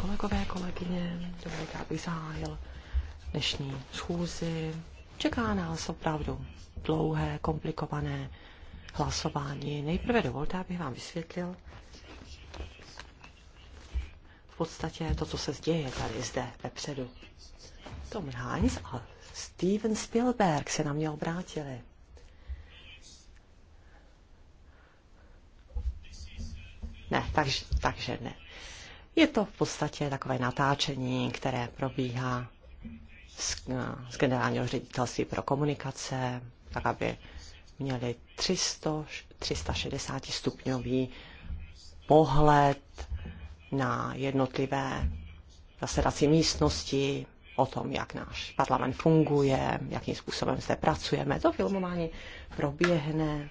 Kolegové, kolegyně, dovolte, abych zahájil dnešní schůzi. Čeká nás opravdu dlouhé, komplikované hlasování. Nejprve dovolte, abych vám vysvětlil v podstatě to, co se děje tady zde vepředu. Tom Hanks a Steven Spielberg se na mě obrátili. takže, takže ne. Je to v podstatě takové natáčení, které probíhá z, eh, z generálního ředitelství pro komunikace, tak aby měli 300, 360 stupňový pohled na jednotlivé zasedací místnosti, o tom, jak náš parlament funguje, jakým způsobem zde pracujeme. To filmování proběhne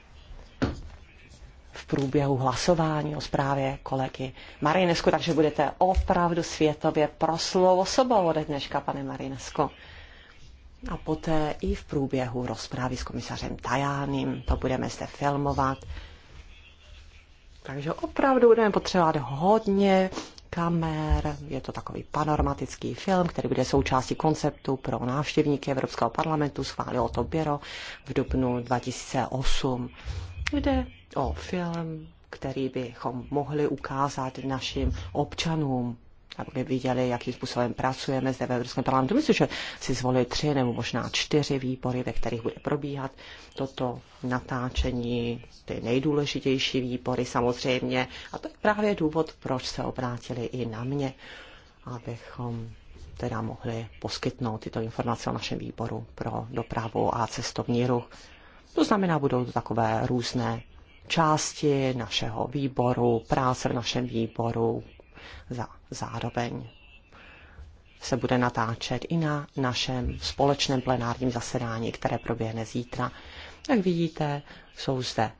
v průběhu hlasování o zprávě kolegy Marinesku, takže budete opravdu světově proslou osobou ode dneška, pane Marinesko. A poté i v průběhu rozprávy s komisařem Tajánem, to budeme zde filmovat. Takže opravdu budeme potřebovat hodně kamer, je to takový panoramatický film, který bude součástí konceptu pro návštěvníky Evropského parlamentu, schválilo to Běro v dubnu 2008. Jde o film, který bychom mohli ukázat našim občanům, aby viděli, jakým způsobem pracujeme zde ve Evropském parlamentu. Myslím, že si zvolili tři nebo možná čtyři výbory, ve kterých bude probíhat toto natáčení, ty nejdůležitější výbory samozřejmě. A to je právě důvod, proč se obrátili i na mě, abychom teda mohli poskytnout tyto informace o našem výboru pro dopravu a cestovní ruch. To znamená, budou to takové různé části našeho výboru, práce v našem výboru, za, zároveň se bude natáčet i na našem společném plenárním zasedání, které proběhne zítra. Jak vidíte, jsou zde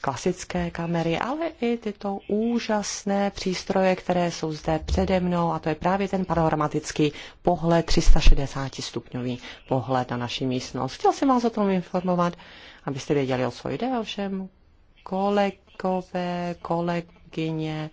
klasické kamery, ale i tyto úžasné přístroje, které jsou zde přede mnou a to je právě ten panoramatický pohled, 360 stupňový pohled na naši místnost. Chtěl jsem vás o tom informovat, abyste věděli, o co jde, ovšem kolegové, kolegyně,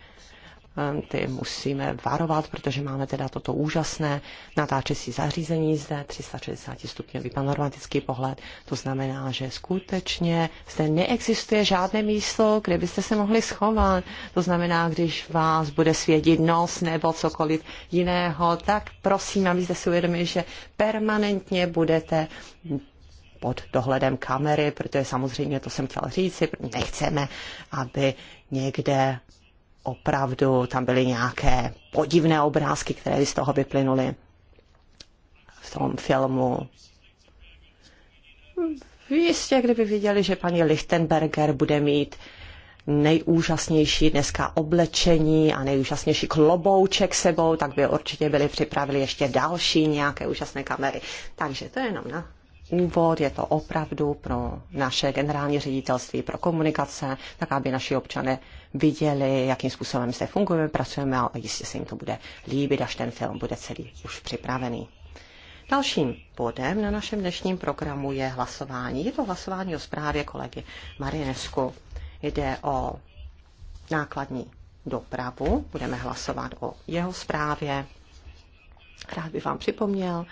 ty musíme varovat, protože máme teda toto úžasné natáčecí zařízení zde, 360 stupňový panoramatický pohled. To znamená, že skutečně zde neexistuje žádné místo, kde byste se mohli schovat. To znamená, když vás bude svědit nos nebo cokoliv jiného, tak prosím, abyste si uvědomili, že permanentně budete pod dohledem kamery, protože samozřejmě to jsem chtěla říct, nechceme, aby někde opravdu tam byly nějaké podivné obrázky, které z toho vyplynuly v tom filmu. Jistě, kdyby viděli, že paní Lichtenberger bude mít nejúžasnější dneska oblečení a nejúžasnější klobouček sebou, tak by určitě byli připravili ještě další nějaké úžasné kamery. Takže to je jenom na úvod, je to opravdu pro naše generální ředitelství, pro komunikace, tak aby naši občané viděli, jakým způsobem se fungujeme, pracujeme a jistě se jim to bude líbit, až ten film bude celý už připravený. Dalším bodem na našem dnešním programu je hlasování. Je to hlasování o zprávě kolegy Marinesku. Jde o nákladní dopravu. Budeme hlasovat o jeho zprávě. Rád bych vám připomněl,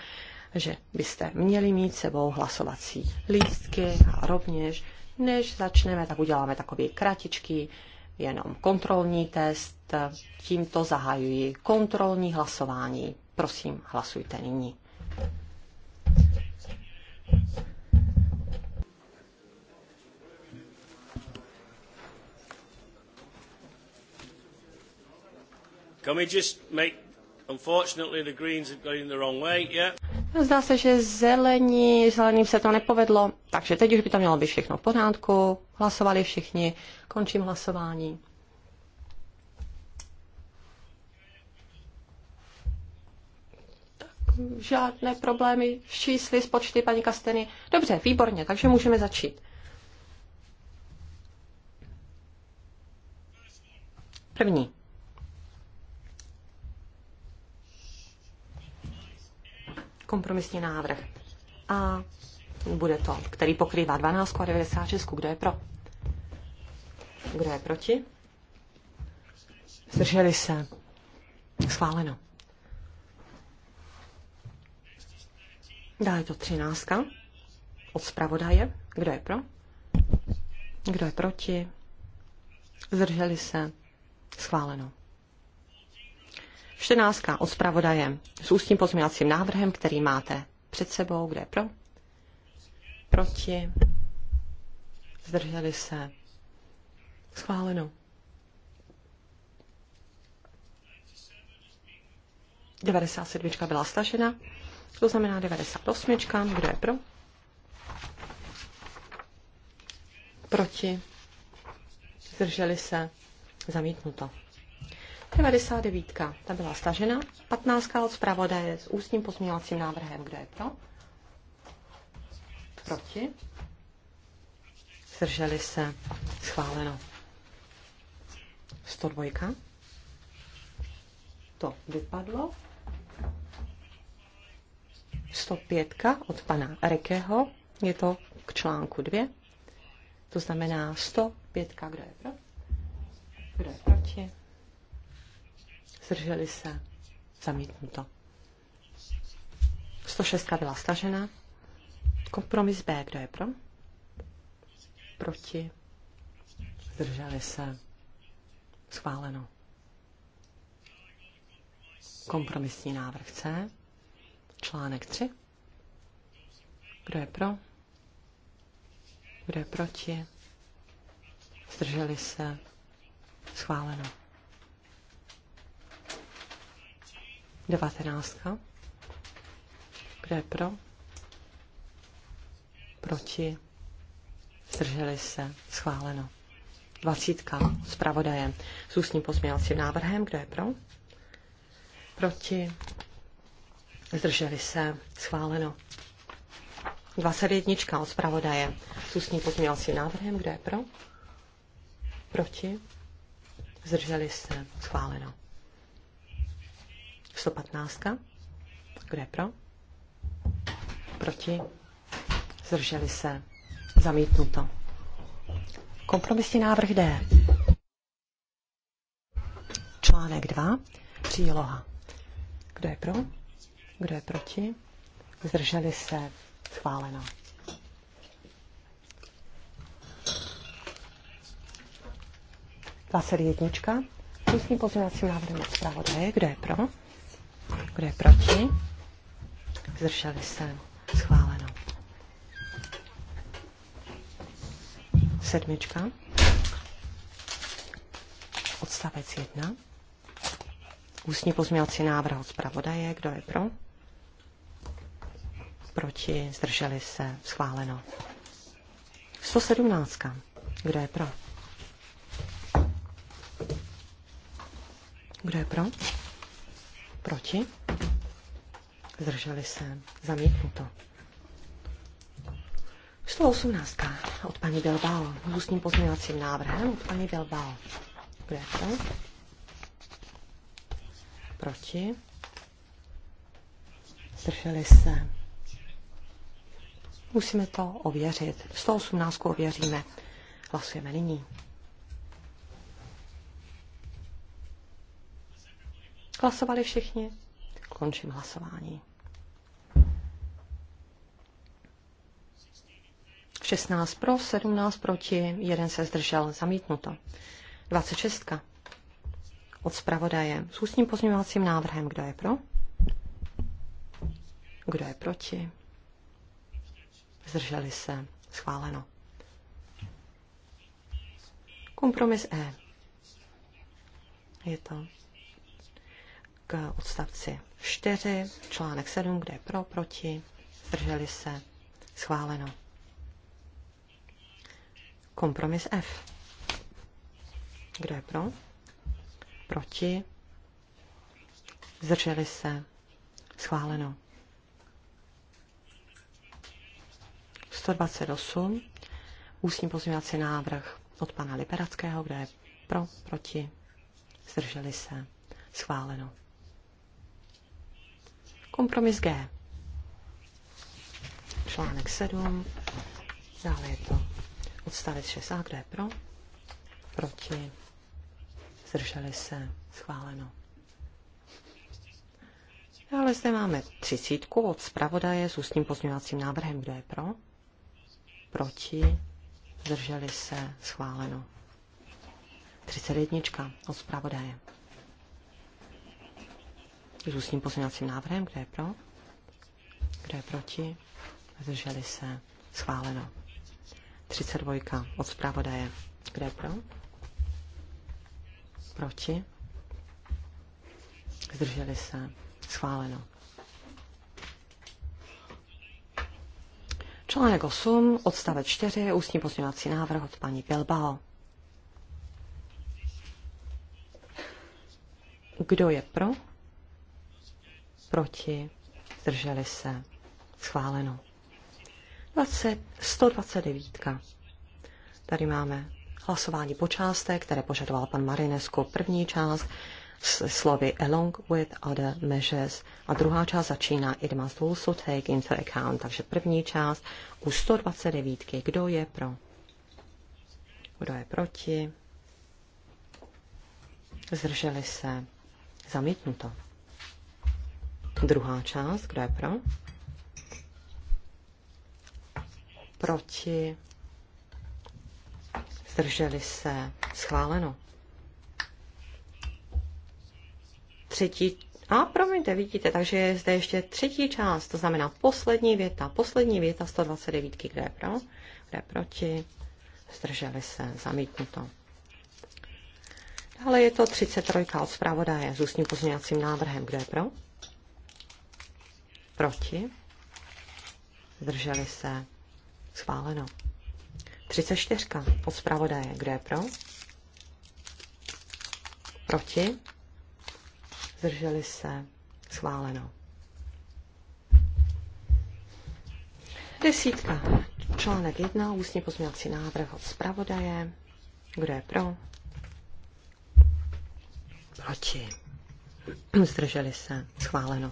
že byste měli mít sebou hlasovací lístky a rovněž, než začneme, tak uděláme takový kratičký jenom kontrolní test. Tímto zahajuji kontrolní hlasování. Prosím, hlasujte nyní. Can we just make Zdá se, že zelení, zeleným se to nepovedlo, takže teď už by to mělo být všechno v pořádku. Hlasovali všichni, končím hlasování. žádné problémy s čísly, s počty, paní Kasteny. Dobře, výborně, takže můžeme začít. První. kompromisní návrh A, bude to, který pokrývá 12 a 96. Kdo je pro? Kdo je proti? Zdrželi se. Schváleno. Dále je to 13. Od zpravodaje. Kdo je pro? Kdo je proti? Zdrželi se. Schváleno. 14. od zpravodaje s ústním pozměňovacím návrhem, který máte před sebou. Kde je pro? Proti? Zdrželi se? Schváleno. 97 byla stažena, to znamená 98. Kdo je pro? Proti? Zdrželi se? Zamítnuto. 99. Ta byla stažena. 15. od zpravodaje s ústním pozměňovacím návrhem. Kdo je pro? Proti? Zdrželi se. Schváleno. 102. To vypadlo. 105. od pana Rekeho. Je to k článku 2. To znamená 105. Kdo je pro? Kdo je proti? zdrželi se, zamítnuto. 106 byla stažena. Kompromis B, kdo je pro? Proti, zdrželi se, schváleno. Kompromisní návrh C, článek 3. Kdo je pro? Kdo je proti? Zdrželi se? Schváleno. Devatenáctka. Kdo je pro? Proti? Zdrželi se. Schváleno. Dvacítka. pravodajem. S ústním pozměňovacím návrhem. Kdo je pro? Proti? Zdrželi se. Schváleno. 21 od zpravodaje s ústním pozměňovacím návrhem. Kdo je pro? Proti? Zdrželi se. Schváleno. 115. Kdo je pro? Proti? Zdrželi se. Zamítnuto. Kompromisní návrh D. Článek 2. Příloha. Kdo je pro? Kdo je proti? Zdrželi se. Schváleno. Dvacet jednička. Ústní pozměňovacím návrhem zpravodaje. Kdo je pro? Kdo je proti? Zdrželi se. Schváleno. Sedmička. Odstavec jedna. Ústní pozměňovací návrh od zpravodaje. Kdo je pro? Proti? Zdrželi se. Schváleno. 117. Kdo je pro? Kdo je pro? Proti? Zdrželi se. Zamítnuto. 118. od paní Bilbao. Ústním pozměňovacím návrhem od paní Bilbao. Kde je to? Proti? Zdrželi se. Musíme to ověřit. 118 ověříme. Hlasujeme nyní. Hlasovali všichni? Končím hlasování. 16 pro, 17 proti, jeden se zdržel, zamítnuto. 26. Od zpravodaje s ústním pozměňovacím návrhem. Kdo je pro? Kdo je proti? Zdrželi se. Schváleno. Kompromis E. Je to odstavci 4, článek 7, kde je pro, proti, zdrželi se, schváleno. Kompromis F. Kdo je pro? Proti? Zdrželi se? Schváleno. 128. Ústní pozměňovací návrh od pana Liberackého, kde je pro, proti, zdrželi se, schváleno. Kompromis G. Článek 7. Dále je to odstavec 6a, kdo je pro? Proti. Zdrželi se. Schváleno. Dále zde máme třicítku od zpravodaje s ústním pozměňovacím návrhem. Kdo je pro? Proti? Zdrželi se? Schváleno. 31 od zpravodaje s ústním pozměňovacím návrhem. Kdo je pro? Kdo je proti? Zdrželi se. Schváleno. 32 od zpravodaje. Kdo je pro? Proti? Zdrželi se. Schváleno. Článek 8, odstavec 4, ústní pozměňovací návrh od paní Bilbao. Kdo je pro? proti, zdrželi se, schváleno. 20, 129. Tady máme hlasování po částech, které požadoval pan Marinesko. První část s slovy along with other measures a druhá část začíná it must also take into account. Takže první část u 129. Kdo je pro? Kdo je proti? Zdrželi se. Zamítnuto. Druhá část, kdo je pro? Proti? Zdrželi se? Schváleno. Třetí a promiňte, vidíte, takže je zde ještě třetí část, to znamená poslední věta, poslední věta 129, kde je pro, kde je proti, zdrželi se, zamítnuto. Dále je to 33 od zpravodaje s ústním pozměňovacím návrhem, kde je pro, Proti? Zdrželi se. Schváleno. 34. Od zpravodaje. Kdo je pro? Proti? Zdrželi se. Schváleno. Desítka. Článek 1. Ústní pozměňovací návrh od zpravodaje. Kdo je pro? Proti. Zdrželi se. Schváleno.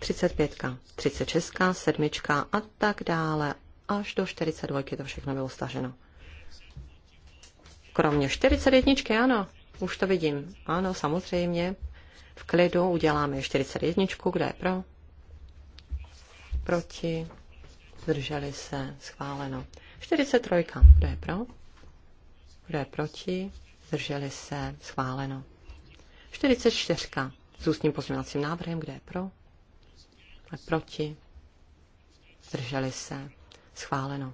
35, 36, 7 a tak dále, až do 42 to všechno bylo staženo. Kromě 41, ano, už to vidím. Ano, samozřejmě, v klidu uděláme 41, kde je pro? Proti? Zdrželi se, schváleno. 43, kde je pro? Kde je proti? Zdrželi se, schváleno. 44 s ústním pozměňovacím návrhem, kde je pro? Proti? Zdrželi se. Schváleno.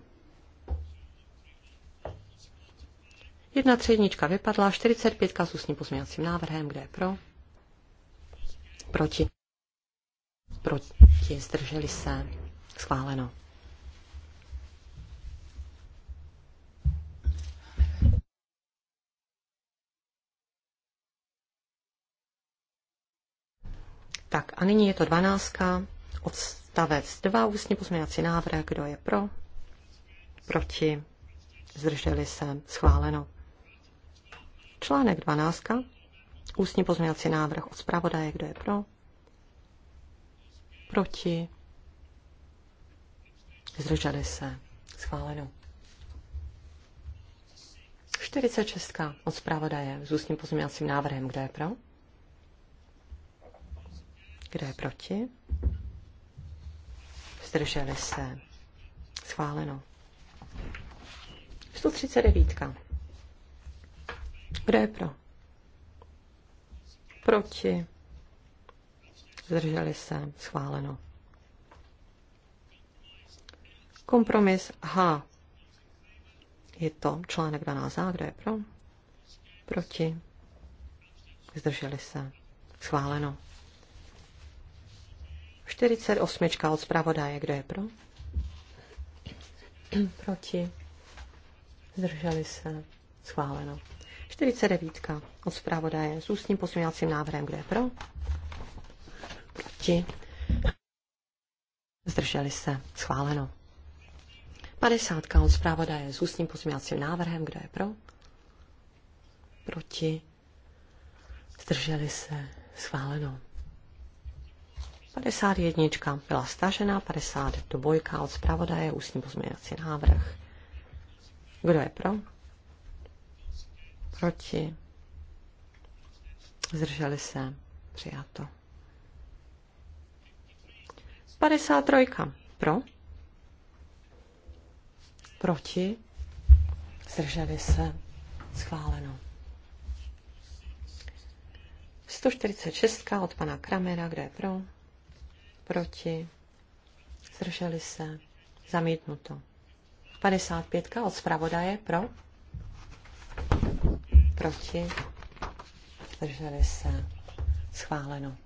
Jedna třednička vypadla, 45 s ústním pozměňovacím návrhem, kde je pro? Proti. Proti, zdrželi se. Schváleno. Tak a nyní je to dvanáctka odstavec 2, ústní pozměňovací návrh, kdo je pro, proti, zdrželi se, schváleno. Článek 12, ústní pozměňovací návrh od zpravodaje, kdo je pro, proti, zdrželi se, schváleno. 46 od zpravodaje s ústním pozměňovacím návrhem, kdo je pro, kdo je proti, zdrželi se, schváleno. 139. Kdo je pro? Proti, zdrželi se, schváleno. Kompromis H. Je to článek 12a, kdo je pro? Proti, zdrželi se, schváleno. 48 od zpravodaje. Kdo je pro? Proti. Zdrželi se. Schváleno. 49 od zpravodaje s ústním pozměňovacím návrhem. Kdo je pro? Proti. Zdrželi se. Schváleno. 50 od zpravodaje s ústním pozměňovacím návrhem. Kdo je pro? Proti. Zdrželi se. Schváleno. 51 byla stažena, 52 od zpravodaje, ústní pozměňovací návrh. Kdo je pro? Proti? Zdrželi se? Přijato. 53 pro? Proti? Zdrželi se? Schváleno. 146 od pana Kramera, kde je pro? proti, zdrželi se, zamítnuto. 55 od zpravodaje pro, proti, zdrželi se, schváleno.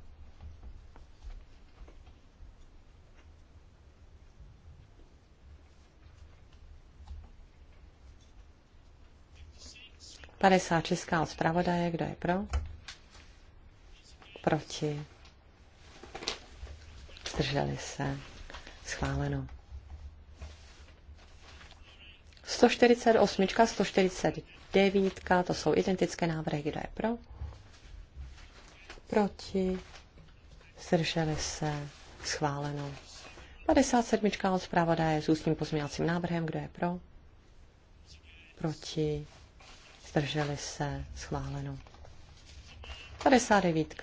Padesát česká od zpravodaje, kdo je pro? Proti zdrželi se, schváleno. 148, 149, to jsou identické návrhy, kdo je pro, proti, zdrželi se, schváleno. 57. od zpravodaje s ústním pozměňovacím návrhem, kdo je pro, proti, zdrželi se, schváleno. 59.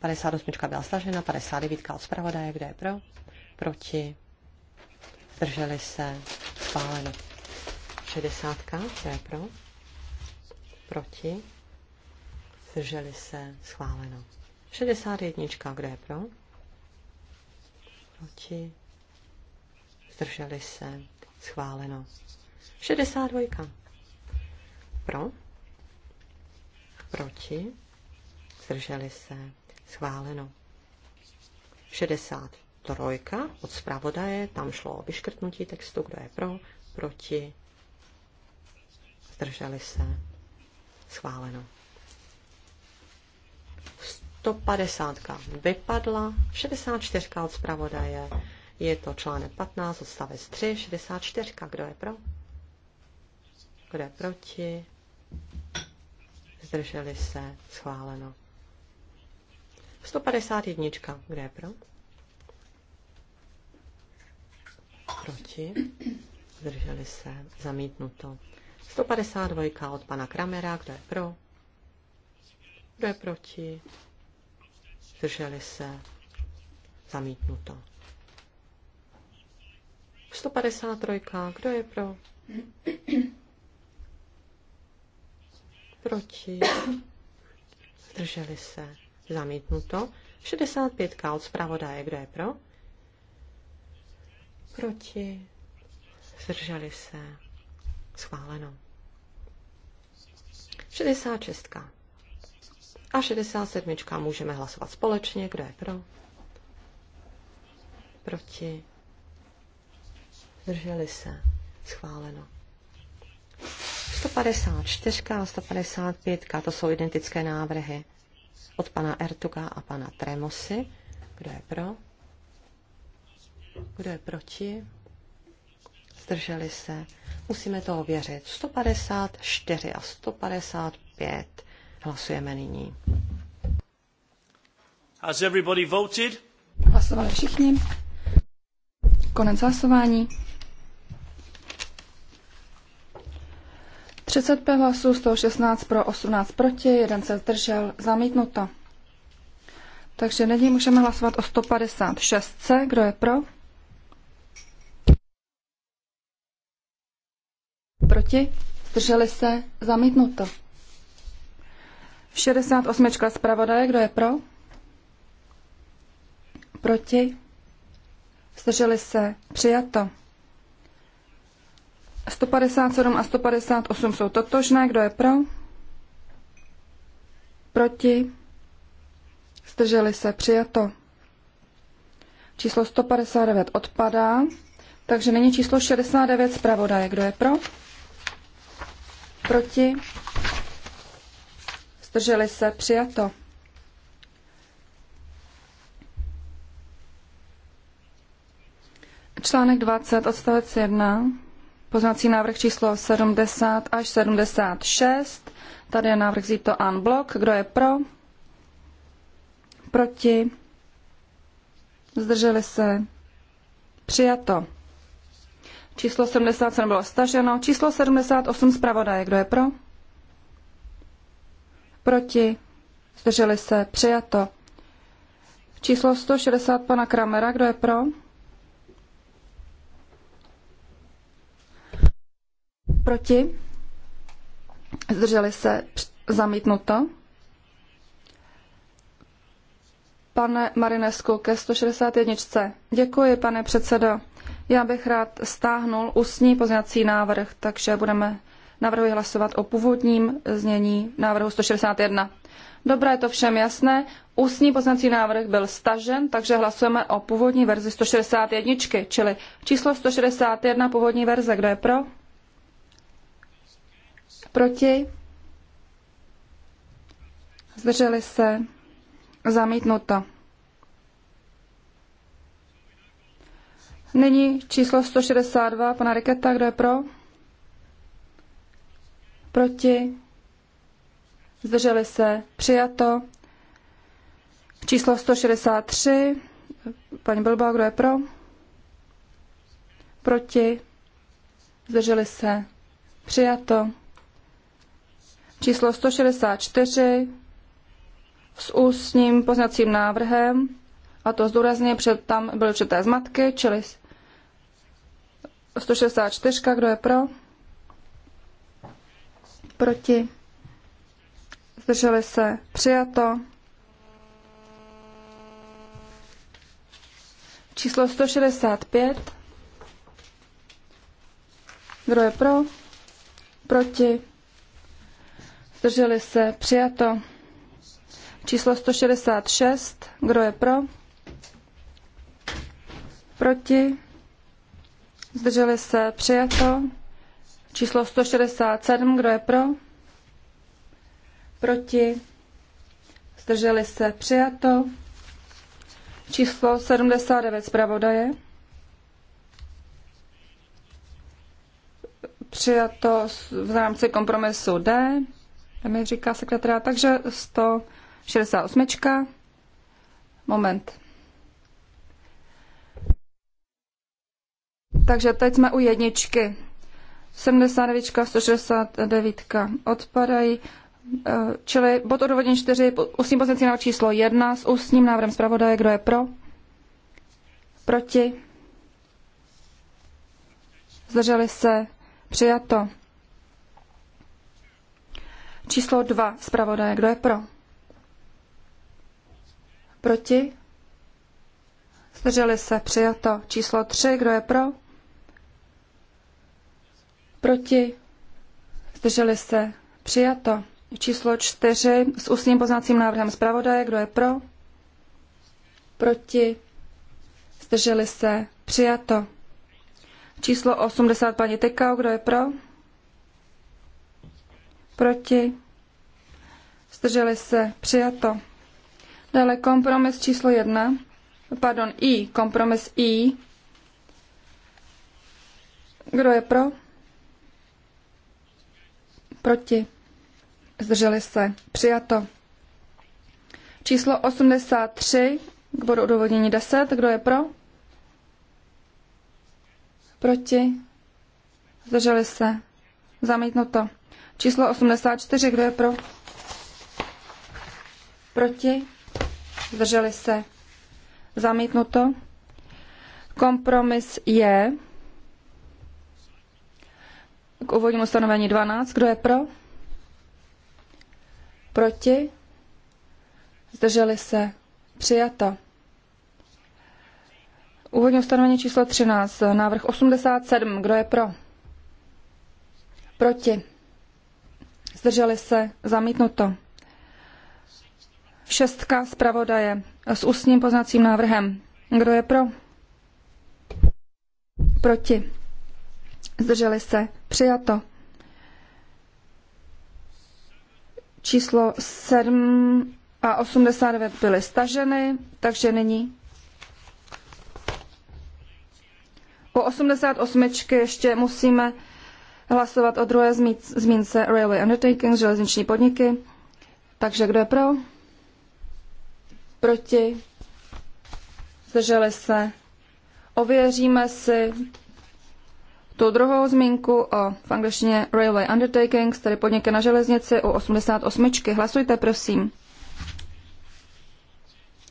58 byla stažena, 59 od zpravodaje, kdo je pro, proti, zdrželi se, schváleno. 60, kdo je pro, proti, zdrželi se, schváleno. 61, kdo je pro, proti, zdrželi se, schváleno. 62, pro, proti, zdrželi se, Schváleno. 63 od zpravodaje, tam šlo o vyškrtnutí textu, kdo je pro, proti, zdrželi se, schváleno. 150 vypadla, 64 od zpravodaje, je to článek 15, odstavec 3, 64, kdo je pro, kdo je proti, zdrželi se, schváleno. 151. Kde je pro? Proti. Zdrželi se. Zamítnuto. 152 od pana Kramera. Kdo je pro? Kdo je proti? Zdrželi se. Zamítnuto. 153. Kdo je pro? Proti? Zdrželi se. Zamítnuto. 65 od zpravodaje. Kdo je pro? Proti. Zdrželi se. Schváleno. 66. A 67. můžeme hlasovat společně. Kdo je pro? Proti. Zdrželi se. Schváleno. 154 a 155, to jsou identické návrhy od pana Ertuka a pana Tremosy. Kdo je pro? Kdo je proti? Zdrželi se. Musíme to ověřit. 154 a 155 hlasujeme nyní. Has everybody voted? Hlasovali všichni. Konec hlasování. 35 hlasů, 116 pro, 18 proti, jeden se zdržel, zamítnuto. Takže nyní můžeme hlasovat o 156C. Kdo je pro? Proti? Zdrželi se? Zamítnuto. 68. zpravodaje. Kdo je pro? Proti? Zdrželi se? Přijato. 157 a 158 jsou totožné. Kdo je pro? Proti? Zdrželi se. Přijato. Číslo 159 odpadá. Takže není číslo 69 zpravodaje. Kdo je pro? Proti? Zdrželi se. Přijato. Článek 20, odstavec 1. Poznací návrh číslo 70 až 76. Tady je návrh zíto unblock. Kdo je pro? Proti? Zdrželi se? Přijato. Číslo 77 bylo staženo. Číslo 78 zpravodaje. Kdo je pro? Proti? Zdrželi se? Přijato. Číslo 160 pana Kramera. Kdo je pro? Proti? Zdrželi se zamítnuto. Pane Marinesku, ke 161. Děkuji, pane předsedo. Já bych rád stáhnul ústní poznací návrh, takže budeme navrhuji hlasovat o původním znění návrhu 161. Dobré, to všem jasné. Ústní poznací návrh byl stažen, takže hlasujeme o původní verzi 161, čili číslo 161 původní verze. Kdo je pro? Proti? Zdrželi se? Zamítnuto. Nyní číslo 162 pana Riketa, kdo je pro? Proti? Zdrželi se? Přijato. Číslo 163. Paní Bilbao, kdo je pro? Proti? Zdrželi se? Přijato číslo 164 s ústním poznacím návrhem, a to zdůrazně před, tam byly určité zmatky, čili 164, kdo je pro? Proti? Zdrželi se? Přijato? Číslo 165. Kdo je pro? Proti? Zdrželi se? Přijato. Číslo 166. Kdo je pro? Proti? Zdrželi se? Přijato. Číslo 167. Kdo je pro? Proti? Zdrželi se? Přijato. Číslo 79. Zpravodaje. Přijato v rámci kompromisu D mi říká sekretář, takže 168. Moment. Takže teď jsme u jedničky. 79, 169 odpadají. Eh, čili bod odvodní 4, ústní pozici na číslo 1 s ústním návrhem zpravodaje. Kdo je pro? Proti? Zdrželi se? Přijato. Číslo 2 zpravodaje. Kdo je pro? Proti? Zdrželi se. Přijato. Číslo 3. Kdo je pro? Proti? Zdrželi se. Přijato. Číslo 4 s ústním poznacím návrhem zpravodaje. Kdo je pro? Proti? Zdrželi se. Přijato. Číslo 80 paní Tykau. Kdo je pro? proti, zdrželi se, přijato. Dále kompromis číslo jedna, pardon, I, kompromis I. Kdo je pro? Proti. Zdrželi se. Přijato. Číslo 83 k bodu odůvodnění 10. Kdo je pro? Proti. Zdrželi se. Zamítnuto. Číslo 84, kdo je pro? Proti? Zdrželi se? Zamítnuto. Kompromis je k úvodnímu stanovení 12. Kdo je pro? Proti? Zdrželi se? Přijato. Úvodní ustanovení číslo 13, návrh 87. Kdo je pro? Proti zdrželi se, zamítnuto. Šestka zpravodaje s ústním poznacím návrhem. Kdo je pro? Proti. Zdrželi se. Přijato. Číslo 7 a 89 byly staženy, takže nyní u 88 ještě musíme hlasovat o druhé zmínce Railway Undertakings, železniční podniky. Takže kdo je pro? Proti? Zdrželi se? Ověříme si tu druhou zmínku o v angličtině Railway Undertakings, tedy podniky na železnici u 88. Hlasujte, prosím.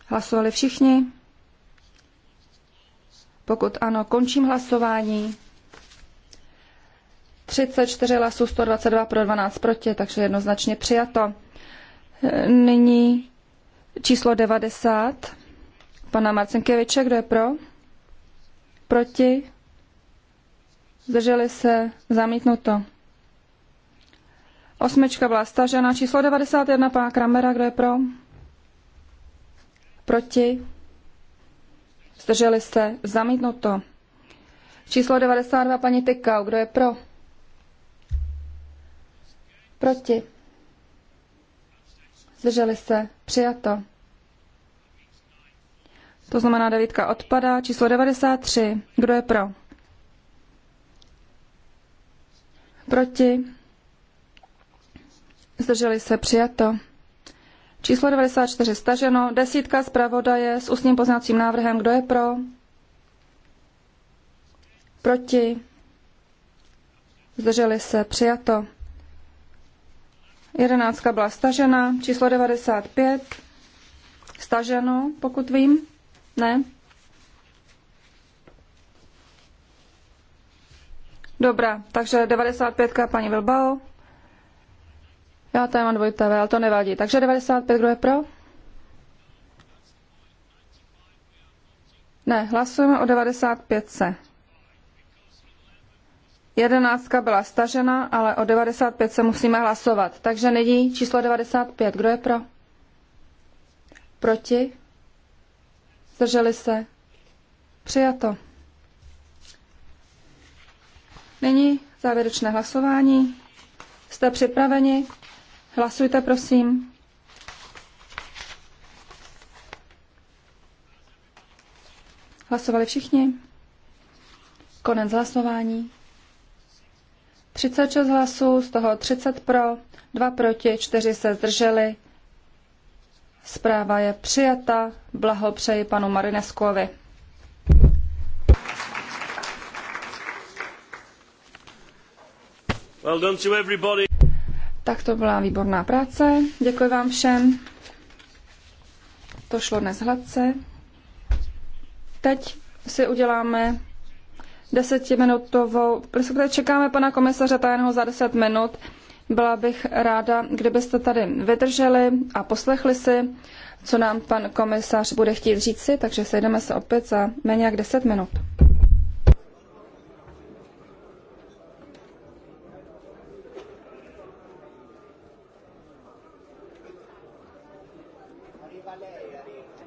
Hlasovali všichni? Pokud ano, končím hlasování. 34 hlasů, 122 pro 12 proti, takže jednoznačně přijato. Nyní číslo 90 pana Marcinkeviče, kdo je pro? Proti? Zdrželi se? Zamítnuto. Osmička byla stažena. Číslo 91 pana Kramera, kdo je pro? Proti? Zdrželi se? Zamítnuto. Číslo 92 paní Tykau, kdo je pro? Proti. Zdrželi se. Přijato. To znamená devítka odpadá. Číslo 93. Kdo je pro? Proti. Zdrželi se. Přijato. Číslo 94 staženo. Desítka zpravodaje s ústním poznacím návrhem. Kdo je pro? Proti. Zdrželi se. Přijato. Jedenáctka byla stažena, číslo 95, staženo, pokud vím, ne? Dobrá, takže 95 paní Vilbao. Já tady mám dvojité, ale to nevadí. Takže 95, kdo je pro? Ne, hlasujeme o 95. Jedenáctka byla stažena, ale o 95 se musíme hlasovat. Takže nyní číslo 95. Kdo je pro? Proti? Zdrželi se? Přijato. Nyní závěrečné hlasování. Jste připraveni? Hlasujte, prosím. Hlasovali všichni? Konec hlasování. 36 hlasů, z toho 30 pro, 2 proti, 4 se zdrželi. Zpráva je přijata. Blahopřeji panu Marineskovi. Well done to everybody. Tak to byla výborná práce. Děkuji vám všem. To šlo dnes hladce. Teď si uděláme desetiminutovou, respektive čekáme pana komisaře Tajeného za deset minut. Byla bych ráda, kdybyste tady vydrželi a poslechli si, co nám pan komisař bude chtít říci, takže sejdeme se opět za méně jak deset minut. Arriva lei, arriva.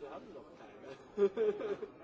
Wir haben noch keine.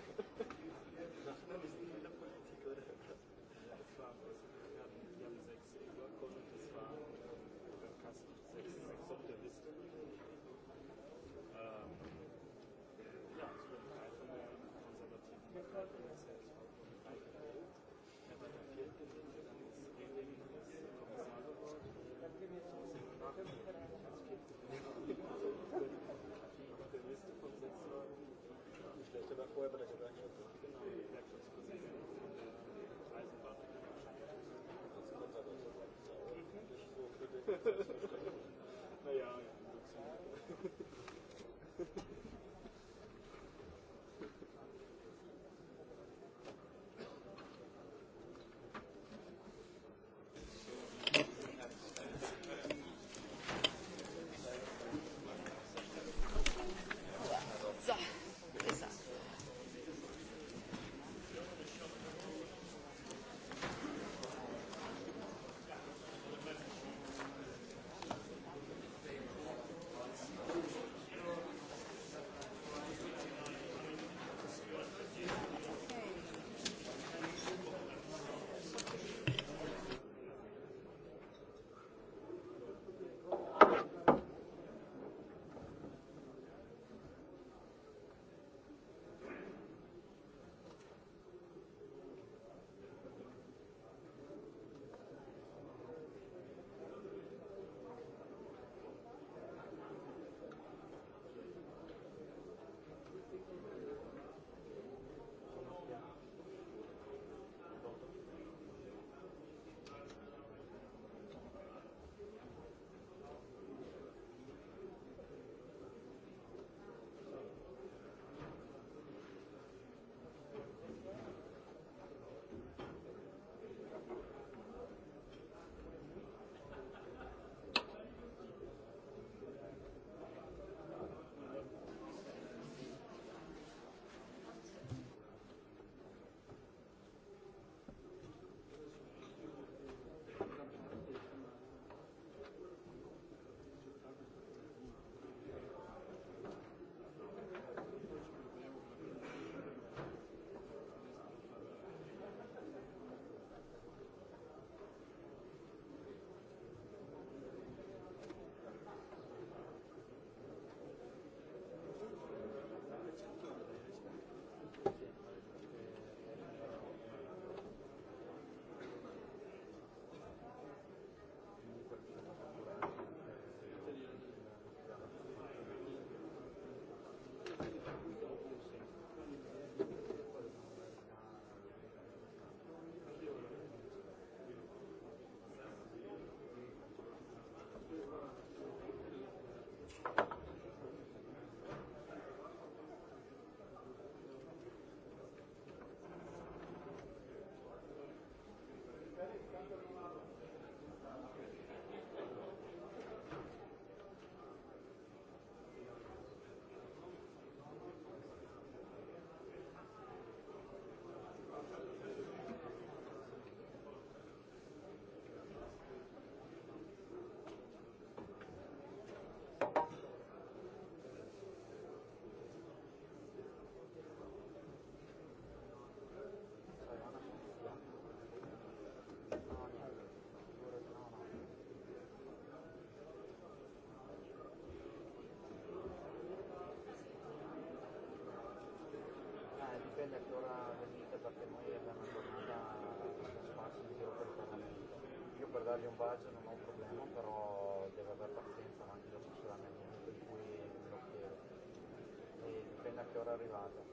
per dargli un bacio non ho un problema, però deve avere pazienza, ma anche io ci sarà nel momento in cui me lo chiedo. E dipende a che ora è arrivata.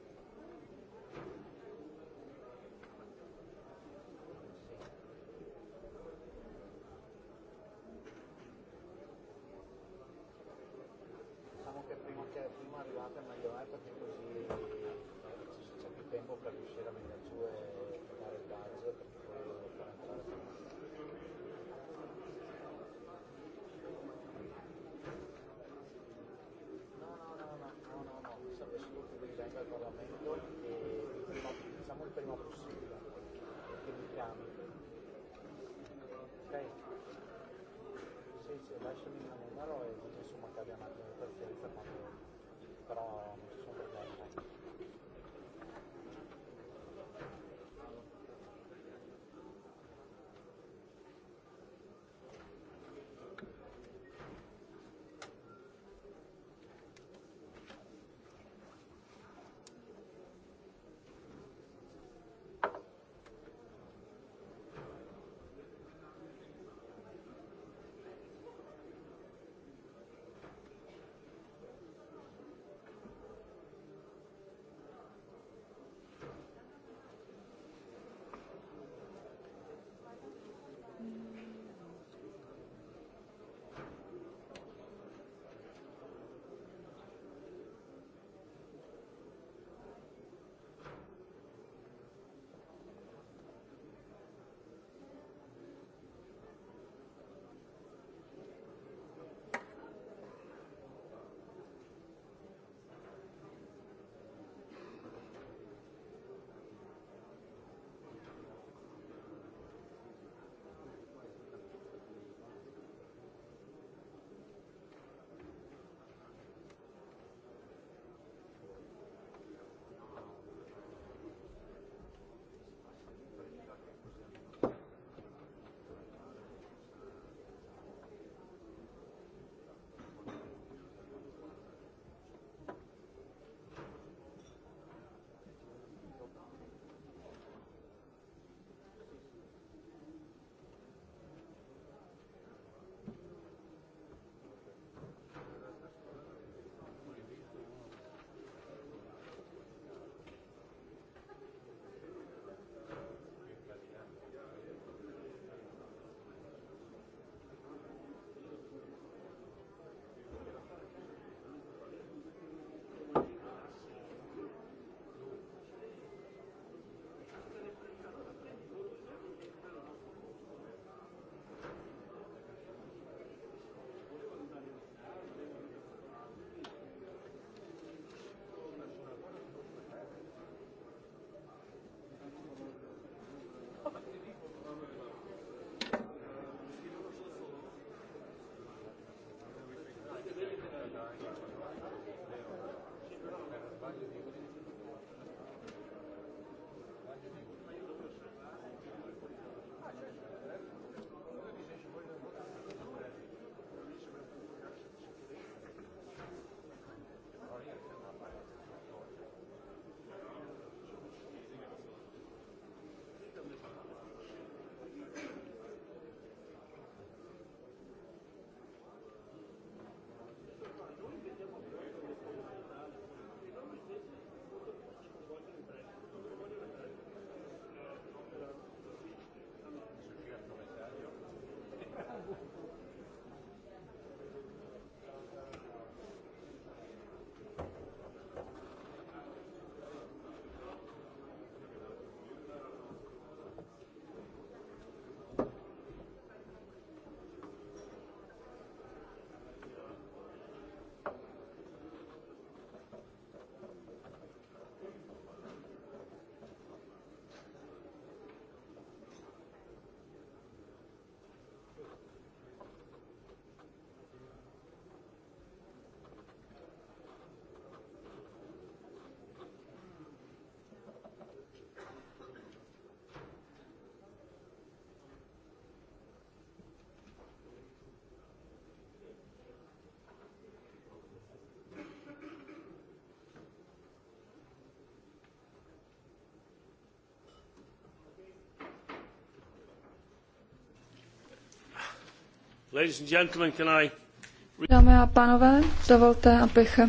Dámy a pánové, dovolte, abych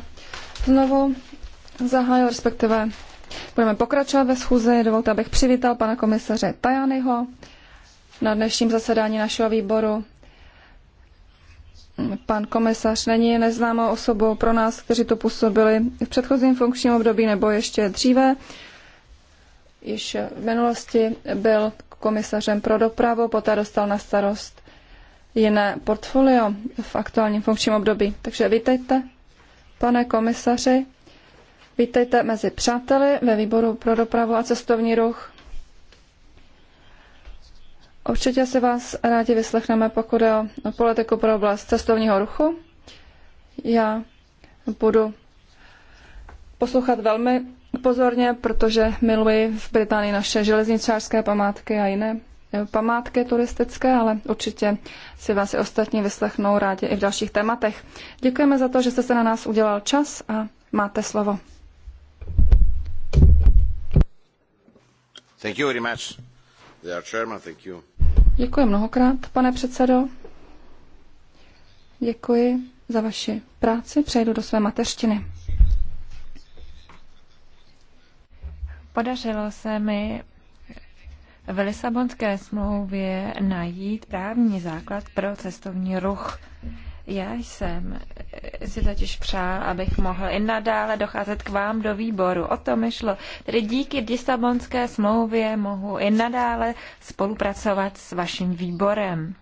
znovu zahájil, respektive budeme pokračovat ve schůzi. Dovolte, abych přivítal pana komisaře Tajanyho na dnešním zasedání našeho výboru. Pan komisař není neznámou osobou pro nás, kteří to působili v předchozím funkčním období nebo ještě dříve. Již v minulosti byl komisařem pro dopravu, poté dostal na starost jiné portfolio v aktuálním funkčním období. Takže vítejte, pane komisaři, vítejte mezi přáteli ve výboru pro dopravu a cestovní ruch. Určitě si vás rádi vyslechneme, pokud je o politiku pro oblast cestovního ruchu. Já budu poslouchat velmi pozorně, protože miluji v Británii naše železničářské památky a jiné památky turistické, ale určitě si vás i ostatní vyslechnou rádi i v dalších tématech. Děkujeme za to, že jste se na nás udělal čas a máte slovo. Thank you very much. Chairman, thank you. Děkuji mnohokrát, pane předsedo. Děkuji za vaši práci. Přejdu do své mateřštiny. Podařilo se mi v Lisabonské smlouvě najít právní základ pro cestovní ruch. Já jsem si totiž přál, abych mohl i nadále docházet k vám do výboru. O to mi šlo. Tedy díky Lisabonské smlouvě mohu i nadále spolupracovat s vaším výborem.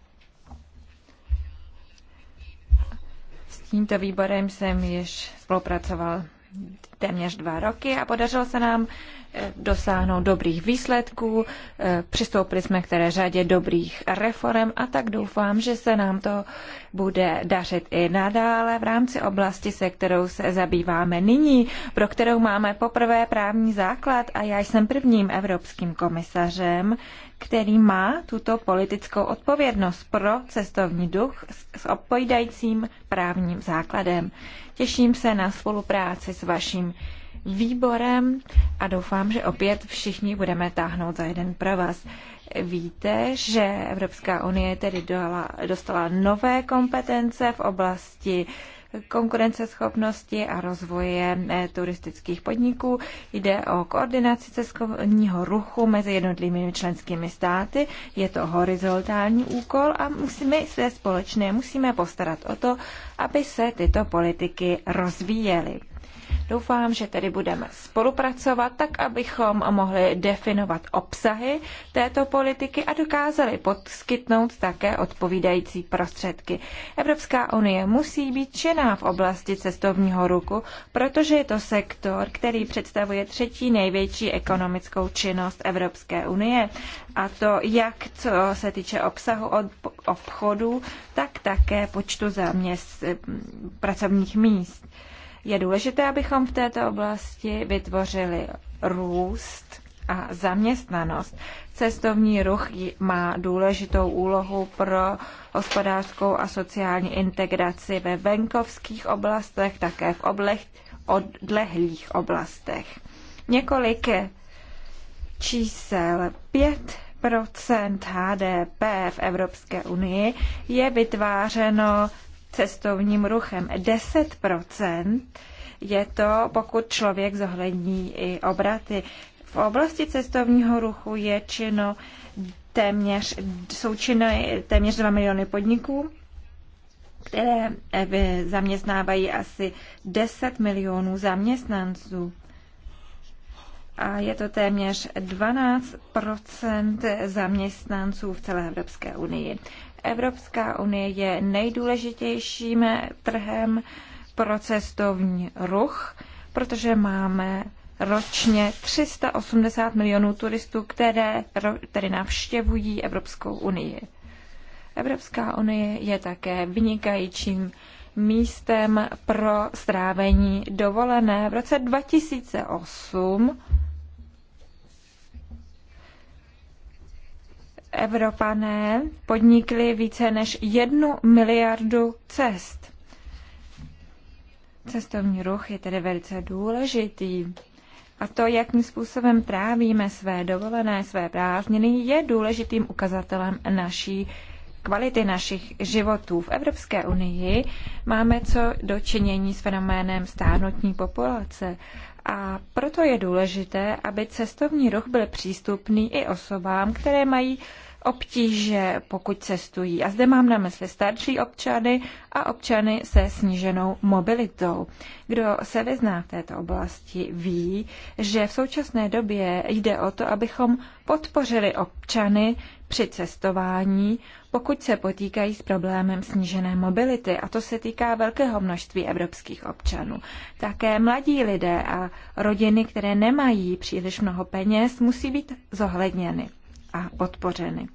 S tímto výborem jsem již spolupracoval téměř dva roky a podařilo se nám eh, dosáhnout dobrých výsledků. Eh, přistoupili jsme k té řadě dobrých reform a tak doufám, že se nám to bude dařit i nadále v rámci oblasti, se kterou se zabýváme nyní, pro kterou máme poprvé právní základ a já jsem prvním evropským komisařem, který má tuto politickou odpovědnost pro cestovní duch s odpovídajícím právním základem. Těším se na spolupráci s vaším příslušným výborem a doufám, že opět všichni budeme táhnout za jeden vás. Víte, že Evropská unie tedy dala, dostala nové kompetence v oblasti konkurenceschopnosti a rozvoje eh, turistických podniků. Jde o koordinaci cestovního ruchu mezi jednotlivými členskými státy. Je to horizontální úkol a musíme se společně musíme postarat o to, aby se tyto politiky rozvíjely. Doufám, že tedy budeme spolupracovat tak, abychom mohli definovat obsahy této politiky a dokázali poskytnout také odpovídající prostředky. Evropská unie musí být činná v oblasti cestovního ruku, protože je to sektor, který představuje třetí největší ekonomickou činnost Evropské unie. A to jak co se týče obsahu od obchodu, tak také počtu zaměst, pracovních míst. Je důležité, abychom v této oblasti vytvořili růst a zaměstnanost. Cestovní ruch má důležitou úlohu pro hospodářskou a sociální integraci ve venkovských oblastech, také v oblech, odlehlých oblastech. Několik čísel. 5 HDP v Evropské unii je vytvářeno cestovním ruchem. 10 je to, pokud člověk zohlední i obraty. V oblasti cestovního ruchu je čino téměř, jsou činy téměř 2 miliony podniků, které eh, zaměstnávají asi 10 milionů zaměstnanců. A je to téměř 12 zaměstnanců v celé Evropské unii. Evropská unie je nejdůležitějším trhem pro cestovní ruch, protože máme ročně 380 milionů turistů, které tedy navštěvují Evropskou unii. Evropská unie je také vynikajícím místem pro strávení dovolené. V roce 2008 Evropané podnikli více než jednu miliardu cest. Cestovní ruch je tedy velice důležitý. A to, jakým způsobem trávíme své dovolené, své prázdniny, je důležitým ukazatelem naší kvality našich životů. V Evropské unii máme co dočinění s fenoménem stárnutní populace a proto je důležité, aby cestovní ruch byl přístupný i osobám, které mají obtíže, pokud cestují. A zde mám na mysli starší občany a občany se sníženou mobilitou. Kdo se vyzná v této oblasti, ví, že v současné době jde o to, abychom podpořili občany při cestování, pokud se potýkají s problémem snížené mobility, a to se týká velkého množství evropských občanů. Také mladí lidé a rodiny, které nemají příliš mnoho peněz, musí být zohledněny a podpořeny.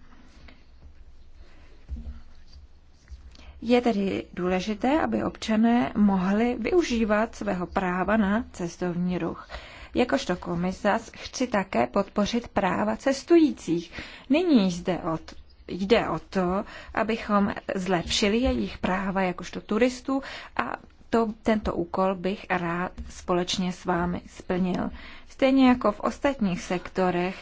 Je tedy důležité, aby občané mohli využívat svého práva na cestovní ruch. Jakožto komisař chci také podpořit práva cestujících. Nyní zde od Jde o to, abychom zlepšili jejich práva jakožto turistů a to, tento úkol bych rád společně s vámi splnil. Stejně jako v ostatních sektorech,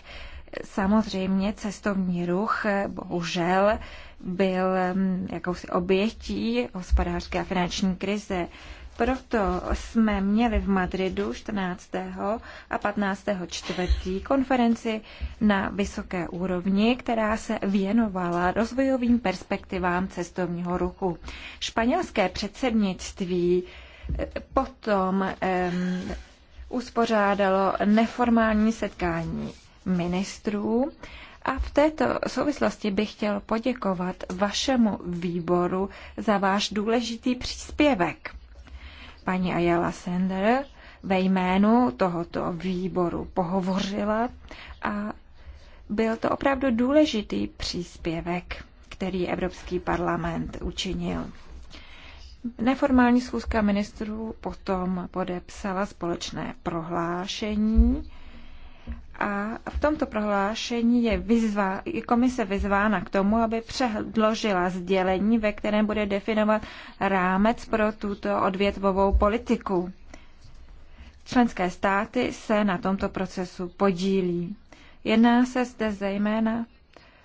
samozřejmě cestovní ruch bohužel byl um, jakousi obětí hospodářské a finanční krize. Proto jsme měli v Madridu 14. a 15. čtvrtí konferenci na vysoké úrovni, která se věnovala rozvojovým perspektivám cestovního ruchu. Španělské předsednictví eh, potom um, uspořádalo neformální setkání ministrů a v této souvislosti bych chtěl poděkovat vašemu výboru za váš důležitý příspěvek. Paní Ayala Sender ve jménu tohoto výboru pohovořila a byl to opravdu důležitý příspěvek, který Evropský parlament učinil. Neformální schůzka ministrů potom podepsala společné prohlášení a v tomto prohlášení je vyzvá, komise vyzvána k tomu, aby předložila sdělení, ve kterém bude definovat rámec pro tuto odvětvovou politiku. Členské státy se na tomto procesu podílí. Jedná se zde zejména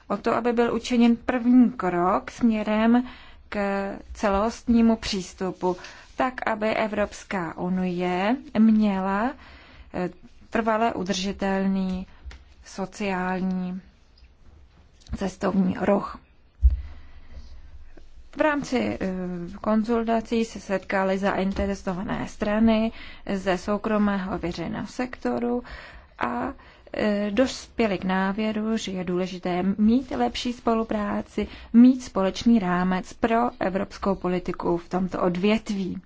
o to, aby byl učiněn první krok směrem k celostnímu přístupu, tak aby Evropská unie měla eh, trvale udržitelný sociální cestovní roh. V rámci eh, konzultací se setkaly zainteresované strany ze soukromého veřejného sektoru a eh, dospěli k návěru, že je důležité mít lepší spolupráci, mít společný rámec pro evropskou politiku v tomto odvětví.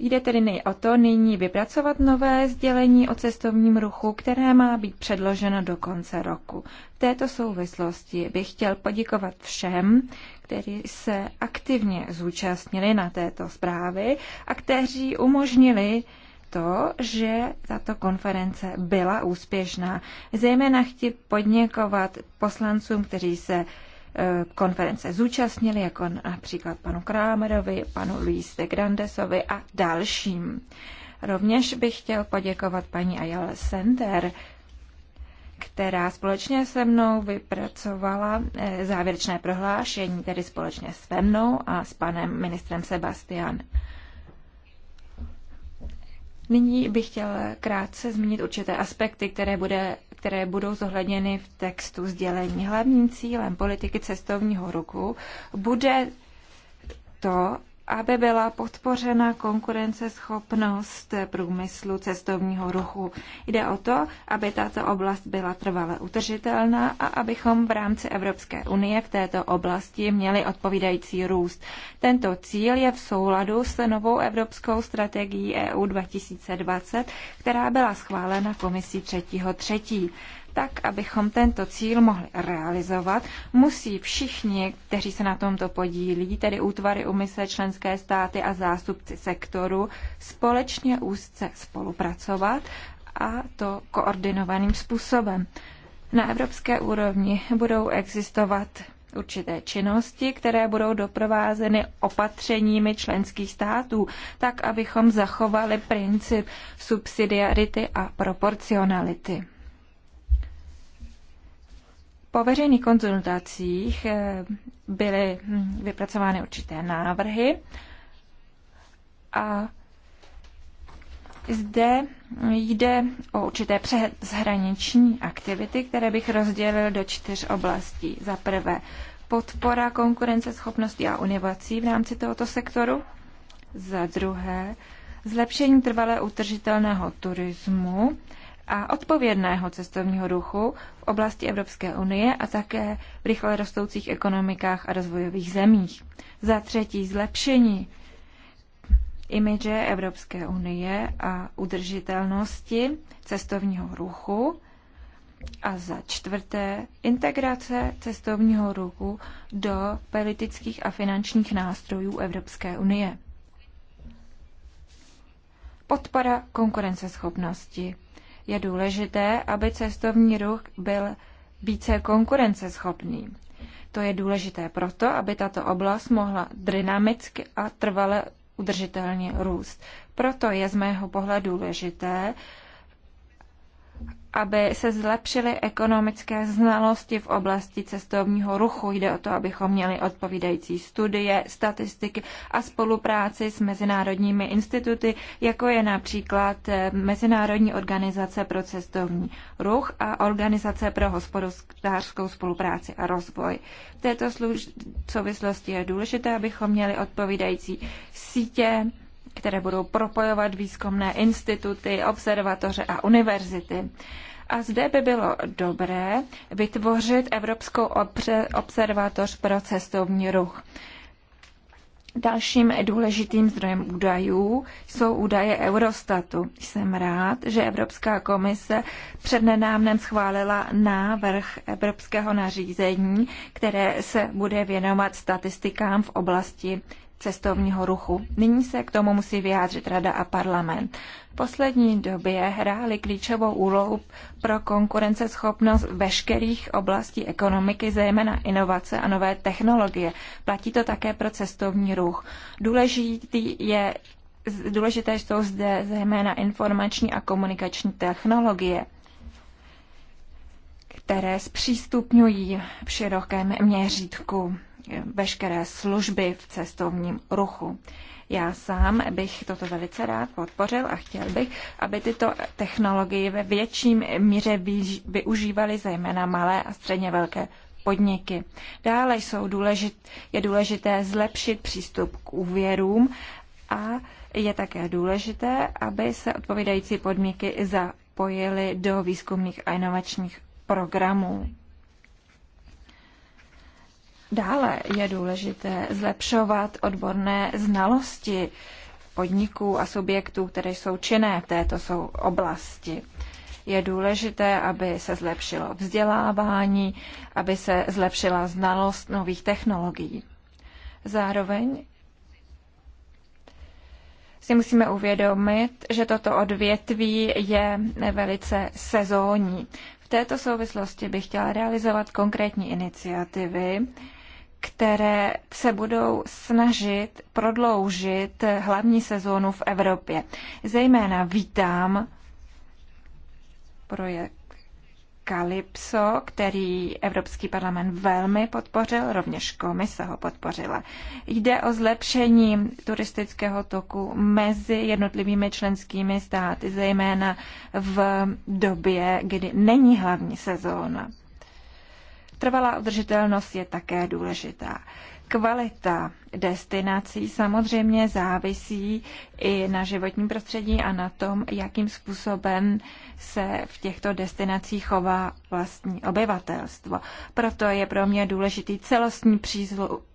Jde tedy nej o to nyní vypracovat nové sdělení o cestovním ruchu, které má být předloženo do konce roku. V této souvislosti bych chtěl poděkovat všem, kteří se aktivně zúčastnili na této zprávy a kteří umožnili to, že tato konference byla úspěšná. Zejména chci poděkovat poslancům, kteří se Eh, konference zúčastnili, jako například panu Krámerovi, panu Luis de Grandesovi a dalším. Rovněž bych chtěl poděkovat paní Ayala Sender, která společně se mnou vypracovala eh, závěrečné prohlášení, tedy společně se mnou a s panem ministrem Sebastian. Nyní bych chtěl krátce zmínit určité aspekty, které bude které budou zohledněny v textu sdělení. Hlavním cílem politiky cestovního ruku bude to, aby byla podpořena konkurenceschopnost průmyslu cestovního ruchu. Jde o to, aby tato oblast byla trvale udržitelná a abychom v rámci Evropské unie v této oblasti měli odpovídající růst. Tento cíl je v souladu s novou evropskou strategií EU 2020, která byla schválena komisí 3.3 tak abychom tento cíl mohli realizovat, musí všichni, kteří se na tomto podílí, tedy útvary umise, členské státy a zástupci sektoru, společně úzce spolupracovat a to koordinovaným způsobem. Na evropské úrovni budou existovat určité činnosti, které budou doprovázeny opatřeními členských států, tak abychom zachovali princip subsidiarity a proporcionality. Po veřejných konzultacích eh, byly hm, vypracovány určité návrhy a zde jde o určité přeshraniční aktivity, které bych rozdělil do čtyř oblastí. Za prvé podpora konkurenceschopnosti a inovací v rámci tohoto sektoru. Za druhé zlepšení trvalé utržitelného turismu a odpovědného cestovního ruchu v oblasti Evropské unie a také v rychle rostoucích ekonomikách a rozvojových zemích. Za třetí zlepšení imidže Evropské unie a udržitelnosti cestovního ruchu a za čtvrté integrace cestovního ruchu do politických a finančních nástrojů Evropské unie. Podpora konkurenceschopnosti je důležité, aby cestovní ruch byl více konkurenceschopný. To je důležité proto, aby tato oblast mohla dynamicky a trvale udržitelně růst. Proto je z mého pohledu důležité, aby se zlepšily ekonomické znalosti v oblasti cestovního ruchu. Jde o to, abychom měli odpovídající studie, statistiky a spolupráci s mezinárodními instituty, jako je například eh, Mezinárodní organizace pro cestovní ruch a Organizace pro hospodářskou spolupráci a rozvoj. V této souvislosti je důležité, abychom měli odpovídající sítě které budou propojovat výzkumné instituty, observatoře a univerzity. A zde by bylo dobré vytvořit Evropskou observatoř pro cestovní ruch. Dalším důležitým zdrojem údajů jsou údaje Eurostatu. Jsem rád, že Evropská komise před přednedávnem schválila návrh evropského nařízení, které se bude věnovat statistikám v oblasti cestovního ruchu. Nyní se k tomu musí vyjádřit Rada a parlament. V poslední době hráli klíčovou úlohu pro konkurenceschopnost veškerých oblastí ekonomiky, zejména inovace a nové technologie. Platí to také pro cestovní ruch. Důležitý je, důležité jsou zde zejména informační a komunikační technologie které zpřístupňují v širokém měřítku veškeré služby v cestovním ruchu. Já sám bych toto velice rád podpořil a chtěl bych, aby tyto technologie ve větším míře využívaly zejména malé a středně velké podniky. Dále jsou důležit, je důležité zlepšit přístup k úvěrům a je také důležité, aby se odpovídající podmínky zapojily do výzkumných a inovačních programů. Dále je důležité zlepšovat odborné znalosti podniků a subjektů, které jsou činné v této jsou oblasti. Je důležité, aby se zlepšilo vzdělávání, aby se zlepšila znalost nových technologií. Zároveň si musíme uvědomit, že toto odvětví je velice sezónní. V této souvislosti bych chtěla realizovat konkrétní iniciativy, které se budou snažit prodloužit hlavní sezónu v Evropě. Zejména vítám projekt Kalypso, který Evropský parlament velmi podpořil, rovněž komise ho podpořila. Jde o zlepšení turistického toku mezi jednotlivými členskými státy, zejména v době, kdy není hlavní sezóna. Trvalá udržitelnost je také důležitá. Kvalita destinací samozřejmě závisí i na životním prostředí a na tom, jakým způsobem se v těchto destinacích chová vlastní obyvatelstvo. Proto je pro mě důležitý celostní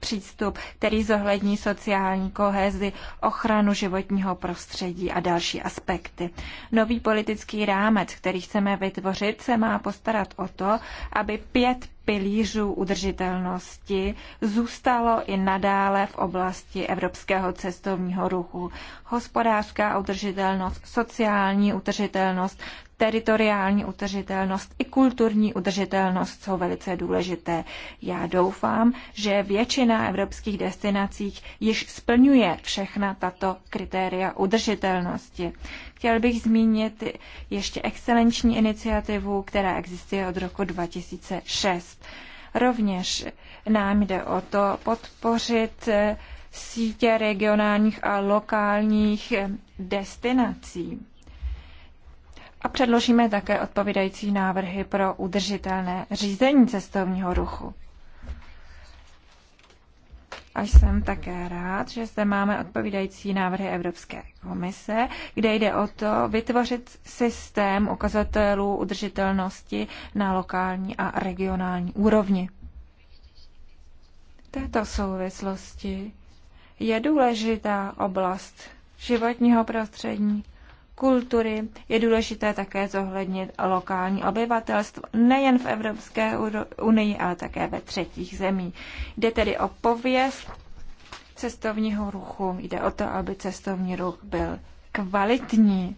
přístup, který zohlední sociální kohezi, ochranu životního prostředí a další aspekty. Nový politický rámec, který chceme vytvořit, se má postarat o to, aby pět pilířů udržitelnosti zůstalo i nadále v oblasti evropského cestovního ruchu. Hospodářská udržitelnost, sociální udržitelnost, teritoriální udržitelnost i kulturní udržitelnost jsou velice důležité. Já doufám, že většina evropských destinací již splňuje všechna tato kritéria udržitelnosti. Chtěl bych zmínit ještě excelenční iniciativu, která existuje od roku 2006. Rovněž nám jde o to podpořit sítě regionálních a lokálních destinací. A předložíme také odpovídající návrhy pro udržitelné řízení cestovního ruchu. A jsem také rád, že zde máme odpovídající návrhy Evropské komise, kde jde o to vytvořit systém ukazatelů udržitelnosti na lokální a regionální úrovni této souvislosti je důležitá oblast životního prostředí, kultury. Je důležité také zohlednit lokální obyvatelstvo nejen v Evropské unii, ale také ve třetích zemích. Jde tedy o pověst cestovního ruchu. Jde o to, aby cestovní ruch byl kvalitní.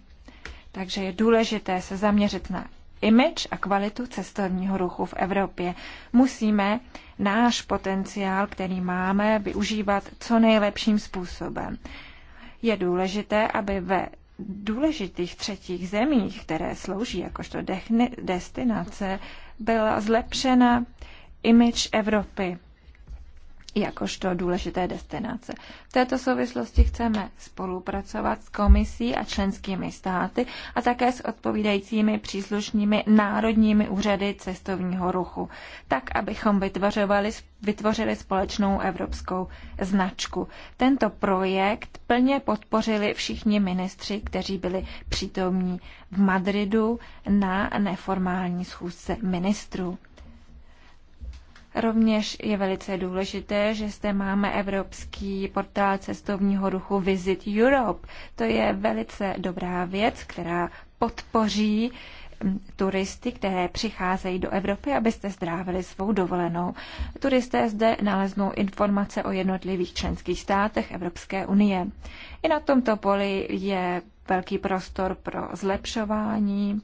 Takže je důležité se zaměřit na image a kvalitu cestovního ruchu v Evropě. Musíme náš potenciál, který máme, využívat co nejlepším způsobem. Je důležité, aby ve důležitých třetích zemích, které slouží jakožto destinace, byla zlepšena image Evropy jakožto důležité destinace. V této souvislosti chceme spolupracovat s komisí a členskými státy a také s odpovídajícími příslušnými národními úřady cestovního ruchu, tak, abychom vytvořovali, vytvořili společnou evropskou značku. Tento projekt plně podpořili všichni ministři, kteří byli přítomní v Madridu na neformální schůzce ministrů. Rovněž je velice důležité, že zde máme evropský portál cestovního ruchu Visit Europe. To je velice dobrá věc, která podpoří hm, turisty, které přicházejí do Evropy, abyste zdrávili svou dovolenou. Turisté zde naleznou informace o jednotlivých členských státech Evropské unie. I na tomto poli je velký prostor pro zlepšování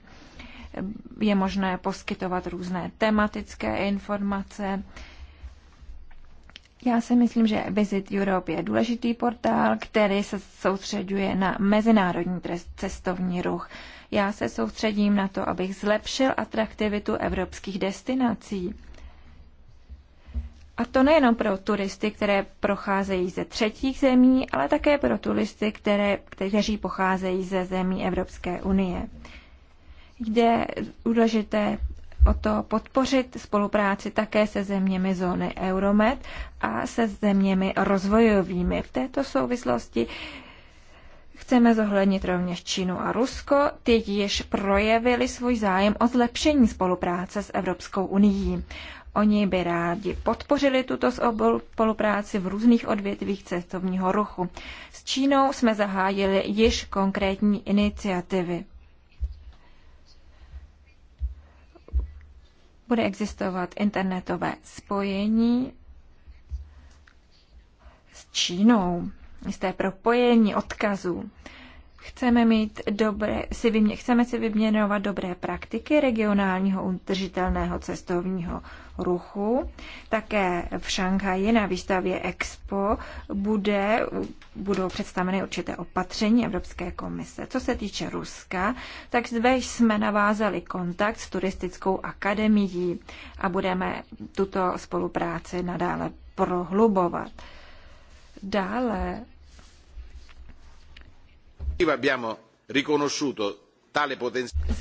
je možné poskytovat různé tematické informace. Já si myslím, že Visit Europe je důležitý portál, který se soustředuje na mezinárodní cestovní ruch. Já se soustředím na to, abych zlepšil atraktivitu evropských destinací. A to nejenom pro turisty, které procházejí ze třetích zemí, ale také pro turisty, které, kteří pocházejí ze zemí Evropské unie. Jde důležité o to podpořit spolupráci také se zeměmi zóny Euromed a se zeměmi rozvojovými. V této souvislosti Chceme zohlednit rovněž Čínu a Rusko, ty již projevili svůj zájem o zlepšení spolupráce s Evropskou unii. Oni by rádi podpořili tuto spolupráci v různých odvětvích cestovního ruchu. S Čínou jsme zahájili již konkrétní iniciativy. bude existovat internetové spojení s Čínou, jisté propojení odkazů. Chceme, mít dobré, si vymě, chceme si vyměňovat dobré praktiky regionálního udržitelného cestovního ruchu. Také v Šanghaji na výstavě Expo bude, budou představeny určité opatření Evropské komise. Co se týče Ruska, tak zde jsme navázali kontakt s turistickou akademií a budeme tuto spolupráci nadále prohlubovat. Dále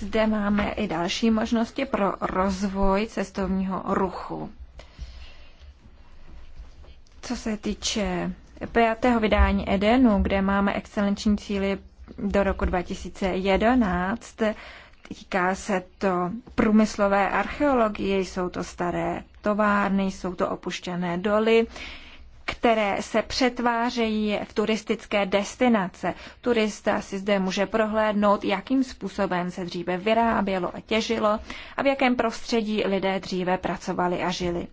zde máme i další možnosti pro rozvoj cestovního ruchu. Co se týče pátého vydání Edenu, kde máme excelenční cíly do roku 2011, týká se to průmyslové archeologie, jsou to staré továrny, jsou to opuštěné doly, které se přetvářejí v turistické destinace. Turista si zde může prohlédnout, jakým způsobem se dříve vyrábělo a těžilo a v jakém prostředí lidé dříve pracovali a žili.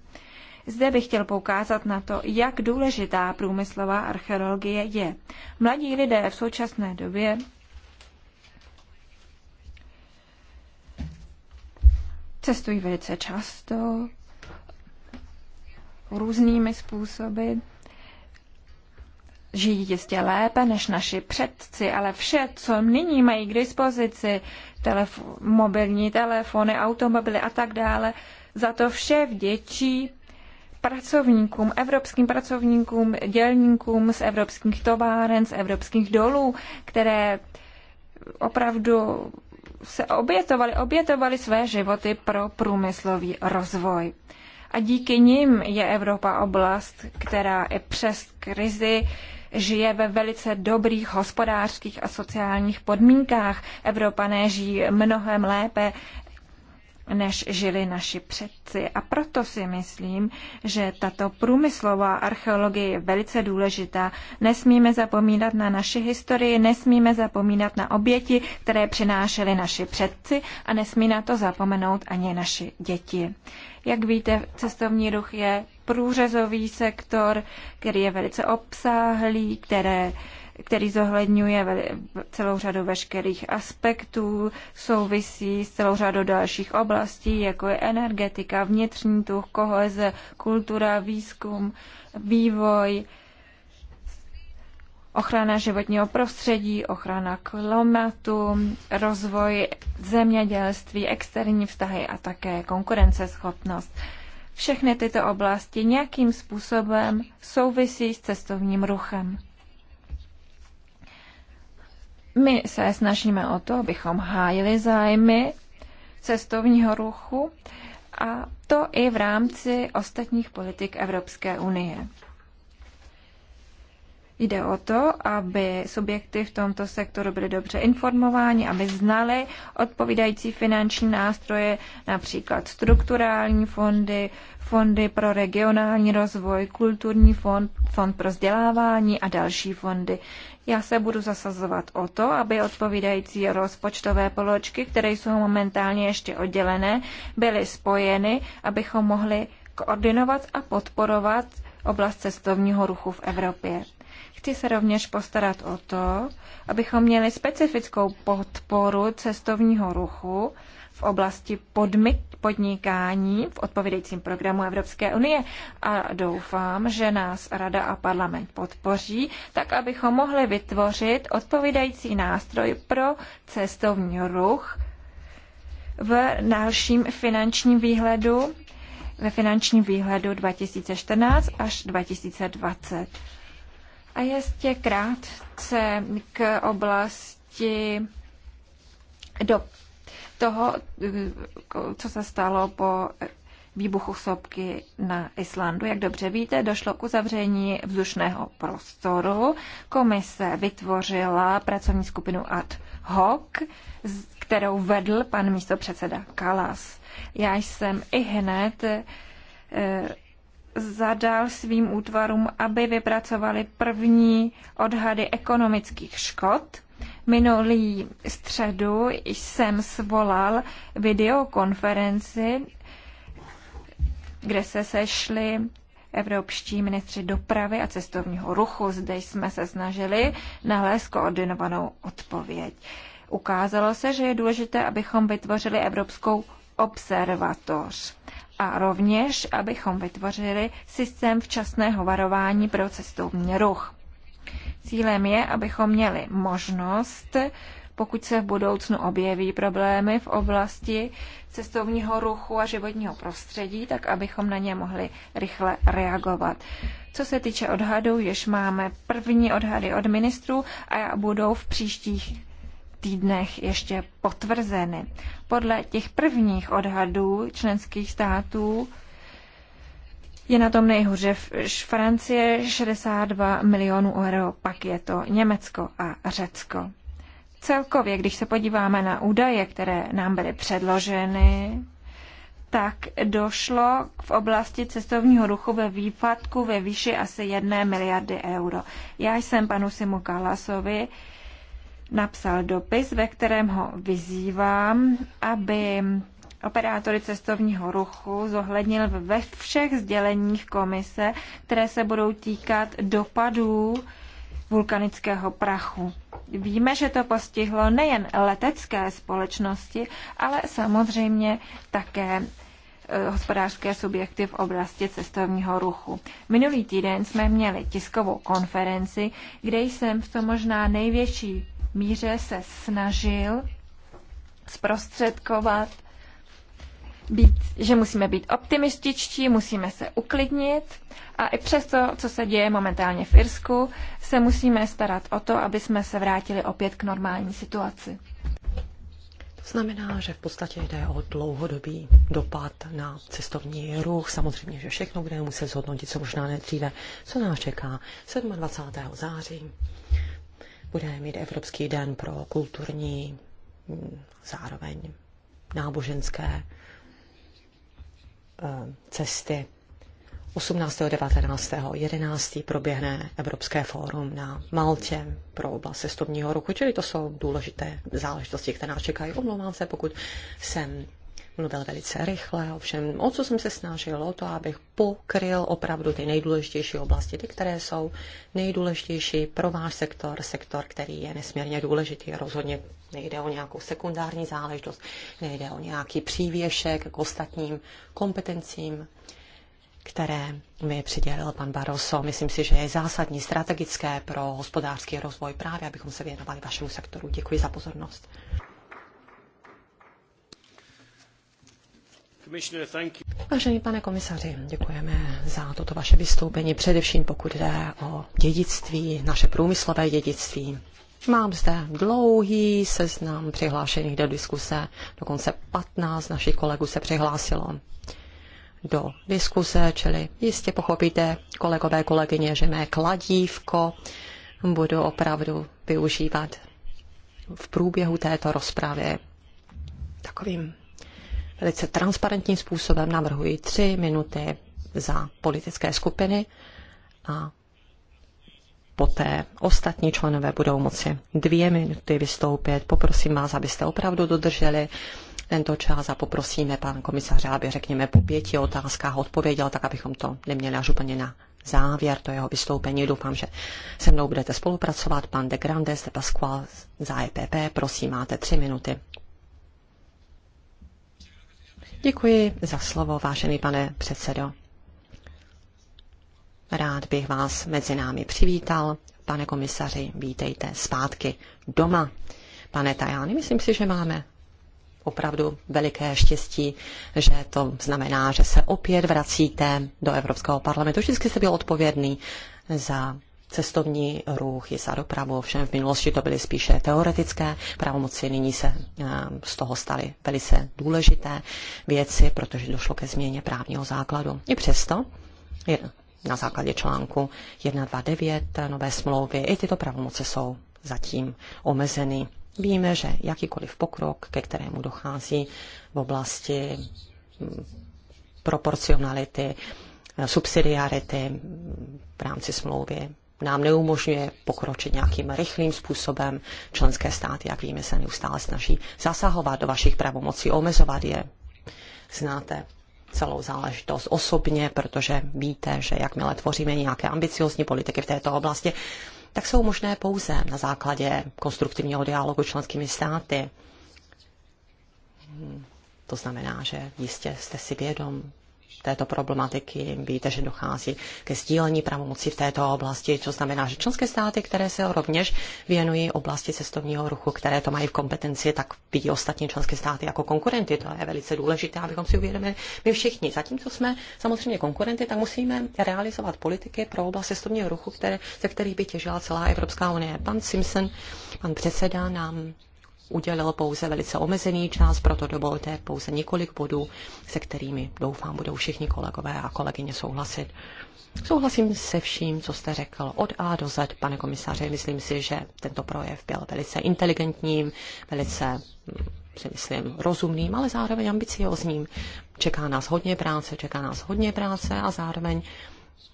Zde bych chtěl poukázat na to, jak důležitá průmyslová archeologie je. Mladí lidé v současné době cestují velice často, různými způsoby. Žijí jistě lépe než naši předci, ale vše, co nyní mají k dispozici, telef- mobilní telefony, automobily a tak dále, za to vše vděčí pracovníkům, evropským pracovníkům, dělníkům z evropských továren, z evropských dolů, které opravdu se obětovali, obětovali své životy pro průmyslový rozvoj a díky nim je Evropa oblast, která i přes krizi žije ve velice dobrých hospodářských a sociálních podmínkách. Evropané žijí mnohem lépe než žili naši předci. A proto si myslím, že tato průmyslová archeologie je velice důležitá. Nesmíme zapomínat na naši historii, nesmíme zapomínat na oběti, které přinášeli naši předci a nesmí na to zapomenout ani naši děti. Jak víte, cestovní ruch je průřezový sektor, který je velice obsáhlý, které který zohledňuje celou řadu veškerých aspektů, souvisí s celou řadou dalších oblastí, jako je energetika, vnitřní tuch, koheze, kultura, výzkum, vývoj, ochrana životního prostředí, ochrana klimatu, rozvoj zemědělství, externí vztahy a také konkurenceschopnost. Všechny tyto oblasti nějakým způsobem souvisí s cestovním ruchem. My se snažíme o to, abychom hájili zájmy cestovního ruchu a to i v rámci ostatních politik Evropské unie. Jde o to, aby subjekty v tomto sektoru byly dobře informováni, aby znali odpovídající finanční nástroje, například strukturální fondy, fondy pro regionální rozvoj, kulturní fond, fond pro vzdělávání a další fondy. Já se budu zasazovat o to, aby odpovídající rozpočtové poločky, které jsou momentálně ještě oddělené, byly spojeny, abychom mohli koordinovat a podporovat oblast cestovního ruchu v Evropě. Chci se rovněž postarat o to, abychom měli specifickou podporu cestovního ruchu v oblasti podmit, podnikání v odpovědejícím programu Evropské unie a doufám, že nás Rada a parlament podpoří, tak abychom mohli vytvořit odpovídající nástroj pro cestovní ruch v dalším finančním výhledu, ve finančním výhledu 2014 až 2020. A ještě krátce k oblasti do toho, co se stalo po výbuchu sopky na Islandu. Jak dobře víte, došlo k uzavření vzdušného prostoru. Komise vytvořila pracovní skupinu ad hoc, kterou vedl pan místopředseda Kalas. Já jsem i hned eh, zadal svým útvarům, aby vypracovali první odhady ekonomických škod. Minulý středu jsem svolal videokonferenci, kde se sešli evropští ministři dopravy a cestovního ruchu. Zde jsme se snažili nalézt koordinovanou odpověď. Ukázalo se, že je důležité, abychom vytvořili evropskou observatoř a rovněž, abychom vytvořili systém včasného varování pro cestovní ruch. Cílem je, abychom měli možnost, pokud se v budoucnu objeví problémy v oblasti cestovního ruchu a životního prostředí, tak abychom na ně mohli rychle reagovat. Co se týče odhadů, již máme první odhady od ministrů a budou v příštích týdnech ještě potvrzeny. Podle těch prvních odhadů členských států je na tom nejhůře Francie 62 milionů euro, pak je to Německo a Řecko. Celkově, když se podíváme na údaje, které nám byly předloženy, tak došlo v oblasti cestovního ruchu ve výpadku ve výši asi 1 miliardy euro. Já jsem panu Simu Kalasovi napsal dopis, ve kterém ho vyzývám, aby operátory cestovního ruchu zohlednil ve všech sděleních komise, které se budou týkat dopadů vulkanického prachu. Víme, že to postihlo nejen letecké společnosti, ale samozřejmě také eh, hospodářské subjekty v oblasti cestovního ruchu. Minulý týden jsme měli tiskovou konferenci, kde jsem v to možná největší míře se snažil zprostředkovat, být, že musíme být optimističtí, musíme se uklidnit a i přes to, co se děje momentálně v Irsku, se musíme starat o to, aby jsme se vrátili opět k normální situaci. To znamená, že v podstatě jde o dlouhodobý dopad na cestovní ruch. Samozřejmě, že všechno budeme muset zhodnotit, co možná nedříve, co nás čeká 27. září budeme mít Evropský den pro kulturní, hm, zároveň náboženské hm, cesty. 18. 19. 11. proběhne Evropské fórum na Maltě pro oblast cestovního ruchu, čili to jsou důležité záležitosti, které nás čekají. Omlouvám se, pokud jsem mluvil velice rychle, ovšem o co jsem se snažil, o to, abych pokryl opravdu ty nejdůležitější oblasti, ty, které jsou nejdůležitější pro váš sektor, sektor, který je nesmírně důležitý, rozhodně nejde o nějakou sekundární záležitost, nejde o nějaký přívěšek k ostatním kompetencím, které mi přidělil pan Barroso. Myslím si, že je zásadní, strategické pro hospodářský rozvoj právě, abychom se věnovali vašemu sektoru. Děkuji za pozornost. Vážený pane komisaři, děkujeme za toto vaše vystoupení, především pokud jde o dědictví, naše průmyslové dědictví. Mám zde dlouhý seznam přihlášených do diskuse, dokonce 15 našich kolegů se přihlásilo do diskuse, čili jistě pochopíte, kolegové, kolegyně, že mé kladívko budu opravdu využívat v průběhu této rozpravy takovým velice transparentním způsobem. Navrhuji tři minuty za politické skupiny a poté ostatní členové budou moci dvě minuty vystoupit. Poprosím vás, abyste opravdu dodrželi tento čas a poprosíme pan komisaře, aby řekněme po pěti otázkách odpověděl, tak abychom to neměli až úplně na závěr to jeho vystoupení. Doufám, že se mnou budete spolupracovat. Pan de Grandes de Pasqual za EPP, prosím, máte tři minuty. Děkuji za slovo, vážený pane předsedo. Rád bych vás mezi námi přivítal. Pane komisaři, vítejte zpátky doma. Pane Tajány, myslím si, že máme opravdu veliké štěstí, že to znamená, že se opět vracíte do Evropského parlamentu. Vždycky jste byl odpovědný za cestovní ruch i za dopravu. Ovšem v minulosti to byly spíše teoretické pravomoci, nyní se eh, z toho staly velice důležité věci, protože došlo ke změně právního základu. I přesto je na základě článku 129 nové smlouvy i tyto pravomoci jsou zatím omezeny. Víme, že jakýkoliv pokrok, ke kterému dochází v oblasti mm, proporcionality, eh, subsidiarity v rámci smlouvy nám neumožňuje pokročit nějakým rychlým způsobem. Členské státy, jak víme, se neustále snaží zasahovat do vašich pravomocí, omezovat je. Znáte celou záležitost osobně, protože víte, že jakmile tvoříme nějaké ambiciozní politiky v této oblasti, tak jsou možné pouze na základě konstruktivního dialogu členskými státy. To znamená, že jistě jste si vědom této problematiky. Víte, že dochází ke sdílení pravomocí v této oblasti, co znamená, že členské státy, které se rovněž věnují oblasti cestovního ruchu, které to mají v kompetenci, tak vidí ostatní členské státy jako konkurenty. To je velice důležité, abychom si uvědomili my všichni. Zatímco jsme samozřejmě konkurenty, tak musíme realizovat politiky pro oblast cestovního ruchu, které, ze kterých by těžila celá Evropská unie. Pan Simpson, pan předseda nám udělil pouze velice omezený čas, proto dovolte pouze několik bodů, se kterými doufám budou všichni kolegové a kolegyně souhlasit. Souhlasím se vším, co jste řekl od A do Z, pane komisaře, Myslím si, že tento projev byl velice inteligentním, velice hm, si myslím, rozumným, ale zároveň ambiciozním. Čeká nás hodně práce, čeká nás hodně práce a zároveň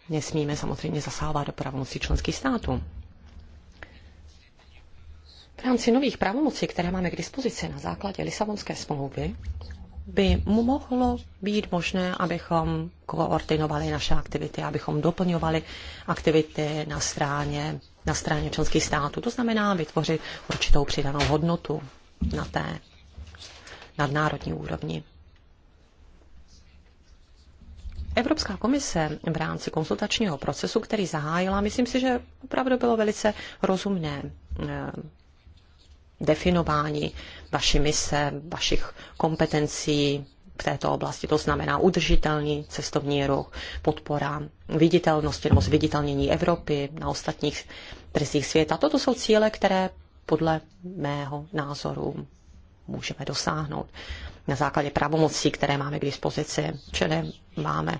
nesmíme samozřejmě zasávat do pravomocí členských států rámci nových pravomocí, které máme k dispozici na základě Lisabonské smlouvy, by mohlo být možné, abychom koordinovali naše aktivity, abychom doplňovali aktivity na straně, na straně členských států. To znamená vytvořit určitou přidanou hodnotu na té nadnárodní úrovni. Evropská komise v rámci konsultačního procesu, který zahájila, myslím si, že opravdu bylo velice rozumné eh, definování vaší mise, vašich kompetencí v této oblasti. To znamená udržitelný cestovní ruch, podpora viditelnosti nebo zviditelnění Evropy na ostatních trzích světa. Toto jsou cíle, které podle mého názoru můžeme dosáhnout na základě pravomocí, které máme k dispozici. Čili máme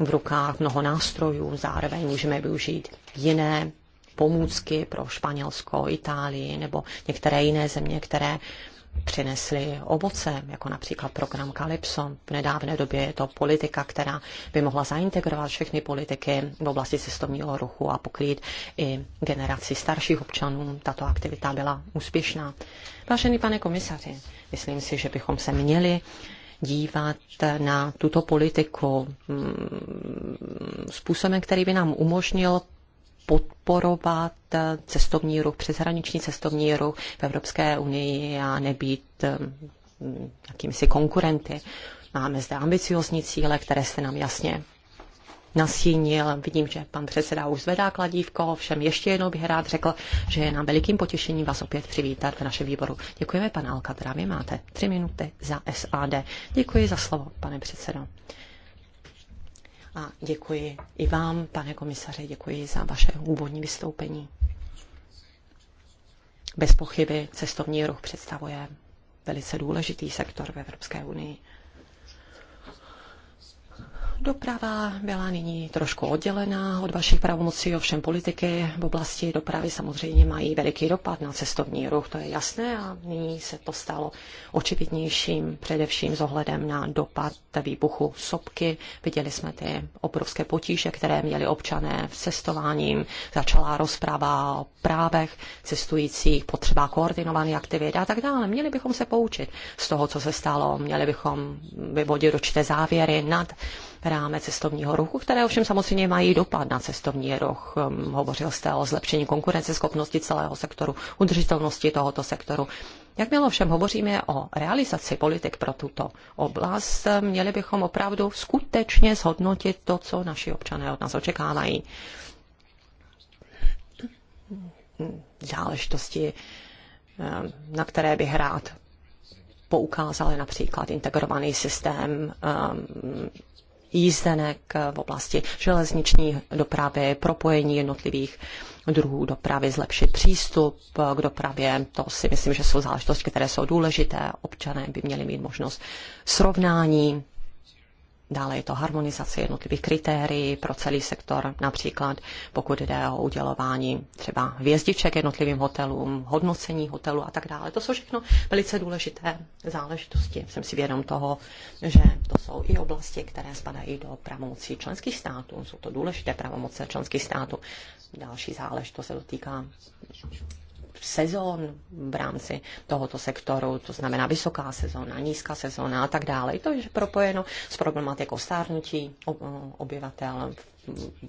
v rukách mnoho nástrojů, zároveň můžeme využít jiné pomůcky pro Španělsko, Itálii nebo některé jiné země, které přinesly ovoce, jako například program Calypso. V nedávné době je to politika, která by mohla zaintegrovat všechny politiky v oblasti cestovního ruchu a pokrýt i generaci starších občanů. Tato aktivita byla úspěšná. Vážený pane komisaři, myslím si, že bychom se měli dívat na tuto politiku mm, způsobem, který by nám umožnil podporovat cestovní ruch, přeshraniční cestovní ruch v Evropské unii a nebýt eh, jakýmsi konkurenty. Máme zde ambiciozní cíle, které se nám jasně nasínil. Vidím, že pan předseda už zvedá kladívko, Všem ještě jednou bych rád řekl, že je nám velikým potěšením vás opět přivítat v našem výboru. Děkujeme, pan Alka, vy máte tři minuty za SAD. Děkuji za slovo, pane předsedo. A děkuji i vám, pane komisaře, děkuji za vaše úvodní vystoupení. Bez pochyby cestovní ruch představuje velice důležitý sektor v Evropské unii. Doprava byla nyní trošku oddělená od vašich pravomocí, ovšem politiky v oblasti dopravy samozřejmě mají veliký dopad na cestovní ruch, to je jasné a nyní se to stalo očividnějším, především s ohledem na dopad výbuchu sopky. Viděli jsme ty obrovské potíže, které měli občané v cestováním. Začala rozprava o právech cestujících, potřeba koordinovaných aktivit a tak dále. Měli bychom se poučit z toho, co se stalo, měli bychom vyvodit určité závěry nad rámec cestovního ruchu, které ovšem samozřejmě mají dopad na cestovní ruch. Um, hovořil jste o zlepšení konkurenceschopnosti celého sektoru, udržitelnosti tohoto sektoru. Jak mělo všem hovoříme o realizaci politik pro tuto oblast, měli bychom opravdu skutečně zhodnotit to, co naši občané od nás očekávají. Záležitosti, um, na které bych rád poukázal například integrovaný systém um, jízdenek v oblasti železniční dopravy, propojení jednotlivých druhů dopravy, zlepšit přístup k dopravě. To si myslím, že jsou záležitosti, které jsou důležité. Občané by měli mít možnost srovnání Dále je to harmonizace jednotlivých kritérií pro celý sektor, například pokud jde o udělování třeba hvězdiček jednotlivým hotelům, hodnocení hotelů a tak dále. To jsou všechno velice důležité záležitosti. Jsem si vědom toho, že to jsou i oblasti, které spadají do pravomocí členských států. Jsou to důležité pravomoce členských států. Další záležitost se dotýká sezon v rámci tohoto sektoru, to znamená vysoká sezóna, nízká sezóna a tak dále. I to je propojeno s problematikou stárnutí obyvatel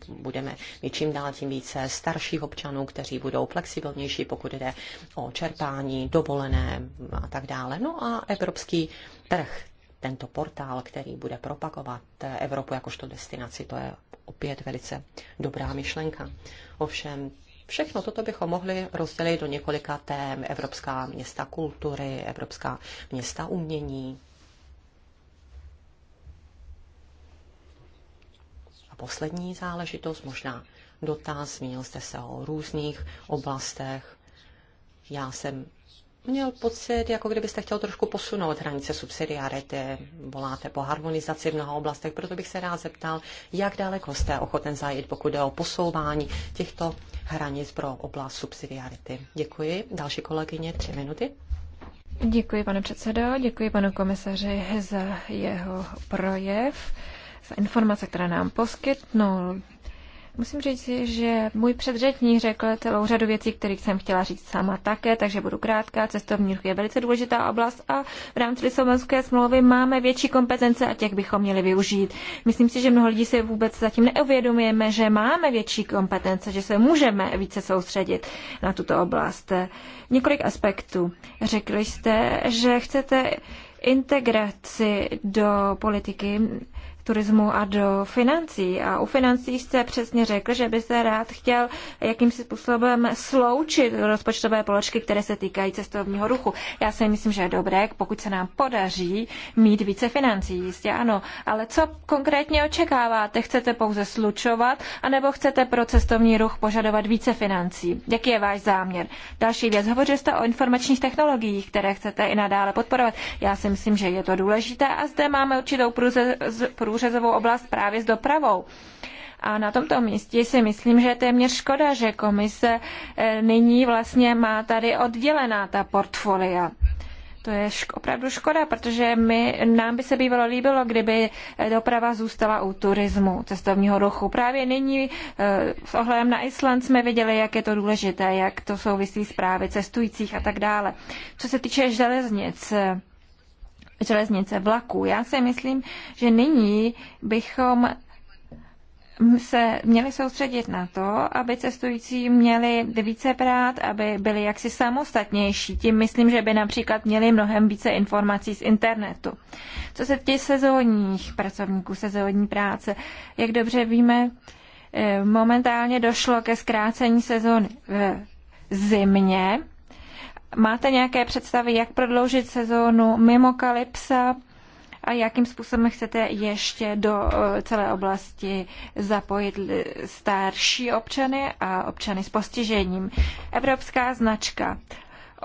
budeme mít čím dál tím více starších občanů, kteří budou flexibilnější, pokud jde o čerpání, dovolené a tak dále. No a evropský trh, tento portál, který bude propagovat Evropu jakožto destinaci, to je opět velice dobrá myšlenka. Ovšem, Všechno toto bychom mohli rozdělit do několika tém. Evropská města kultury, Evropská města umění. A poslední záležitost, možná dotaz, zmínil jste se o různých oblastech. Já jsem měl pocit, jako kdybyste chtěl trošku posunout hranice subsidiarity. Voláte po harmonizaci v mnoha oblastech, proto bych se rád zeptal, jak daleko jste ochoten zajít, pokud jde o posouvání těchto hranic pro oblast subsidiarity. Děkuji. Další kolegyně, tři minuty. Děkuji, pane předsedo, děkuji panu komisaři za jeho projev, za informace, které nám poskytnul. Musím říct, že můj předřečník řekl celou řadu věcí, kterých jsem chtěla říct sama také, takže budu krátká. Cestovní ruch je velice důležitá oblast a v rámci Lisabonské smlouvy máme větší kompetence a těch bychom měli využít. Myslím si, že mnoho lidí si vůbec zatím neuvědomujeme, že máme větší kompetence, že se můžeme více soustředit na tuto oblast. Několik aspektů. Řekli jste, že chcete integraci do politiky turismu a do financí. A u financí jste přesně řekl, že byste rád chtěl jakýmsi způsobem sloučit rozpočtové položky, které se týkají cestovního ruchu. Já si myslím, že je dobré, pokud se nám podaří mít více financí, jistě ano. Ale co konkrétně očekáváte? Chcete pouze slučovat, anebo chcete pro cestovní ruch požadovat více financí? Jaký je váš záměr? Další věc. Hovořil jste o informačních technologiích, které chcete i nadále podporovat. Já si myslím, že je to důležité a zde máme určitou průze, průze průřezovou oblast právě s dopravou. A na tomto místě si myslím, že je téměř škoda, že komise eh, nyní vlastně má tady oddělená ta portfolia. To je šk- opravdu škoda, protože my, nám by se bývalo líbilo, kdyby eh, doprava zůstala u turismu, cestovního ruchu. Právě nyní eh, s ohledem na Island jsme viděli, jak je to důležité, jak to souvisí s právě cestujících a tak dále. Co se týče železnic, železnice vlaků. Já si myslím, že nyní bychom se měli soustředit na to, aby cestující měli více prát, aby byli jaksi samostatnější. Tím myslím, že by například měli mnohem více informací z internetu. Co se těch sezónních pracovníků, sezónní práce, jak dobře víme, eh, momentálně došlo ke zkrácení sezóny v zimě, Máte nějaké představy, jak prodloužit sezónu mimo Kalypsa a jakým způsobem chcete ještě do eh, celé oblasti zapojit starší občany a občany s postižením? Evropská značka.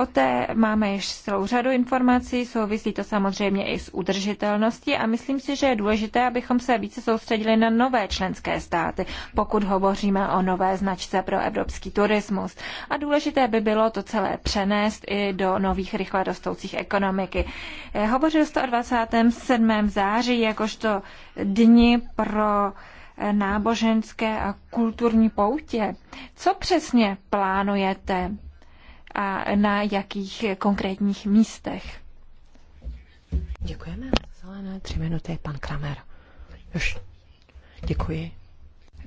O té máme již celou řadu informací, souvisí to samozřejmě i s udržitelností a myslím si, že je důležité, abychom se více soustředili na nové členské státy, pokud hovoříme o nové značce pro evropský turismus. A důležité by bylo to celé přenést i do nových rychle rostoucích ekonomiky. Eh, hovořil jste o 27. září jakožto dni pro eh, náboženské a kulturní poutě. Co přesně plánujete? a na jakých konkrétních místech. Děkujeme. Zelené tři minuty, pan Kramer. Už. Děkuji.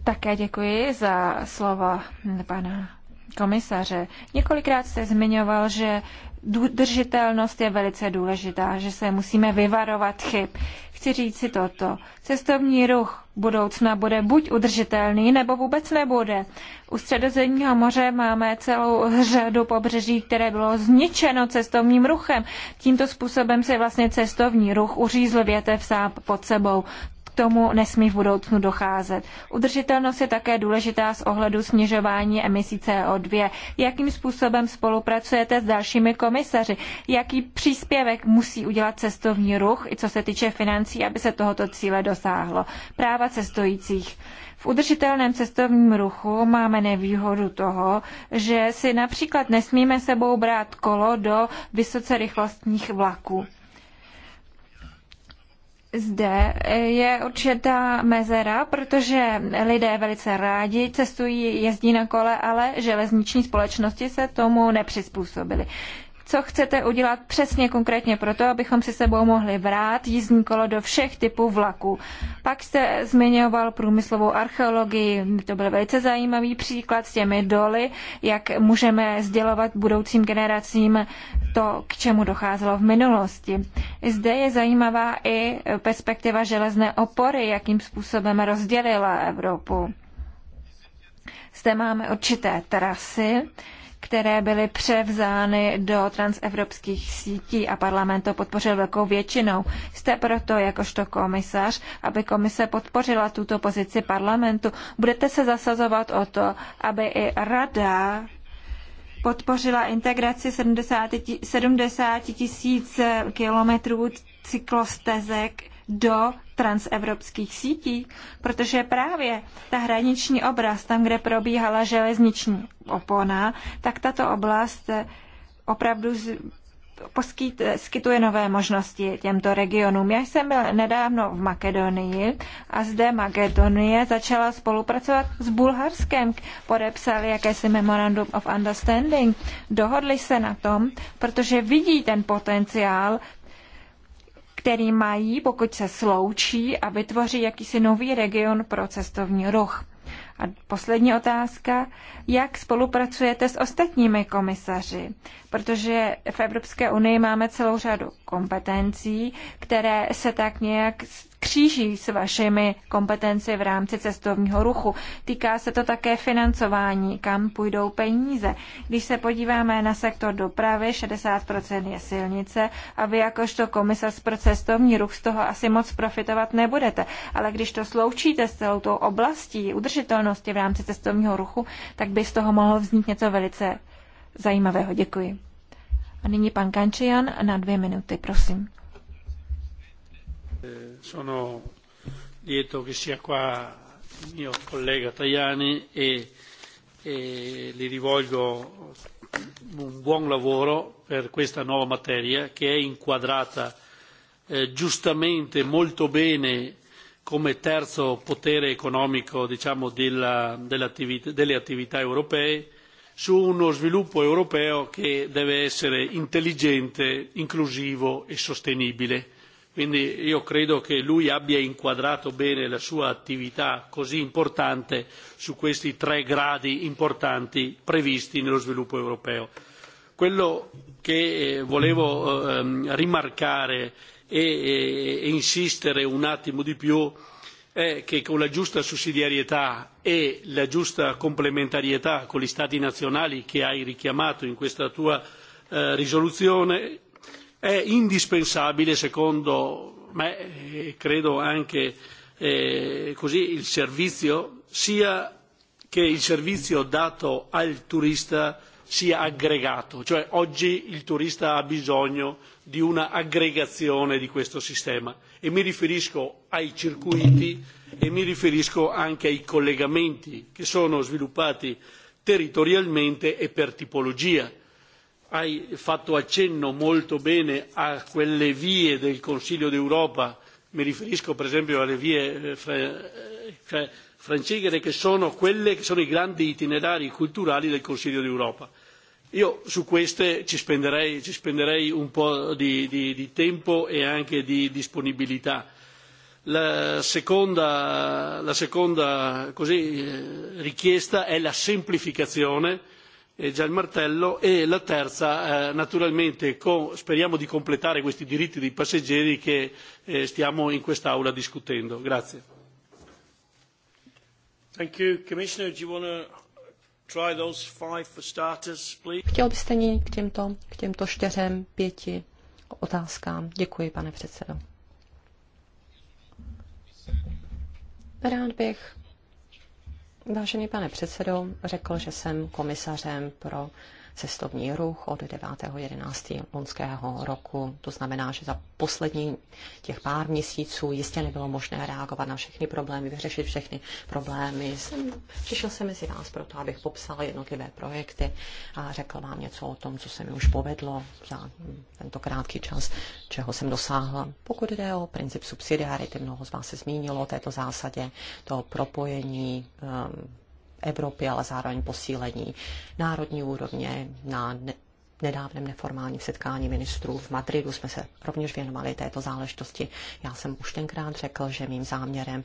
Také děkuji za slova pana komisaře. Několikrát jste zmiňoval, že Držitelnost je velice důležitá, že se musíme vyvarovat chyb. Chci říct si toto. Cestovní ruch budoucna bude buď udržitelný, nebo vůbec nebude. U středozemního moře máme celou řadu pobřeží, které bylo zničeno cestovním ruchem. Tímto způsobem se vlastně cestovní ruch uřízl větev sám pod sebou tomu nesmí v budoucnu docházet. Udržitelnost je také důležitá z ohledu snižování emisí CO2. Jakým způsobem spolupracujete s dalšími komisaři? Jaký příspěvek musí udělat cestovní ruch, i co se týče financí, aby se tohoto cíle dosáhlo? Práva cestujících. V udržitelném cestovním ruchu máme nevýhodu toho, že si například nesmíme sebou brát kolo do vysoce rychlostních vlaků zde e, je určitá mezera, protože lidé velice rádi cestují, jezdí na kole, ale železniční společnosti se tomu nepřizpůsobily co chcete udělat přesně konkrétně pro to, abychom si sebou mohli vrát jízdní kolo do všech typů vlaků. Pak jste zmiňoval průmyslovou archeologii, to byl velice zajímavý příklad s těmi doly, jak můžeme sdělovat budoucím generacím to, k čemu docházelo v minulosti. Zde je zajímavá i perspektiva železné opory, jakým způsobem rozdělila Evropu. Zde máme určité trasy, které byly převzány do transevropských sítí a parlament to podpořil velkou většinou. Jste proto jakožto komisař, aby komise podpořila tuto pozici parlamentu. Budete se zasazovat o to, aby i rada podpořila integraci 70 tisíc kilometrů cyklostezek do transevropských sítí, protože právě ta hraniční oblast, tam, kde probíhala železniční opona, tak tato oblast eh, opravdu poskytuje eh, nové možnosti těmto regionům. Já jsem byl nedávno v Makedonii a zde Makedonie začala spolupracovat s Bulharskem. Podepsali jakési memorandum of understanding. Dohodli se na tom, protože vidí ten potenciál který mají, pokud se sloučí a vytvoří jakýsi nový region pro cestovní ruch. A poslední otázka, jak spolupracujete s ostatními komisaři? protože v Evropské unii máme celou řadu kompetencí, které se tak nějak kříží s vašimi kompetenci v rámci cestovního ruchu. Týká se to také financování, kam půjdou peníze. Když se podíváme na sektor dopravy, 60% je silnice a vy jakožto komisař pro cestovní ruch z toho asi moc profitovat nebudete. Ale když to sloučíte s celou tou oblastí udržitelnosti v rámci cestovního ruchu, tak by z toho mohlo vzniknout něco velice zajímavého. Děkuji. A nyní pan Kančian na dvě minuty, prosím. Sono lieto che sia qua mio collega Tajani e, e gli rivolgo un buon lavoro per questa nuova materia che è inquadrata eh, giustamente molto bene come terzo potere economico diciamo, della, dell delle attività europee su uno sviluppo europeo che deve essere intelligente, inclusivo e sostenibile. Quindi io credo che lui abbia inquadrato bene la sua attività così importante su questi tre gradi importanti previsti nello sviluppo europeo. Quello che eh, volevo ehm, rimarcare e, e, e insistere un attimo di più è che con la giusta sussidiarietà e la giusta complementarietà con gli Stati nazionali che hai richiamato in questa tua eh, risoluzione è indispensabile, secondo me e credo anche eh, così, il servizio, sia che il servizio dato al turista sia aggregato, cioè oggi il turista ha bisogno di una aggregazione di questo sistema e mi riferisco ai circuiti e mi riferisco anche ai collegamenti che sono sviluppati territorialmente e per tipologia. Hai fatto accenno molto bene a quelle vie del Consiglio d'Europa, mi riferisco per esempio alle vie eh, eh, francigene che sono quelle che sono i grandi itinerari culturali del Consiglio d'Europa Io su queste ci spenderei, ci spenderei un po' di, tempo e anche di disponibilità. La seconda, eh, richiesta è la semplificazione, è eh, già il martello, e la terza eh, naturalmente speriamo di completare questi diritti dei passeggeri che stiamo in quest'Aula discutendo. Try those five for starters, please. Chtěl byste nyní k těmto, k těmto čtyřem, pěti otázkám. Děkuji, pane předsedo. Rád bych, vážený pane předsedo, řekl, že jsem komisařem pro cestovní ruch od 9.11. loňského roku. To znamená, že za poslední těch pár měsíců jistě nebylo možné reagovat na všechny problémy, vyřešit všechny problémy. Jsem, přišel jsem mezi vás proto, abych popsal jednotlivé projekty a řekl vám něco o tom, co se mi už povedlo za tento krátký čas, čeho jsem dosáhl. Pokud jde o princip subsidiarity, mnoho z vás se zmínilo o této zásadě, toho propojení um, Evropy, ale zároveň posílení národní úrovně na nedávném neformálním setkání ministrů v Madridu jsme se rovněž věnovali této záležitosti. Já jsem už tenkrát řekl, že mým záměrem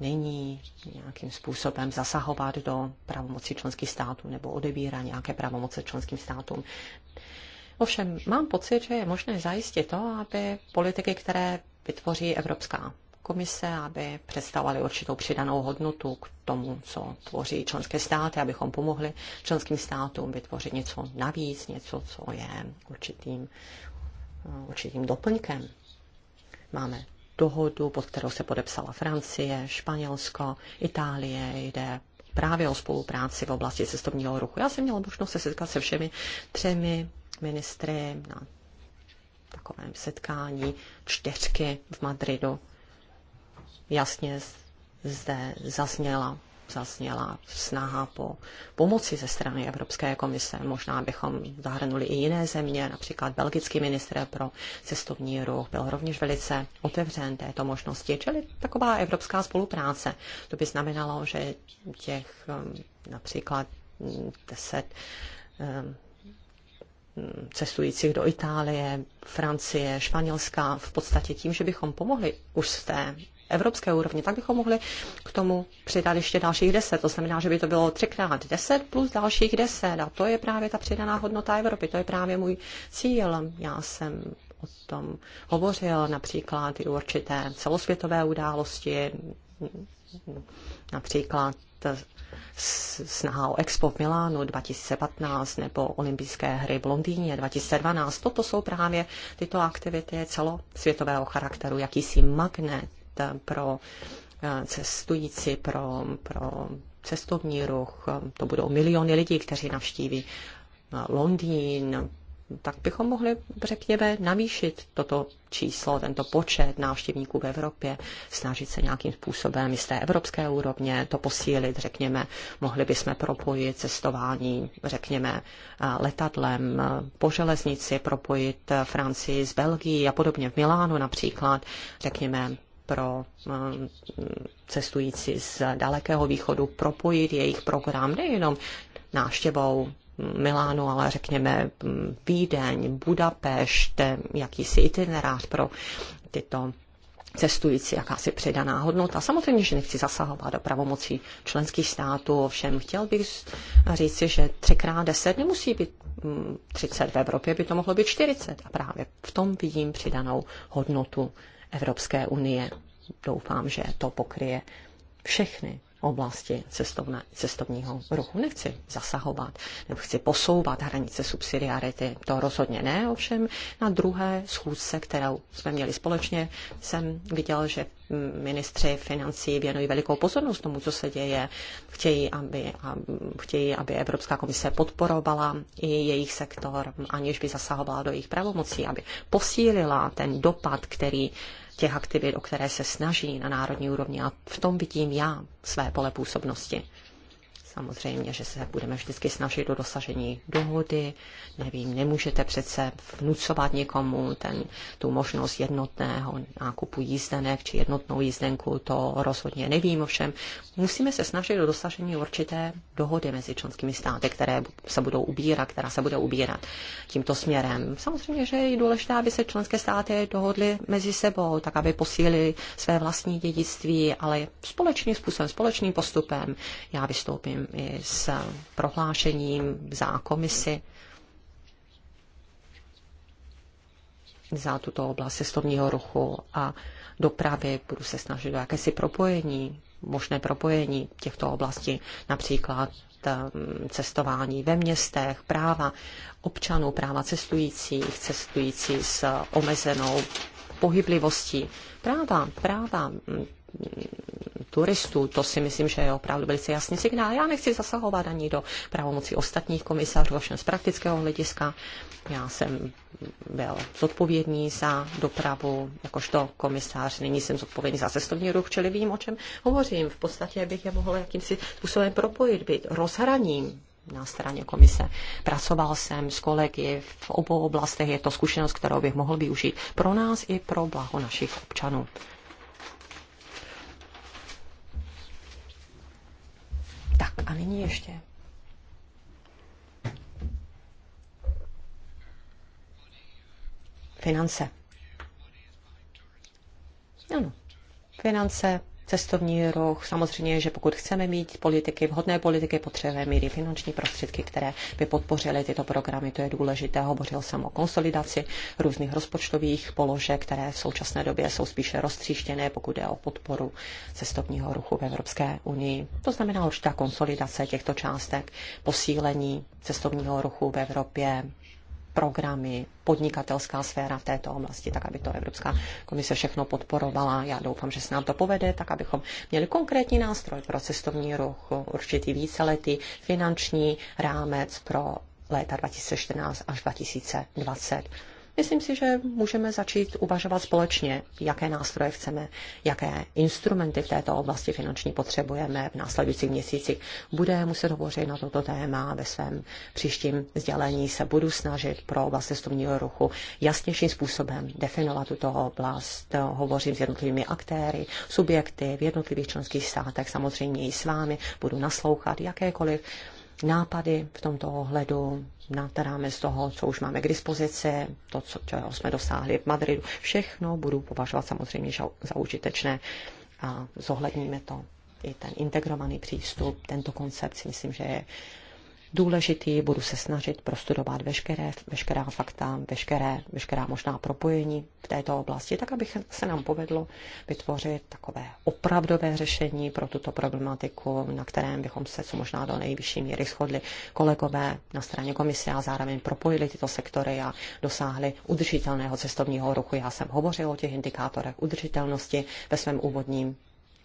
není nějakým způsobem zasahovat do pravomoci členských států nebo odebírat nějaké pravomoce členským státům. Ovšem, mám pocit, že je možné zajistit to, aby politiky, které vytvoří Evropská komise, aby představovali určitou přidanou hodnotu k tomu, co tvoří členské státy, abychom pomohli členským státům vytvořit něco navíc, něco, co je určitým, určitým doplňkem. Máme dohodu, pod kterou se podepsala Francie, Španělsko, Itálie, jde právě o spolupráci v oblasti cestovního ruchu. Já jsem měla možnost se setkat se všemi třemi ministry na takovém setkání čtyřky v Madridu jasně zde zazněla, zazněla snaha po pomoci ze strany Evropské komise. Možná bychom zahrnuli i jiné země, například belgický ministr pro cestovní ruch byl rovněž velice otevřen této možnosti, čili taková evropská spolupráce. To by znamenalo, že těch um, například mm, deset um, mm, cestujících do Itálie, Francie, Španělska, v podstatě tím, že bychom pomohli už z té evropské úrovni, tak bychom mohli k tomu přidat ještě dalších 10. To znamená, že by to bylo 3x10 plus dalších 10. A to je právě ta přidaná hodnota Evropy. To je právě můj cíl. Já jsem o tom hovořil například i určité celosvětové události, například snaha o Expo v Milánu 2015 nebo olympijské hry v Londýně 2012. Toto jsou právě tyto aktivity celosvětového charakteru, jakýsi magnet pro eh, cestující, pro, pro cestovní ruch. To budou miliony lidí, kteří navštíví eh, Londýn, tak bychom mohli, řekněme, navýšit toto číslo, tento počet návštěvníků v Evropě, snažit se nějakým způsobem z té evropské úrovně to posílit, řekněme, mohli bychom propojit cestování, řekněme, eh, letadlem po železnici, propojit Francii s Belgií a podobně v Milánu například, řekněme, pro eh, cestující z Dalekého východu propojit jejich program nejenom návštěvou Milánu, ale řekněme mm, Vídeň, Budapešť, eh, jakýsi itinerář pro tyto cestující, jakási přidaná hodnota. Samozřejmě, že nechci zasahovat do pravomocí členských států, ovšem chtěl bych říci, že 3x10 nemusí být 30 mm, v Evropě, by to mohlo být 40 a právě v tom vidím přidanou hodnotu Evropské unie. Doufám, že to pokryje všechny oblasti cestovné, cestovního ruchu. Nechci zasahovat nebo chci posouvat hranice subsidiarity. To rozhodně ne, ovšem na druhé schůzce, kterou jsme měli společně, jsem viděl, že ministři financí věnují velikou pozornost tomu, co se děje. Chtějí, aby, a, chtějí, aby Evropská komise podporovala i jejich sektor, aniž by zasahovala do jejich pravomocí, aby posílila ten dopad, který těch aktivit, o které se snaží na národní úrovni. A v tom vidím já své pole působnosti. Samozřejmě, že se budeme vždycky snažit do dosažení dohody. Nevím, nemůžete přece vnucovat někomu ten, tu možnost jednotného nákupu jízdenek či jednotnou jízdenku, to rozhodně nevím. Ovšem, musíme se snažit do dosažení určité dohody mezi členskými státy, které se budou ubírat, která se bude ubírat tímto směrem. Samozřejmě, že je důležité, aby se členské státy dohodly mezi sebou, tak aby posílili své vlastní dědictví, ale společným způsobem, společným postupem. Já vystoupím i s prohlášením za komisi za tuto oblast cestovního ruchu a dopravy. Budu se snažit o jakési propojení, možné propojení těchto oblastí, například mm, cestování ve městech, práva občanů, práva cestujících, cestující s omezenou pohyblivostí, práva, práva mm, turistů. To si myslím, že je opravdu velice jasný signál. Já nechci zasahovat ani do pravomocí ostatních komisařů, ovšem z praktického hlediska. Já jsem byl zodpovědný za dopravu, jakožto komisář, nyní jsem zodpovědný za cestovní ruch, čili vím, o čem hovořím. V podstatě bych je mohl jakýmsi způsobem propojit, být rozhraním na straně komise. Pracoval jsem s kolegy v obou oblastech, je to zkušenost, kterou bych mohl využít pro nás i pro blaho našich občanů. Tak a nyní ještě. Finance. Ano. Finance cestovní ruch. Samozřejmě, že pokud chceme mít politiky, vhodné politiky, potřebujeme mít i finanční prostředky, které by podpořily tyto programy. To je důležité. Hovořil jsem o konsolidaci různých rozpočtových položek, které v současné době jsou spíše roztříštěné, pokud je o podporu cestovního ruchu v Evropské unii. To znamená určitá konsolidace těchto částek, posílení cestovního ruchu v Evropě, programy, podnikatelská sféra v této oblasti, tak aby to Evropská komise všechno podporovala. Já doufám, že se nám to povede, tak abychom měli konkrétní nástroj pro cestovní ruch, určitý víceletý finanční rámec pro léta 2014 až 2020. Myslím si, že můžeme začít uvažovat společně, jaké nástroje chceme, jaké instrumenty v této oblasti finanční potřebujeme v následujících měsících. Bude muset hovořit na toto téma ve svém příštím sdělení. Se budu snažit pro oblast cestovního ruchu jasnějším způsobem definovat tuto oblast. Hovořím s jednotlivými aktéry, subjekty v jednotlivých členských státech, samozřejmě i s vámi. Budu naslouchat jakékoliv nápady v tomto ohledu nátaráme z toho, co už máme k dispozici, to, co čeho jsme dosáhli v Madridu. Všechno budu považovat samozřejmě za užitečné a zohledníme to. I ten integrovaný přístup, tento koncept si myslím, že je důležitý, budu se snažit prostudovat veškeré, veškerá fakta, veškeré, veškerá možná propojení v této oblasti, tak abych se nám povedlo vytvořit takové opravdové řešení pro tuto problematiku, na kterém bychom se co možná do nejvyšší míry shodli kolegové na straně komise a zároveň propojili tyto sektory a dosáhli udržitelného cestovního ruchu. Já jsem hovořil o těch indikátorech udržitelnosti ve svém úvodním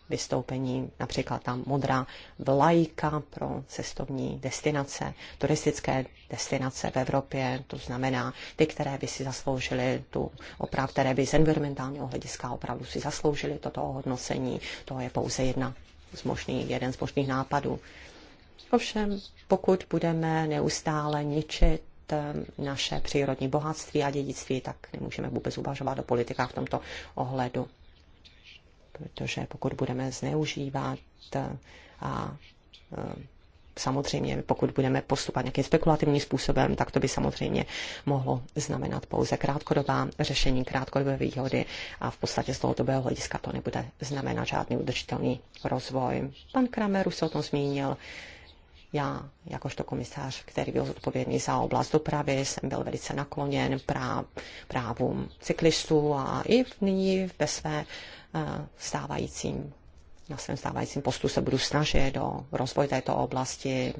vystoupení, například tam modrá vlajka pro cestovní destinace, turistické destinace v Evropě, to znamená ty, které by si zasloužily tu opravdu, které by z environmentálního hlediska opravdu si zasloužily toto ohodnocení, to je pouze jedna z možných, jeden z možných nápadů. Ovšem, pokud budeme neustále ničit eh, naše přírodní bohatství a dědictví, tak nemůžeme vůbec uvažovat o politikách v tomto ohledu protože pokud budeme zneužívat eh, a eh, samozřejmě, pokud budeme postupovat nějakým spekulativním způsobem, tak to by samozřejmě mohlo znamenat pouze krátkodobá řešení, krátkodobé výhody a v podstatě z dlouhodobého hlediska to nebude znamenat žádný udržitelný rozvoj. Pan Kramer už se o tom zmínil, já, jakožto komisář, který byl zodpovědný za oblast dopravy, jsem byl velice nakloněn práv, právům cyklistů a i nyní ve své eh, stávajícím na svém stávajícím postu se budu snažit do rozvoj této oblasti,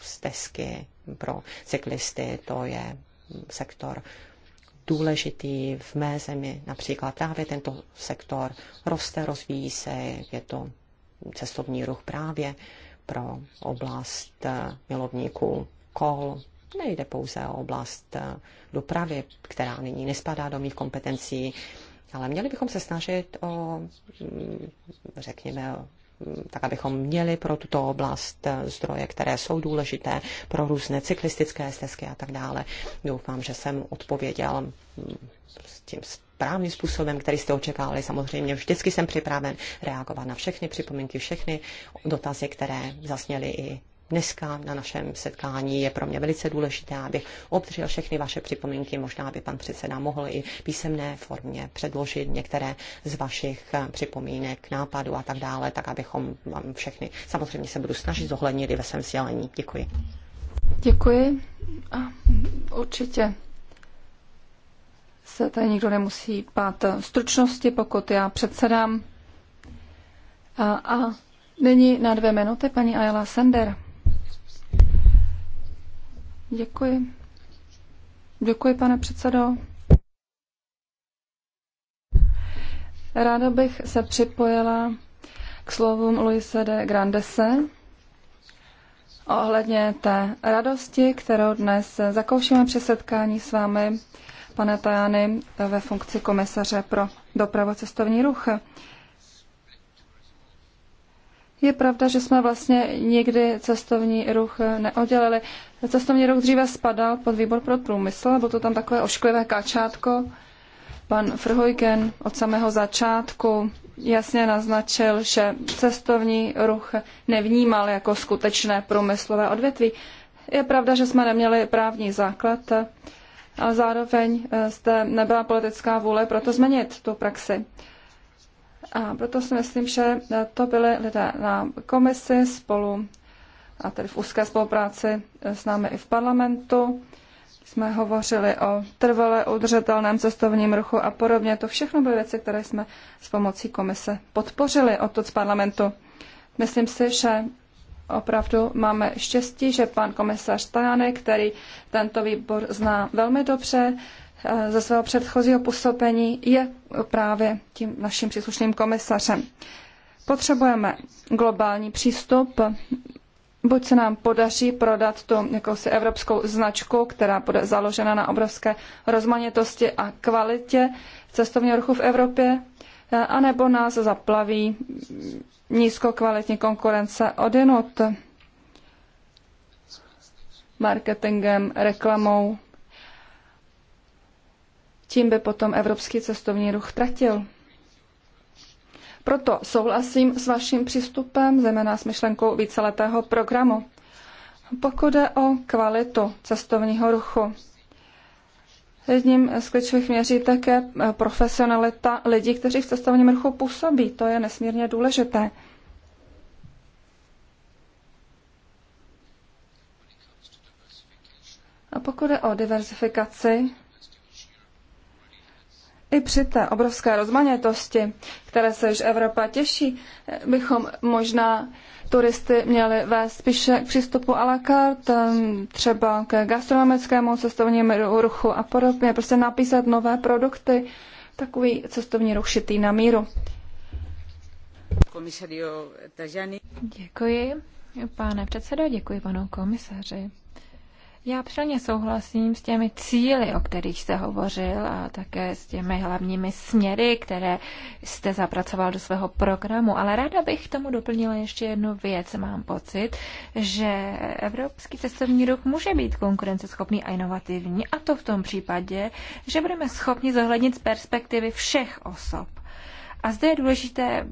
stezky pro cyklisty, to je sektor důležitý v mé zemi. Například právě tento sektor roste, rozvíjí se, je to cestovní ruch právě pro oblast eh, milovníků kol. Nejde pouze o oblast eh, dopravy, která nyní nespadá do mých kompetencí, ale měli bychom se snažit o, mm, řekněme, tak abychom měli pro tuto oblast eh, zdroje, které jsou důležité pro různé cyklistické stezky a tak dále. Doufám, že jsem odpověděl mm, s tím správným způsobem, který jste očekávali. Samozřejmě vždycky jsem připraven reagovat na všechny připomínky, všechny dotazy, které zasněly i dneska na našem setkání je pro mě velice důležité, abych obdržel všechny vaše připomínky. Možná by pan předseda mohl i písemné formě předložit některé z vašich eh, připomínek, nápadů a tak dále, tak abychom vám všechny, samozřejmě se budu snažit zohlednit i ve svém vzdělení. Děkuji. Děkuji. A určitě se tady nikdo nemusí bát stručnosti, pokud já předsedám. A, a nyní na dvě minuty paní Ayala Sender. Děkuji. Děkuji, pane předsedo. Ráda bych se připojila k slovům Luise de Grandese ohledně té radosti, kterou dnes zakoušíme při setkání s vámi pane Tajany, ve funkci komisaře pro dopravu cestovní ruch. Je pravda, že jsme vlastně nikdy cestovní ruch neoddělili. Cestovní ruch dříve spadal pod výbor pro průmysl, bylo to tam takové ošklivé kačátko. Pan Frhojken od samého začátku jasně naznačil, že cestovní ruch nevnímal jako skutečné průmyslové odvětví. Je pravda, že jsme neměli právní základ a zároveň eh, zde nebyla politická vůle proto změnit tu praxi. A proto si myslím, že eh, to byly lidé na komisi spolu a tedy v úzké spolupráci eh, s námi i v parlamentu. Jsme hovořili o trvale udržitelném cestovním ruchu a podobně. To všechno byly věci, které jsme s pomocí komise podpořili odtud z parlamentu. Myslím si, že opravdu máme štěstí, že pan komisař Tajanek, který tento výbor zná velmi dobře eh, ze svého předchozího působení, je právě tím naším příslušným komisařem. Potřebujeme globální přístup, buď se nám podaří prodat tu jakousi evropskou značku, která bude založena na obrovské rozmanitosti a kvalitě cestovního ruchu v Evropě, eh, anebo nás zaplaví nízkokvalitní konkurence odinut marketingem, reklamou. Tím by potom evropský cestovní ruch tratil. Proto souhlasím s vaším přístupem, zejména s myšlenkou víceletého programu. Pokud jde o kvalitu cestovního ruchu, Jedním z klíčových měří také eh, profesionalita lidí, kteří v cestovním ruchu působí. To je nesmírně důležité. A pokud je o diversifikaci, i při té obrovské rozmanitosti, které se Evropa těší, bychom možná turisty měli vést spíše k přístupu à la carte, třeba k gastronomickému cestovnímu ruchu a podobně, prostě napísat nové produkty, takový cestovní ruch šitý na míru. Děkuji, pane předsedo, děkuji panu komisaři. Já plně souhlasím s těmi cíly, o kterých jste hovořil a také s těmi hlavními směry, které jste zapracoval do svého programu, ale ráda bych k tomu doplnila ještě jednu věc. Mám pocit, že evropský cestovní ruch může být konkurenceschopný a inovativní a to v tom případě, že budeme schopni zohlednit z perspektivy všech osob. A zde je důležité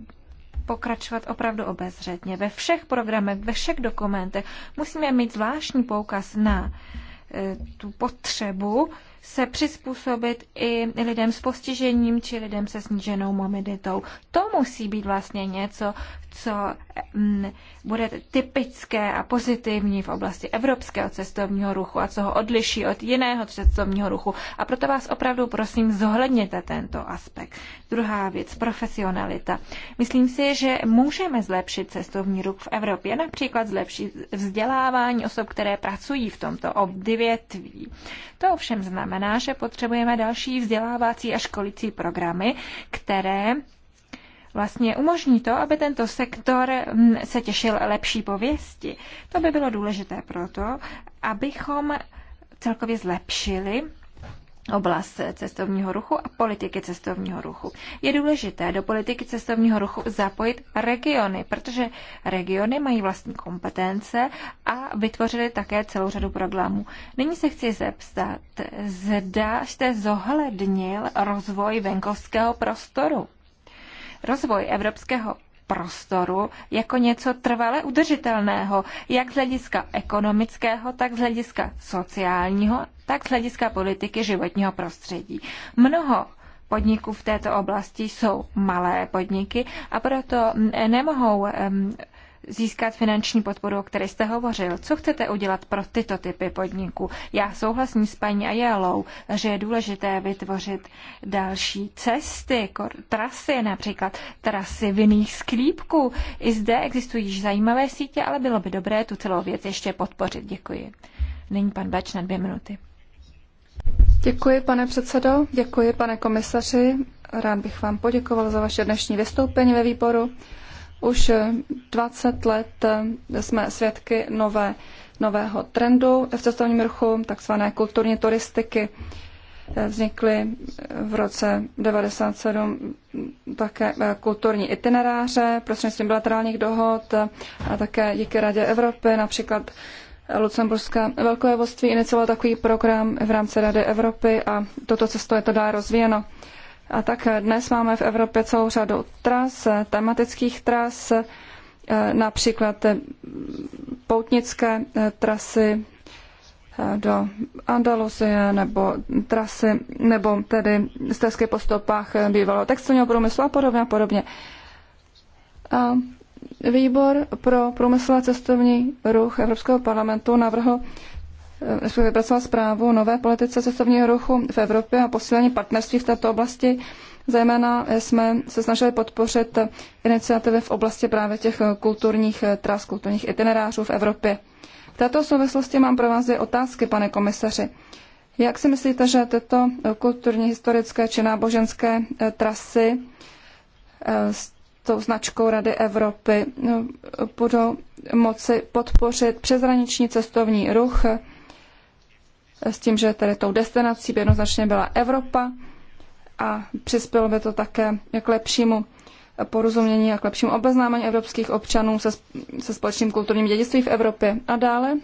pokračovat opravdu obezřetně. Ve všech programech, ve všech dokumentech musíme mít zvláštní poukaz na eh, tu potřebu se přizpůsobit i lidem s postižením či lidem se sníženou mobilitou. To musí být vlastně něco, co mm, bude typické a pozitivní v oblasti evropského cestovního ruchu a co ho odliší od jiného cestovního ruchu. A proto vás opravdu prosím, zohledněte tento aspekt. Druhá věc, profesionalita. Myslím si, že můžeme zlepšit cestovní ruch v Evropě, například zlepšit vzdělávání osob, které pracují v tomto odvětví. To ovšem znamená, znamená, že potřebujeme další vzdělávací a školící programy, které vlastně umožní to, aby tento sektor mm, se těšil lepší pověsti. To by bylo důležité proto, abychom celkově zlepšili oblast cestovního ruchu a politiky cestovního ruchu. Je důležité do politiky cestovního ruchu zapojit regiony, protože regiony mají vlastní kompetence a vytvořily také celou řadu programů. Nyní se chci zeptat, zda jste zohlednil rozvoj venkovského prostoru. Rozvoj evropského prostoru jako něco trvale udržitelného, jak z hlediska ekonomického, tak z hlediska sociálního tak z hlediska politiky životního prostředí. Mnoho podniků v této oblasti jsou malé podniky a proto mm, nemohou mm, získat finanční podporu, o které jste hovořil. Co chcete udělat pro tyto typy podniků? Já souhlasím s paní Ajelou, že je důležité vytvořit další cesty, trasy, například trasy vinných sklípků. I zde existují již zajímavé sítě, ale bylo by dobré tu celou věc ještě podpořit. Děkuji. Nyní pan Bač na dvě minuty. Děkuji, pane předsedo, děkuji, pane komisaři. Rád bych vám poděkoval za vaše dnešní vystoupení ve výboru. Už 20 let jsme svědky nové, nového trendu v cestovním ruchu, takzvané kulturní turistiky. Vznikly v roce 1997 také kulturní itineráře prostřednictvím bilaterálních dohod a také díky Radě Evropy, například Lucemburská velkovévodství inicioval takový program v rámci Rady Evropy a toto cesto je to dá rozvíjeno. A tak dnes máme v Evropě celou řadu tras, tematických tras, eh, například eh, poutnické eh, trasy do Andalusie nebo trasy, nebo tedy stezky po stopách bývalého textilního průmyslu a podobně a podobně. A Výbor pro průmysl a cestovní ruch Evropského parlamentu navrhl eh, vypracovat zprávu o nové politice cestovního ruchu v Evropě a posílení partnerství v této oblasti. Zejména jsme se snažili podpořit iniciativy v oblasti právě těch kulturních eh, tras, kulturních itinerářů v Evropě. V této souvislosti mám pro vás dvě otázky, pane komisaři. Jak si myslíte, že tyto kulturně historické či náboženské eh, trasy s tou značkou Rady Evropy no, budou moci podpořit přeshraniční cestovní ruch eh, s tím, že tedy tou destinací by jednoznačně byla Evropa a přispělo by to také k lepšímu porozumění a k lepšímu obeznámení evropských občanů se, se společným kulturním dědictvím v Evropě. A dále,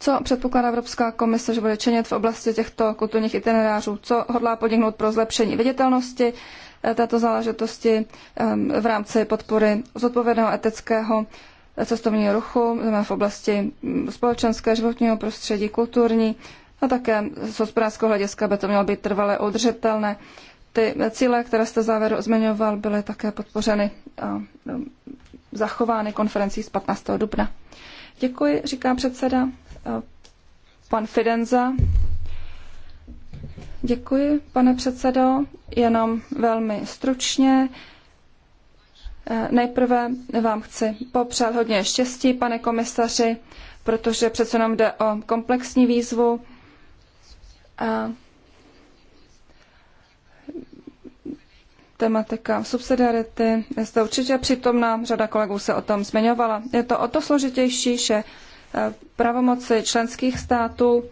co předpokládá Evropská komise, že bude činit v oblasti těchto kulturních itinerářů? Co hodlá podniknout pro zlepšení viditelnosti, této záležitosti v rámci podpory zodpovědného etického cestovního ruchu, v oblasti mm, společenské, životního prostředí, kulturní a také z hospodářského hlediska by to mělo být trvale udržitelné. Ty cíle, které jste závěru zmiňoval, byly také podpořeny a zachovány konferencí z 15. dubna. Děkuji, říká předseda. Pan Fidenza Děkuji, pane předsedo. Jenom velmi stručně. Eh, nejprve vám chci popřát hodně štěstí, pane komisaři, protože přece jenom jde o komplexní výzvu. A tematika subsidiarity je zde určitě přítomná, řada kolegů se o tom zmiňovala. Je to o to složitější, že eh, pravomoci členských států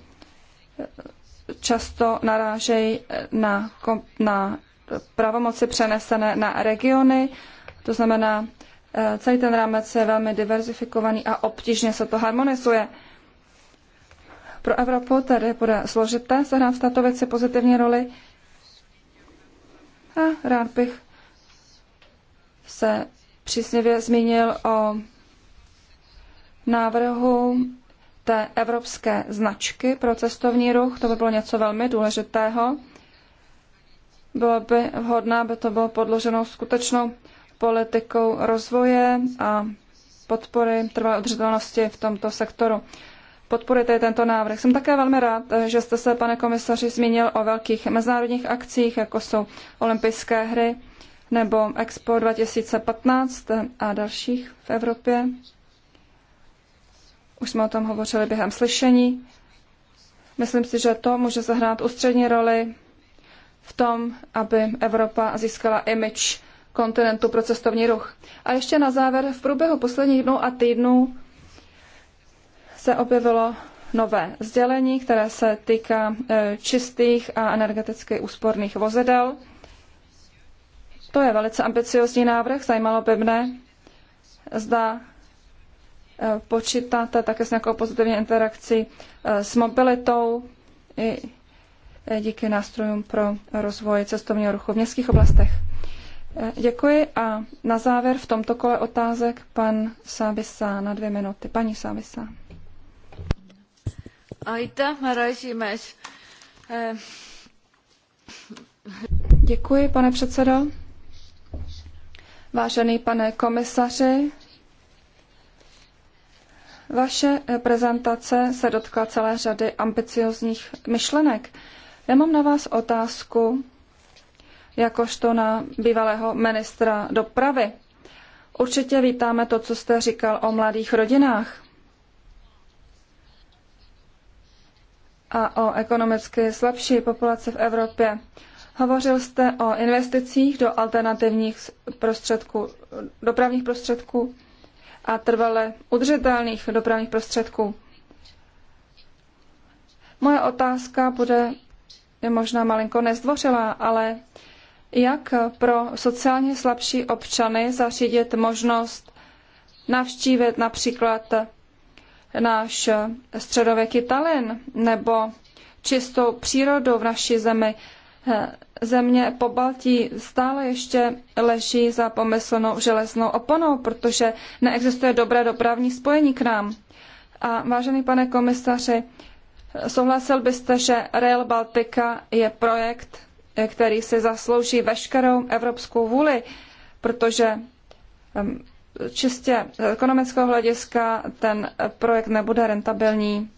často narážejí na, na pravomoci přenesené na regiony, to znamená, eh, celý ten rámec je velmi diverzifikovaný a obtížně se to harmonizuje. Pro Evropu tedy bude složité sehrát v této věci pozitivní roli. A rád bych se přísněvě zmínil o návrhu té evropské značky pro cestovní ruch. To by bylo něco velmi důležitého. Bylo by vhodné, aby to bylo podloženo skutečnou politikou rozvoje a podpory trvalé udržitelnosti v tomto sektoru. Podporujete tento návrh. Jsem také velmi rád, že jste se, pane komisaři, zmínil o velkých mezinárodních akcích, jako jsou olympijské hry nebo Expo 2015 a dalších v Evropě. Už jsme o tom hovořili během slyšení. Myslím si, že to může zahrát ústřední roli v tom, aby Evropa získala image kontinentu pro cestovní ruch. A ještě na závěr, v průběhu posledních dnů a týdnů se objevilo nové sdělení, které se týká e, čistých a energeticky úsporných vozidel. To je velice ambiciozní návrh, zajímalo by mne, zda počítáte také s nějakou pozitivní interakcí eh, s mobilitou i eh, díky nástrojům pro rozvoj cestovního ruchu v městských oblastech. Eh, děkuji a na závěr v tomto kole otázek pan Sábisa na dvě minuty. Paní Sábisa. Aitäh, härra Děkuji, pane předsedo. Vážený pane komisaři, vaše eh, prezentace se dotkla celé řady ambiciozních myšlenek. Já mám na vás otázku, jakožto na bývalého ministra dopravy. Určitě vítáme to, co jste říkal o mladých rodinách a o ekonomicky slabší populaci v Evropě. Hovořil jste o investicích do alternativních prostředků, dopravních prostředků a trvale udržitelných dopravních prostředků. Moje otázka bude je možná malinko nezdvořilá, ale jak pro sociálně slabší občany zařídit možnost navštívit například náš středověký Tallinn nebo čistou přírodu v naší zemi, země po Baltí stále ještě leží za pomyslnou železnou oponou, protože neexistuje dobré dopravní spojení k nám. A vážený pane komisaři, souhlasil byste, že Rail Baltica je projekt, který si zaslouží veškerou evropskou vůli, protože čistě z ekonomického hlediska ten projekt nebude rentabilní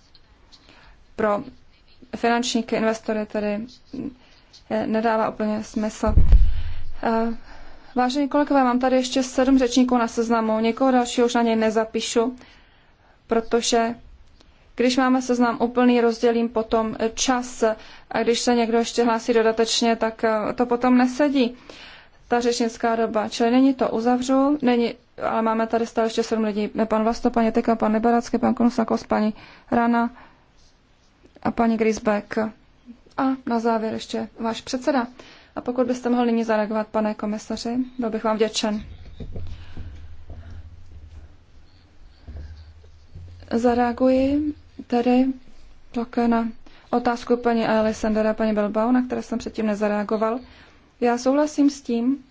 pro finančníky, investory, tedy Eh, nedává úplně smysl. Eh, vážení kolegové, mám tady ještě sedm řečníků na seznamu, někoho dalšího už na něj nezapíšu, protože když máme seznam úplný, rozdělím potom čas a když se někdo ještě hlásí dodatečně, tak eh, to potom nesedí ta řečnická doba. Čili není to uzavřu, není, ale máme tady stále ještě sedm lidí. Pan Vlasto, paní Teka, pan Liberacký, pan Konusakos, paní Rana a paní Grisbeck. A na závěr ještě váš předseda. A pokud byste mohl nyní zareagovat, pane komisaři, byl bych vám vděčen. Zareaguji tedy také na otázku paní Alessandra a paní Belbau, na které jsem předtím nezareagoval. Já souhlasím s tím,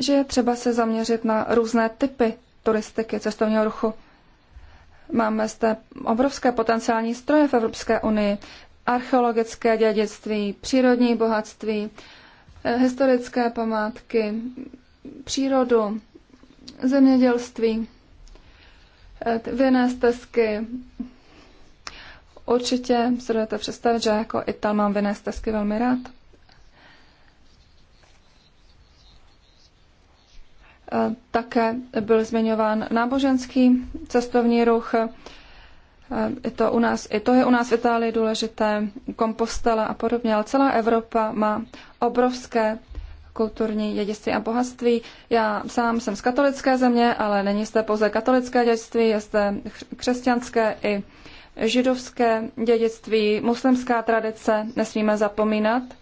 že je třeba se zaměřit na různé typy turistiky, cestovního ruchu. Máme zde obrovské potenciální stroje v Evropské unii, archeologické dědictví, přírodní bohatství, eh, historické památky, přírodu, zemědělství, eh, vinné stezky. Určitě se jdete představit, že jako Ital mám vinné stezky velmi rád. Eh, také byl zmiňován náboženský cestovní ruch. I eh, to, u nás, I to je u nás v Itálii důležité, kompostela a podobně, ale celá Evropa má obrovské kulturní dědictví a bohatství. Já sám jsem z katolické země, ale není zde pouze katolické dědictví, je zde křesťanské i židovské dědictví, muslimská tradice, nesmíme zapomínat –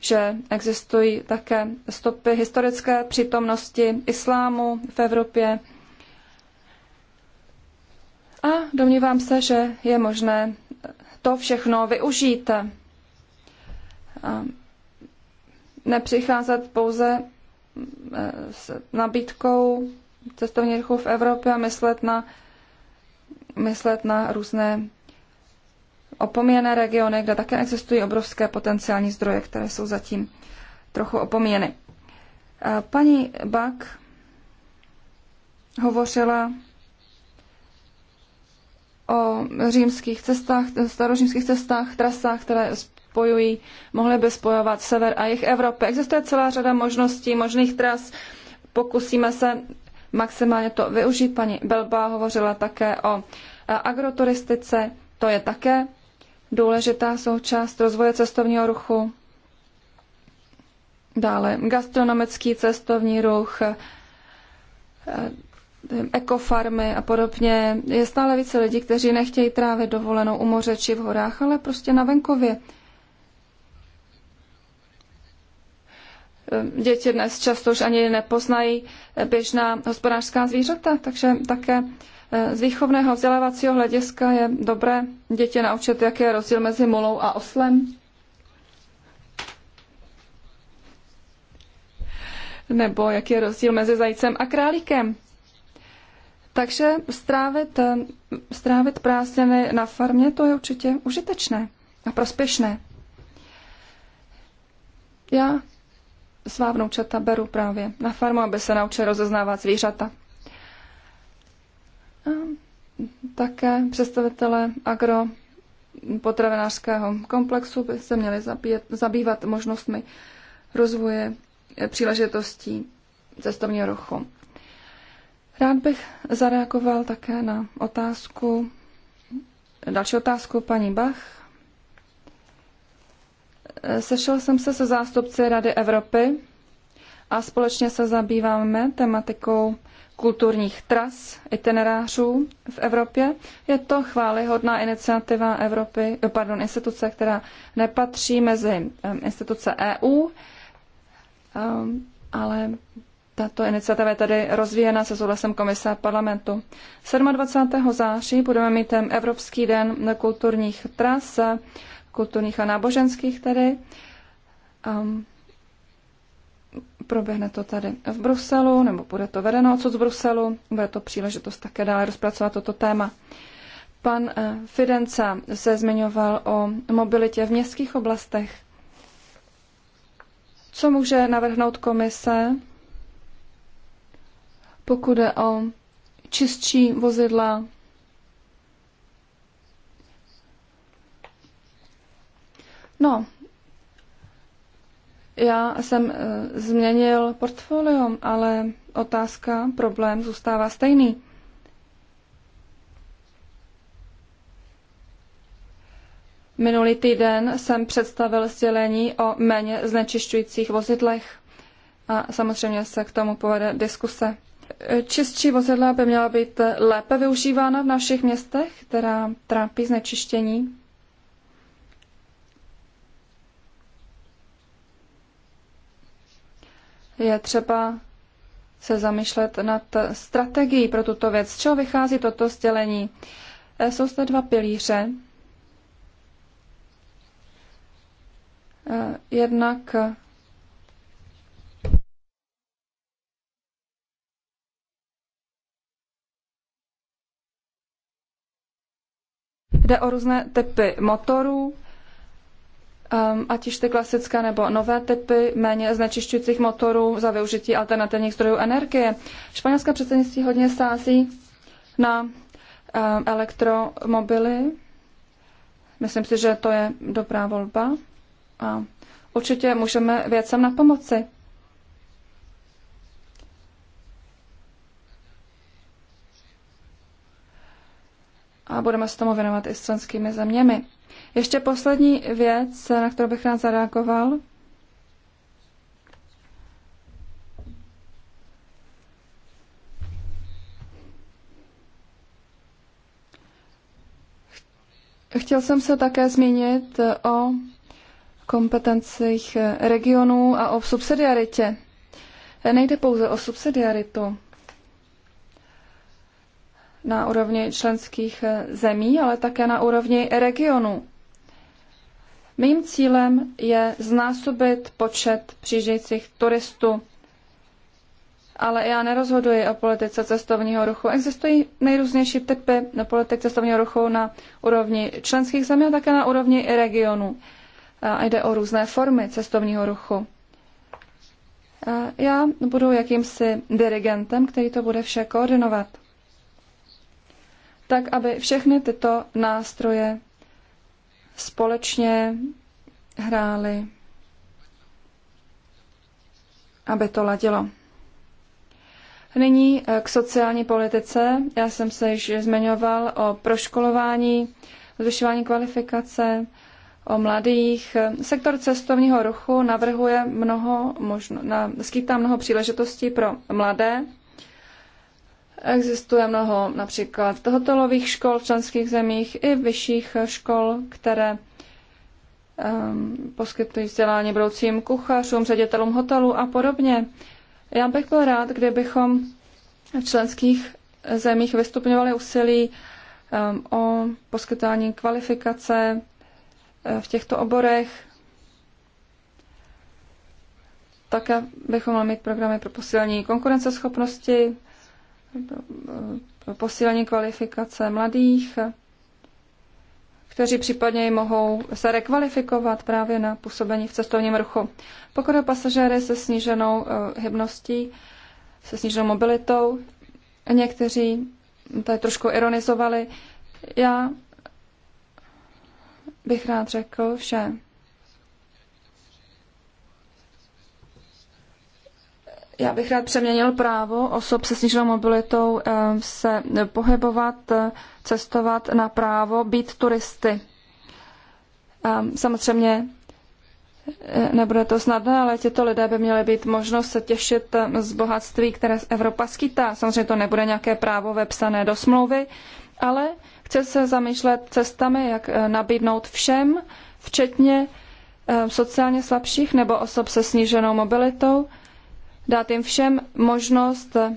že existují také stopy historické přítomnosti islámu v Evropě. A domnívám se, že je možné to všechno využít. nepřicházet pouze e, s nabídkou cestovních v Evropě a myslet na, myslet na různé opomíjené regiony, kde také existují obrovské potenciální zdroje, které jsou zatím trochu opomíjeny. Paní Bak hovořila o římských cestách, starořímských cestách, trasách, které spojují, mohly by spojovat sever a jih Evropy. Existuje celá řada možností, možných tras. Pokusíme se maximálně to využít. Paní Belba hovořila také o agroturistice, to je také důležitá součást rozvoje cestovního ruchu. Dále gastronomický cestovní ruch, eh, ekofarmy a podobně. Je stále více lidí, kteří nechtějí trávit dovolenou u moře či v horách, ale prostě na venkově. Eh, děti dnes často už ani nepoznají eh, běžná hospodářská zvířata, takže také Eh, z výchovného vzdělávacího hlediska je dobré děti naučit, jaký je rozdíl mezi molou a oslem. Nebo jaký je rozdíl mezi zajícem a králíkem. Takže strávit, eh, strávit prázdniny na farmě, to je určitě užitečné a prospěšné. Já svá vnoučata beru právě na farmu, aby se naučili rozeznávat zvířata. Také představitelé agro potravinářského komplexu by se měli zabíjet, zabývat možnostmi rozvoje příležitostí cestovního ruchu. Rád bych zareagoval také na otázku, další otázku paní Bach. Sešel jsem se se zástupci Rady Evropy a společně se zabýváme tematikou kulturních tras, itinerářů v Evropě. Je to chválihodná iniciativa Evropy, eh, pardon, instituce, která nepatří mezi eh, instituce EU, ehm, ale tato iniciativa je tady rozvíjena se souhlasem komise a parlamentu. 27. září budeme mít ten Evropský den kulturních tras, kulturních a náboženských tedy. Um, Proběhne to tady v Bruselu, nebo bude to vedeno Co z Bruselu. Bude to příležitost také dále rozpracovat toto téma. Pan eh, Fidenca se zmiňoval o mobilitě v městských oblastech. Co může navrhnout komise, pokud je o čistší vozidla, No, já jsem e, změnil portfolio, ale otázka, problém zůstává stejný. Minulý týden jsem představil sdělení o méně znečišťujících vozidlech a samozřejmě se k tomu povede diskuse. Čistší vozidla by měla být lépe využívána v našich městech, která trápí znečištění. je třeba se zamýšlet nad strategií pro tuto věc. Z čeho vychází toto sdělení? E, jsou zde dva pilíře. E, jednak jde o různé typy motorů, Ehm, ať již ty klasické nebo nové typy méně znečišťujících motorů za využití alternativních zdrojů energie. Španělské předsednictví hodně sází na ehm, elektromobily. Myslím si, že to je dobrá volba a určitě můžeme věcem na pomoci. A budeme se tomu věnovat i s členskými zeměmi. Ještě poslední věc, na kterou bych rád zareagoval. Chtěl jsem se také zmínit o kompetencích regionů a o subsidiaritě. Nejde pouze o subsidiaritu na úrovni členských zemí, ale také na úrovni regionů. Mým cílem je znásobit počet přijíždějících turistů, ale já nerozhoduji o politice cestovního ruchu. Existují nejrůznější typy na politik cestovního ruchu na úrovni členských zemí a také na úrovni i regionu. A jde o různé formy cestovního ruchu. A já budu jakýmsi dirigentem, který to bude vše koordinovat. Tak, aby všechny tyto nástroje společně hráli, aby to ladilo. Nyní eh, k sociální politice. Já jsem se již zmiňoval o proškolování, zvyšování kvalifikace, o mladých. Sektor cestovního ruchu navrhuje mnoho, možno, na, skýtá mnoho příležitostí pro mladé Existuje mnoho například hotelových škol v členských zemích i vyšších škol, které um, poskytují vzdělání budoucím kuchařům, ředitelům hotelů a podobně. Já bych byl rád, kdybychom v členských zemích vystupňovali úsilí um, o poskytování kvalifikace eh, v těchto oborech. Také bychom měli mít programy pro posílení konkurenceschopnosti Eh, posílení kvalifikace mladých, kteří případně mohou se rekvalifikovat právě na působení v cestovním ruchu. Pokud je pasažéry se sníženou eh, hybností, se sníženou mobilitou, někteří tady trošku ironizovali, já bych rád řekl, že Já bych rád přeměnil právo osob se sníženou mobilitou eh, se pohybovat, eh, cestovat na právo být turisty. Eh, samozřejmě nebude to snadné, ale těto lidé by měli být možnost se těšit z bohatství, které Evropa skýtá. Samozřejmě to nebude nějaké právo vepsané do smlouvy, ale chce se zamýšlet cestami, jak nabídnout všem, včetně sociálně slabších nebo osob se sníženou mobilitou, dát jim všem možnost eh,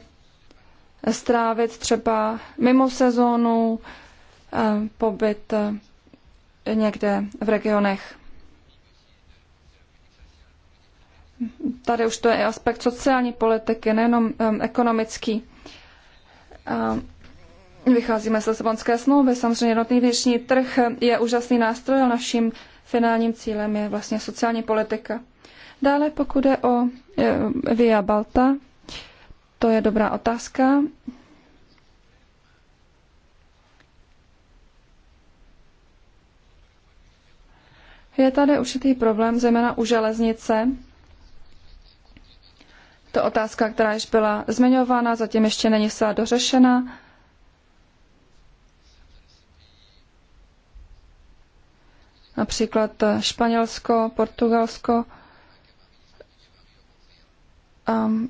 strávit třeba mimo sezónu eh, pobyt eh, někde v regionech. Tady už to je aspekt sociální politiky, nejenom um, ekonomický. vycházíme z Lisabonské smlouvy. Samozřejmě jednotný vnitřní trh je úžasný nástroj, ale naším finálním cílem je vlastně sociální politika. Dále, pokud je o e, Via Balta, to je dobrá otázka. Je tady určitý problém, zejména u železnice. To otázka, která již byla zmiňována, zatím ještě není zcela dořešena. Například Španělsko, Portugalsko, Um,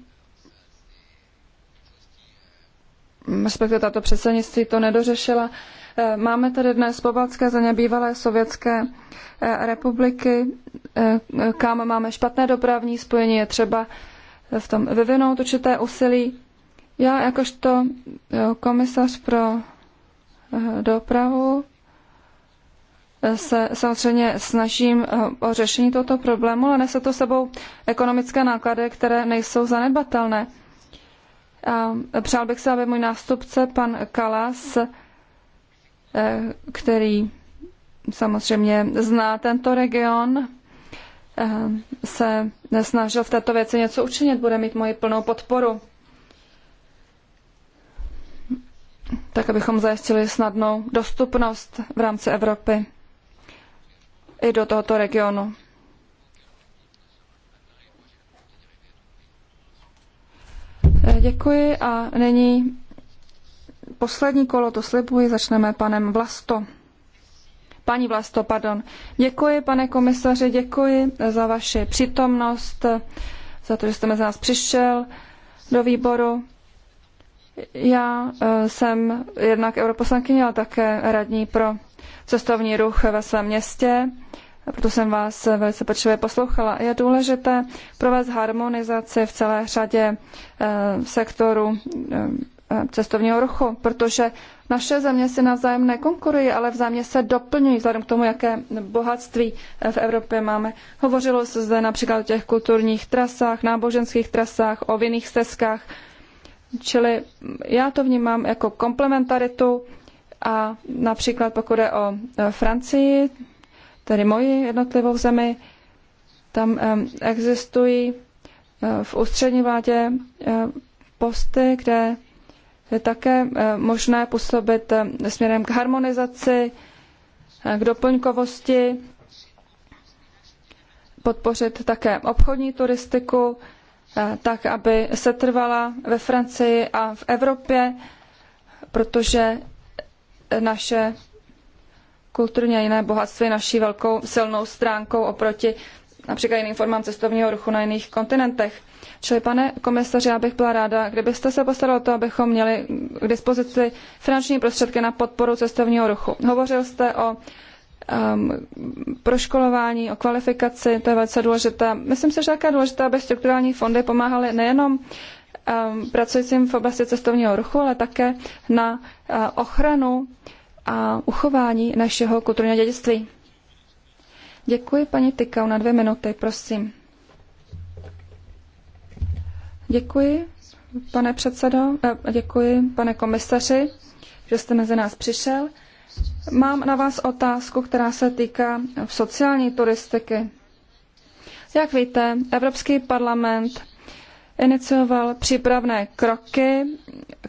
respektive tato předsednictví to nedořešila. Ehm, máme tady dnes pobaltské země bývalé sovětské eh, republiky, eh, kam máme špatné dopravní spojení, je třeba v tom vyvinout určité úsilí. Já jakožto eh, komisař pro dopravu se samozřejmě snažím eh, o řešení tohoto problému, ale nese to sebou ekonomické náklady, které nejsou zanedbatelné. A přál bych se, aby můj nástupce, pan Kalas, eh, který samozřejmě zná tento region, eh, se nesnažil v této věci něco učinit, bude mít moji plnou podporu. Tak, abychom zajistili snadnou dostupnost v rámci Evropy i do tohoto regionu. Děkuji a nyní poslední kolo, to slibuji, začneme panem Vlasto. Paní Vlasto, pardon. Děkuji, pane komisaři, děkuji za vaši přítomnost, za to, že jste mezi nás přišel do výboru. Já eh, jsem jednak europoslankyně, ale také radní pro cestovní ruch ve svém městě. Proto jsem vás velice pečlivě poslouchala. Je důležité provést harmonizaci v celé řadě eh, sektorů eh, eh, cestovního ruchu, protože naše země si navzájem nekonkurují, ale vzájemně se doplňují vzhledem k tomu, jaké bohatství v Evropě máme. Hovořilo se zde například o těch kulturních trasách, náboženských trasách, o vinných stezkách, čili já to vnímám jako komplementaritu a například pokud je o e, Francii, tedy moji jednotlivou zemi, tam e, existují e, v ústřední vládě posty, kde je také možné působit směrem k harmonizaci, k doplňkovosti, podpořit také obchodní turistiku, tak, aby se trvala ve Francii a v Evropě, protože naše kulturně a jiné bohatství naší velkou silnou stránkou oproti například jiným formám cestovního ruchu na jiných kontinentech. Čili, pane komisaři, já bych byla ráda, kdybyste se postaral o to, abychom měli k dispozici finanční prostředky na podporu cestovního ruchu. Hovořil jste o um, proškolování, o kvalifikaci, to je velice důležité. Myslím si, že také důležité, aby strukturální fondy pomáhaly nejenom Um, pracujícím v oblasti cestovního ruchu, ale také na uh, ochranu a uchování našeho kulturního dědictví. Děkuji paní Tykau na dvě minuty, prosím. Děkuji, pane předsedo, eh, děkuji, pane komisaři, že jste mezi nás přišel. Mám na vás otázku, která se týká sociální turistiky. Jak víte, Evropský parlament inicioval přípravné kroky,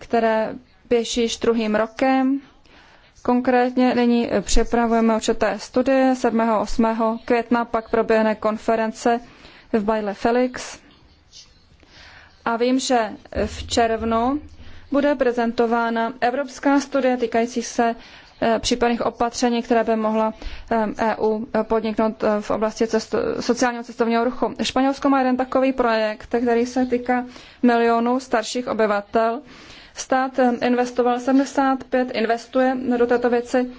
které běží již druhým rokem. Konkrétně nyní připravujeme určité studie. 7. a 8. května pak proběhne konference v Bajle Felix. A vím, že v červnu bude prezentována evropská studie týkající se Eh, případných opatření, které by mohla EU eh, e podniknout eh, v oblasti cesto, sociálního cestovního ruchu. Španělsko má jeden takový projekt, který se týká milionů starších obyvatel. Stát investoval 75, investuje do této věci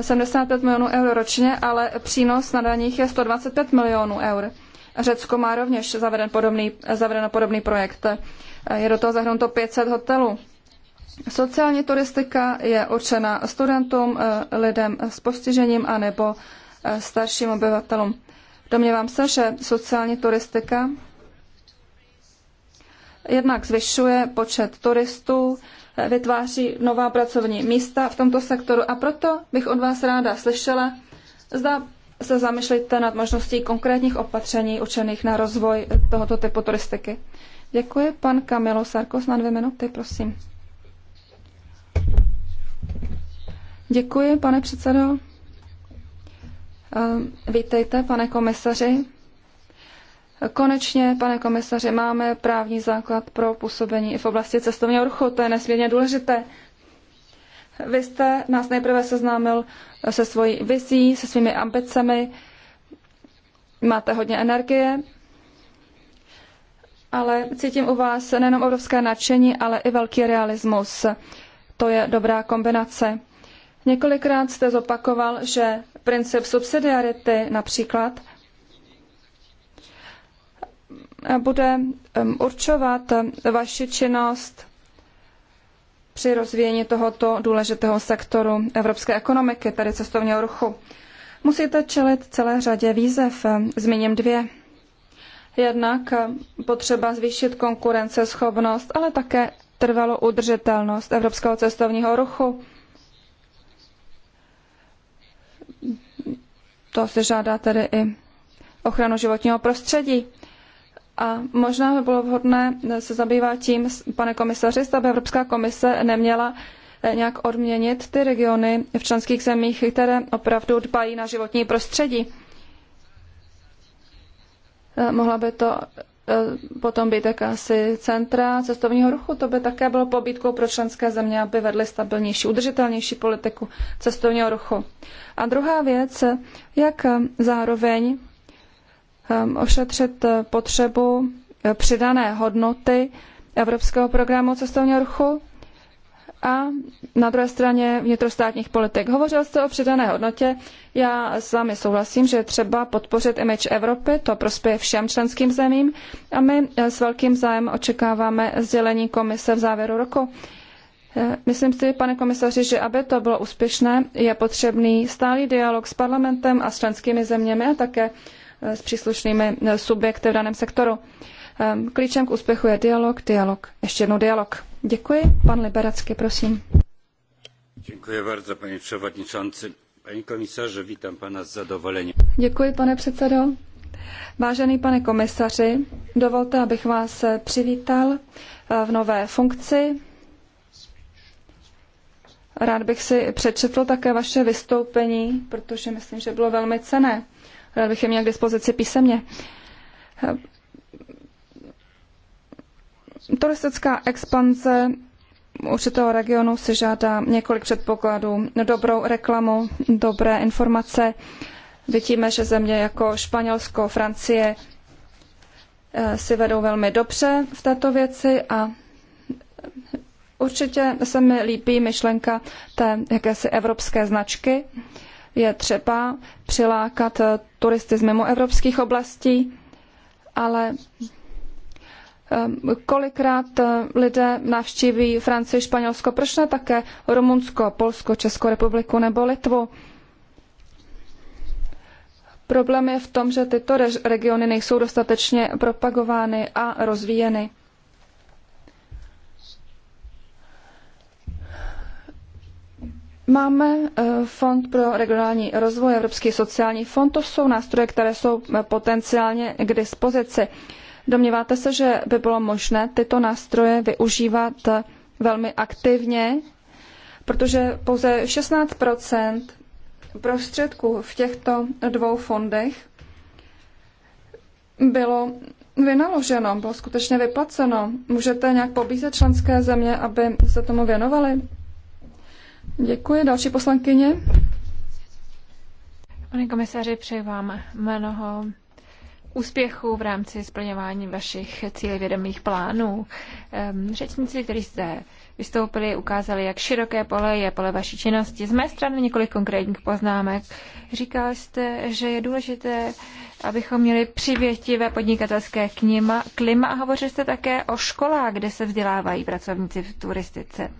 75 milionů eur ročně, ale přínos na daních je 125 milionů eur. Řecko má rovněž zaveden podobný, zaveden podobný projekt. Je do toho zahrnuto 500 hotelů. Sociální turistika je určena studentům, eh, lidem s postižením anebo eh, starším obyvatelům. Domnívám se, že sociální turistika jednak zvyšuje počet turistů, eh, vytváří nová pracovní místa v tomto sektoru a proto bych od vás ráda slyšela, zda se zamýšlíte nad možností konkrétních opatření učených na rozvoj tohoto typu turistiky. Děkuji, pan Kamilo Sarkos, na dvě minuty, prosím. Děkuji, pane předsedo. Ehm, vítejte, pane komisaři. Konečně, pane komisaři, máme právní základ pro působení i v oblasti cestovního ruchu. To je nesmírně důležité. Vy jste nás nejprve seznámil se svojí vizí, se svými ambicemi. Máte hodně energie, ale cítím u vás nejenom obrovské nadšení, ale i velký realismus. To je dobrá kombinace. Několikrát jste zopakoval, že princip subsidiarity například bude určovat vaši činnost při rozvíjení tohoto důležitého sektoru evropské ekonomiky, tedy cestovního ruchu. Musíte čelit celé řadě výzev, zmíním dvě. Jednak potřeba zvýšit konkurenceschopnost, ale také trvalou udržitelnost evropského cestovního ruchu To se žádá tedy i ochranu životního prostředí. A možná by bylo vhodné se zabývat tím, pane komisaři, zda by Evropská komise neměla eh, nějak odměnit ty regiony v členských zemích, které opravdu dbají na životní prostředí. Eh, mohla by to Eh, potom být jakási centra cestovního ruchu. To by také bylo pobídkou pro členské země, aby vedly stabilnější, udržitelnější politiku cestovního ruchu. A druhá věc, jak zároveň ehm, ošetřit potřebu eh, přidané hodnoty Evropského programu cestovního ruchu a na druhé straně vnitrostátních politik. Hovořil jste o přidané hodnotě. Já s vámi souhlasím, že je třeba podpořit image Evropy, to prospěje všem členským zemím a my eh, s velkým zájem očekáváme sdělení komise v závěru roku. Eh, myslím si, pane komisaři, že aby to bylo úspěšné, je potřebný stálý dialog s parlamentem a s členskými zeměmi a také eh, s příslušnými subjekty v daném sektoru. Klíčem k úspěchu je dialog, dialog, ještě jednou dialog. Děkuji. Pan Liberacky, prosím. Děkuji bardzo, pane předsedající. Pani komisaře, vítám pana s zadovolením. Děkuji, pane předsedo. Vážený pane komisaři, dovolte, abych vás přivítal eh, v nové funkci. Rád bych si přečetl také vaše vystoupení, protože myslím, že bylo velmi cené. Rád bych je měl k dispozici písemně. Turistická expanze určitého regionu si žádá několik předpokladů, dobrou reklamu, dobré informace. Vidíme, že země jako Španělsko, Francie eh, si vedou velmi dobře v této věci a určitě se mi líbí myšlenka té jakési evropské značky. Je třeba přilákat turisty z mimo evropských oblastí, ale Ehm, kolikrát eh, lidé navštíví Francii, Španělsko, proč ne také Rumunsko, Polsko, Českou republiku nebo Litvu. Problém je v tom, že tyto regiony nejsou dostatečně propagovány a rozvíjeny. Máme eh, Fond pro regionální rozvoj, Evropský sociální fond, to jsou nástroje, které jsou eh, potenciálně k dispozici. Domníváte se, že by bylo možné tyto nástroje využívat velmi aktivně, protože pouze 16 prostředků v těchto dvou fondech bylo vynaloženo, bylo skutečně vyplaceno. Můžete nějak pobízet členské země, aby se tomu věnovali? Děkuji. Další poslankyně. Pane komisaři, přeji vám mnoho úspěchu v rámci splňování vašich cílevědomých plánů. Ehm, řečníci, kteří jste vystoupili, ukázali, jak široké pole je pole vaší činnosti. Z mé strany několik konkrétních poznámek. Říkal jste, že je důležité, abychom měli přivětivé podnikatelské knima, klima a hovořil jste také o školách, kde se vzdělávají pracovníci v turistice.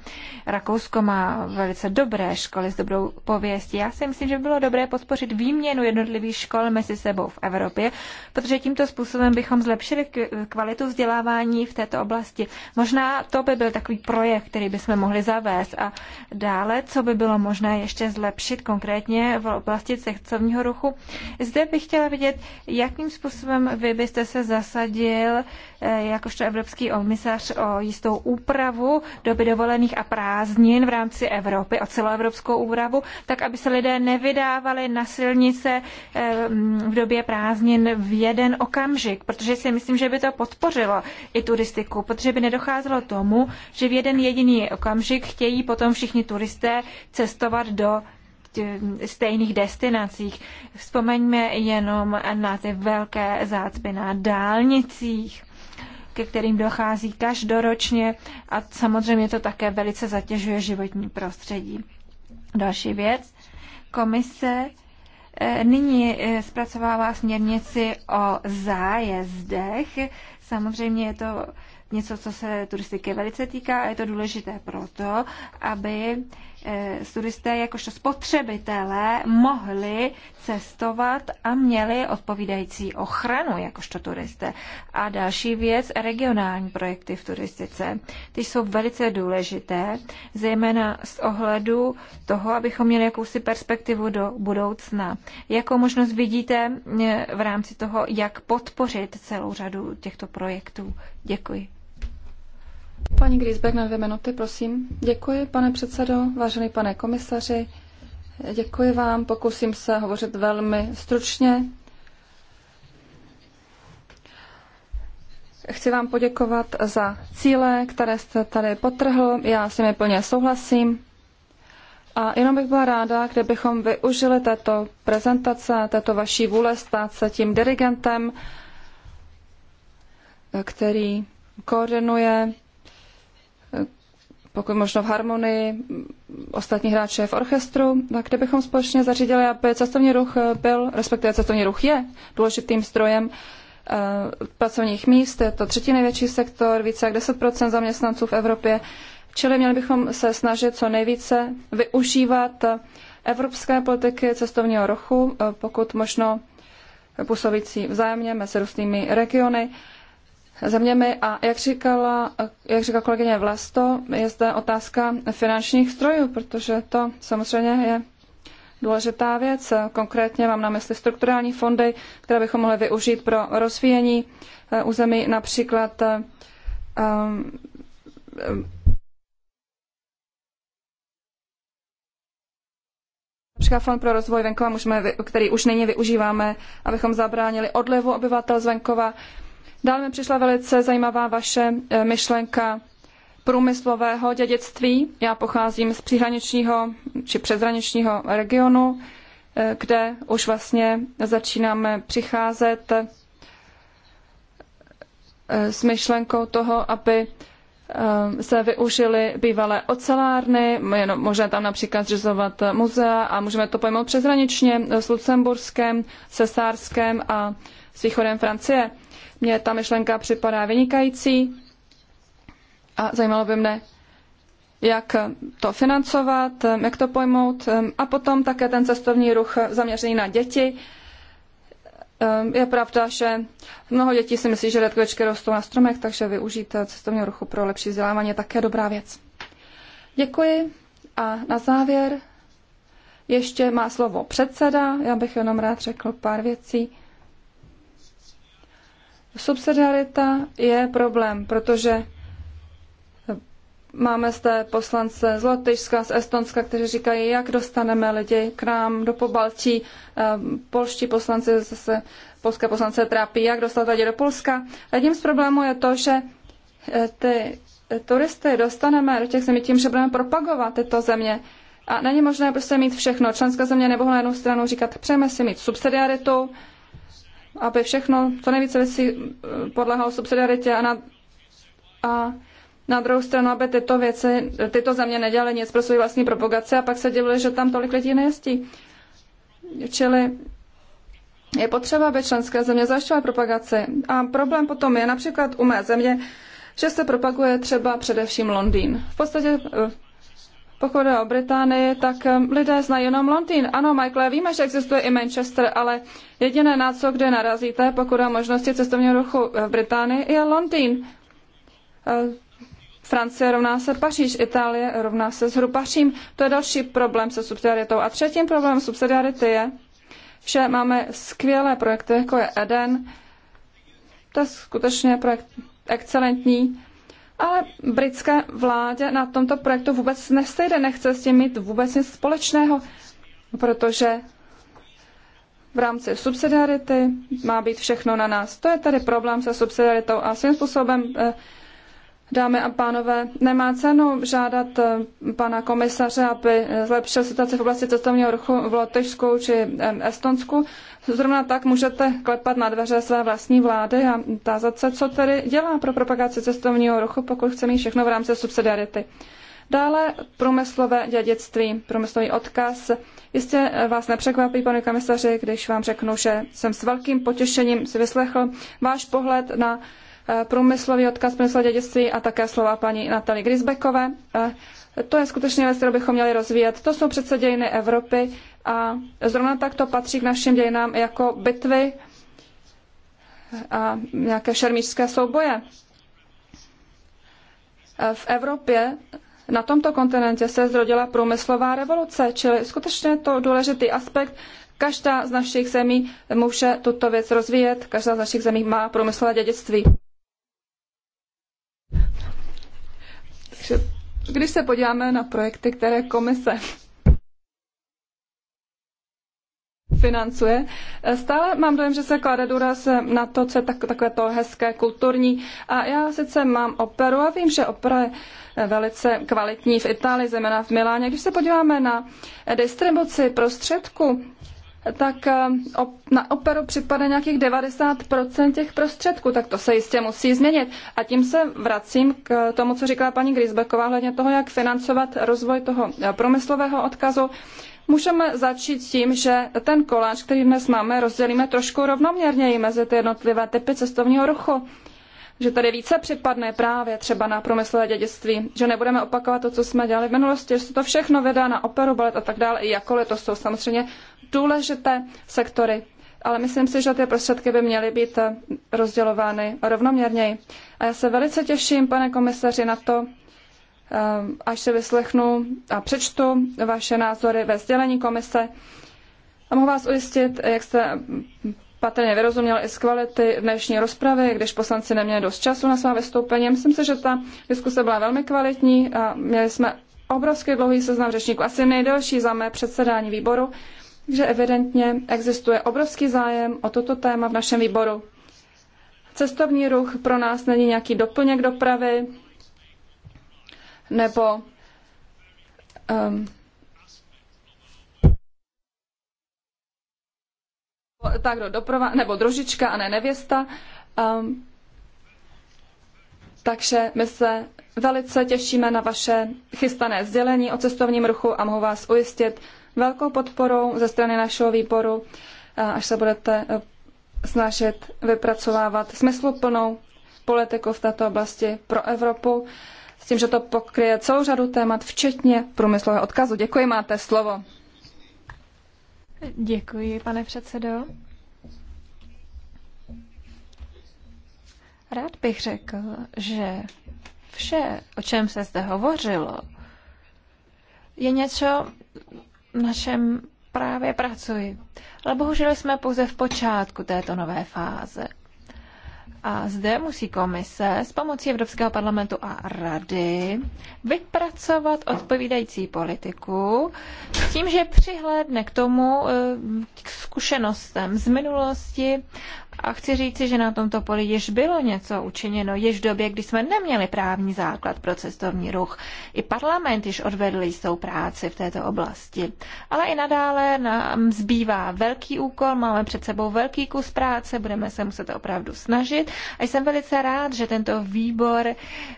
Rakousko má velice dobré školy s dobrou pověstí. Já si myslím, že by bylo dobré podpořit výměnu jednotlivých škol mezi sebou v Evropě, protože tímto způsobem bychom zlepšili kvalitu vzdělávání v této oblasti. Možná to by byl takový projekt který bychom mohli zavést. A dále, co by bylo možné ještě zlepšit konkrétně v oblasti cestovního ruchu. Zde bych chtěla vidět, jakým způsobem vy byste se zasadil eh, jakožto evropský omisař o jistou úpravu doby dovolených a prázdnin v rámci Evropy, o celoevropskou úpravu, tak aby se lidé nevydávali na silnice eh, v době prázdnin v jeden okamžik, protože si myslím, že by to podpořilo i turistiku, protože by nedocházelo tomu, že v jeden jediný jediný okamžik chtějí potom všichni turisté cestovat do stejných destinacích. Vzpomeňme jenom na ty velké zácpy na dálnicích ke kterým dochází každoročně a samozřejmě to také velice zatěžuje životní prostředí. Další věc. Komise eh, nyní eh, zpracovává směrnici o zájezdech. Samozřejmě je to něco, co se turistiky velice týká a je to důležité proto, aby eh, turisté jakožto spotřebitelé mohli cestovat a měli odpovídající ochranu jakožto turisté. A další věc, regionální projekty v turistice. Ty jsou velice důležité, zejména z ohledu toho, abychom měli jakousi perspektivu do budoucna. Jakou možnost vidíte eh, v rámci toho, jak podpořit celou řadu těchto projektů? Děkuji. Paní Griesbeck na dvě minuty, prosím. Děkuji, pane předsedo, vážený pane komisaři. Děkuji vám, pokusím se hovořit velmi stručně. Chci vám poděkovat za cíle, které jste tady potrhl. Já s nimi plně souhlasím. A jenom bych byla ráda, kdybychom využili této prezentace, této vaší vůle stát se tím dirigentem, který koordinuje pokud možno v harmonii ostatní hráče v orchestru, tak kdybychom společně zařídili, aby cestovní ruch byl, respektive cestovní ruch je důležitým strojem eh, pracovních míst, je to třetí největší sektor, více jak 10 zaměstnanců v Evropě, čili měli bychom se snažit co nejvíce využívat evropské politiky cestovního ruchu, eh, pokud možno působící vzájemně mezi různými regiony zeměmi. A jak říkala, jak říkala kolegyně Vlasto, je zde otázka finančních strojů, protože to samozřejmě je důležitá věc. Konkrétně mám na mysli strukturální fondy, které bychom mohli využít pro rozvíjení eh, území, například um, Například fond pro rozvoj venkova, můžeme, který už nyní využíváme, abychom zabránili odlivu obyvatel z venkova. Dále mi přišla velice zajímavá vaše eh, myšlenka průmyslového dědictví. Já pocházím z příhraničního či přezhraničního regionu, eh, kde už vlastně začínáme přicházet eh, s myšlenkou toho, aby se využily bývalé ocelárny, možná tam například zřizovat muzea a můžeme to pojmout přeshraničně s Lucemburskem, se Sárskem a s východem Francie. Mně ta myšlenka připadá vynikající a zajímalo by mne, jak to financovat, jak to pojmout ehm, a potom také ten cestovní ruch zaměřený na děti. Ehm, je pravda, že mnoho dětí si myslí, že redkvičky rostou na stromech, takže využít cestovního ruchu pro lepší vzdělávání je také dobrá věc. Děkuji a na závěr ještě má slovo předseda. Já bych jenom rád řekl pár věcí. Subsidiarita je problém, protože máme zde poslance z Lotyšska, z Estonska, kteří říkají, jak dostaneme lidi k nám do Pobaltí. Eh, polští poslanci zase, polské poslance trápí, jak dostat lidi do Polska. Jedním z problémů je to, že eh, ty turisty dostaneme do těch zemí tím, že budeme propagovat tyto země. A není možné prostě mít všechno. Členské země nebo na jednu stranu říkat, přejeme si mít subsidiaritu, aby všechno, co nejvíce věcí eh, podlehalo subsidiaritě a na, a na druhou stranu, aby tyto věci, tyto země nedělaly nic pro své vlastní propagace a pak se divili, že tam tolik lidí nejezdí. Čili je potřeba, aby členské země zajišťovaly propagaci. A problém potom je například u mé země, že se propaguje třeba především Londýn. V podstatě eh, pokud jde o Británii, tak lidé znají jenom Londýn. Ano, Michael, víme, že existuje i Manchester, ale jediné na co, kde narazíte, pokud o možnosti cestovního ruchu v Británii, je Londýn. E, Francie rovná se Paříž, Itálie rovná se zhruba Řím. To je další problém se subsidiaritou. A třetím problémem subsidiarity je, že máme skvělé projekty, jako je Eden. To je skutečně projekt excelentní ale britské vládě na tomto projektu vůbec nestejde, nechce s tím mít vůbec nic společného, protože v rámci subsidiarity má být všechno na nás. To je tady problém se subsidiaritou a svým způsobem eh, Dámy a pánové, nemá cenu žádat eh, pana komisaře, aby eh, zlepšil situaci v oblasti cestovního ruchu v Lotyšsku či Estonsku. Zrovna tak můžete klepat na dveře své vlastní vlády a tázat se, co tedy dělá pro propagaci cestovního ruchu, pokud chce mít všechno v rámci subsidiarity. Dále průmyslové dědictví, průmyslový odkaz. Jistě eh, vás nepřekvapí, pane komisaři, když vám řeknu, že jsem s velkým potěšením si vyslechl váš pohled na Eh, průmyslový odkaz průmyslové dědictví a také slova paní Natalie Grisbekové. Eh, to je skutečně věc, kterou bychom měli rozvíjet. To jsou přece dějiny Evropy a zrovna tak to patří k našim dějinám jako bitvy a nějaké šermířské souboje. Eh, v Evropě na tomto kontinentě se zrodila průmyslová revoluce, čili skutečně to důležitý aspekt. Každá z našich zemí může tuto věc rozvíjet, každá z našich zemí má průmyslové dědictví. Takže když se podíváme na projekty, které komise financuje. Stále mám dojem, že se klade důraz na to, co je tak, takové to hezké, kulturní. A já sice mám operu a vím, že opera je velice kvalitní v Itálii, zejména v Miláně. Když se podíváme na distribuci prostředků, tak eh, na operu připadá nějakých 90% těch prostředků, tak to se jistě musí změnit. A tím se vracím k tomu, co říkala paní Grisbeková hledně toho, jak financovat rozvoj toho eh, průmyslového odkazu. Můžeme začít tím, že ten koláč, který dnes máme, rozdělíme trošku rovnoměrněji mezi ty jednotlivé typy cestovního ruchu že tady více připadne právě třeba na průmyslové dědictví, že nebudeme opakovat to, co jsme dělali v minulosti, že se to všechno vydá na operu, balet a tak dále, i jakkoliv to jsou samozřejmě důležité sektory. Ale myslím si, že ty prostředky by měly být eh, rozdělovány rovnoměrněji. A já se velice těším, pane komisaři, na to, eh, až se vyslechnu a přečtu vaše názory ve sdělení komise. A mohu vás ujistit, jak jste patrně vyrozuměl i z kvality dnešní rozpravy, když poslanci neměli dost času na svá vystoupení. Myslím si, že ta diskuse byla velmi kvalitní a měli jsme obrovský dlouhý seznam řečníků, asi nejdelší za mé předsedání výboru, takže evidentně existuje obrovský zájem o toto téma v našem výboru. Cestovní ruch pro nás není nějaký doplněk dopravy nebo um, pardon, doprova, nebo družička a ne nevěsta. Um, takže my se velice těšíme na vaše chystané sdělení o cestovním ruchu a mohu vás ujistit velkou podporou ze strany našeho výboru, až se budete e, snažit vypracovávat smysluplnou politiku v této oblasti pro Evropu, s tím, že to pokryje celou řadu témat, včetně průmyslového odkazu. Děkuji, máte slovo. Děkuji, pane předsedo. Rád bych řekl, že vše, o čem se zde hovořilo, je něco, na čem právě pracuji. Ale bohužel jsme pouze v počátku této nové fáze. A zde musí komise s pomocí Evropského parlamentu a rady vypracovat odpovídající politiku s tím, že přihlédne k tomu eh, k zkušenostem z minulosti a chci říci, že na tomto poli již bylo něco učiněno, již v době, kdy jsme neměli právní základ pro cestovní ruch. I parlament již odvedl jistou práci v této oblasti. Ale i nadále nám zbývá velký úkol, máme před sebou velký kus práce, budeme se muset opravdu snažit. A jsem velice rád, že tento výbor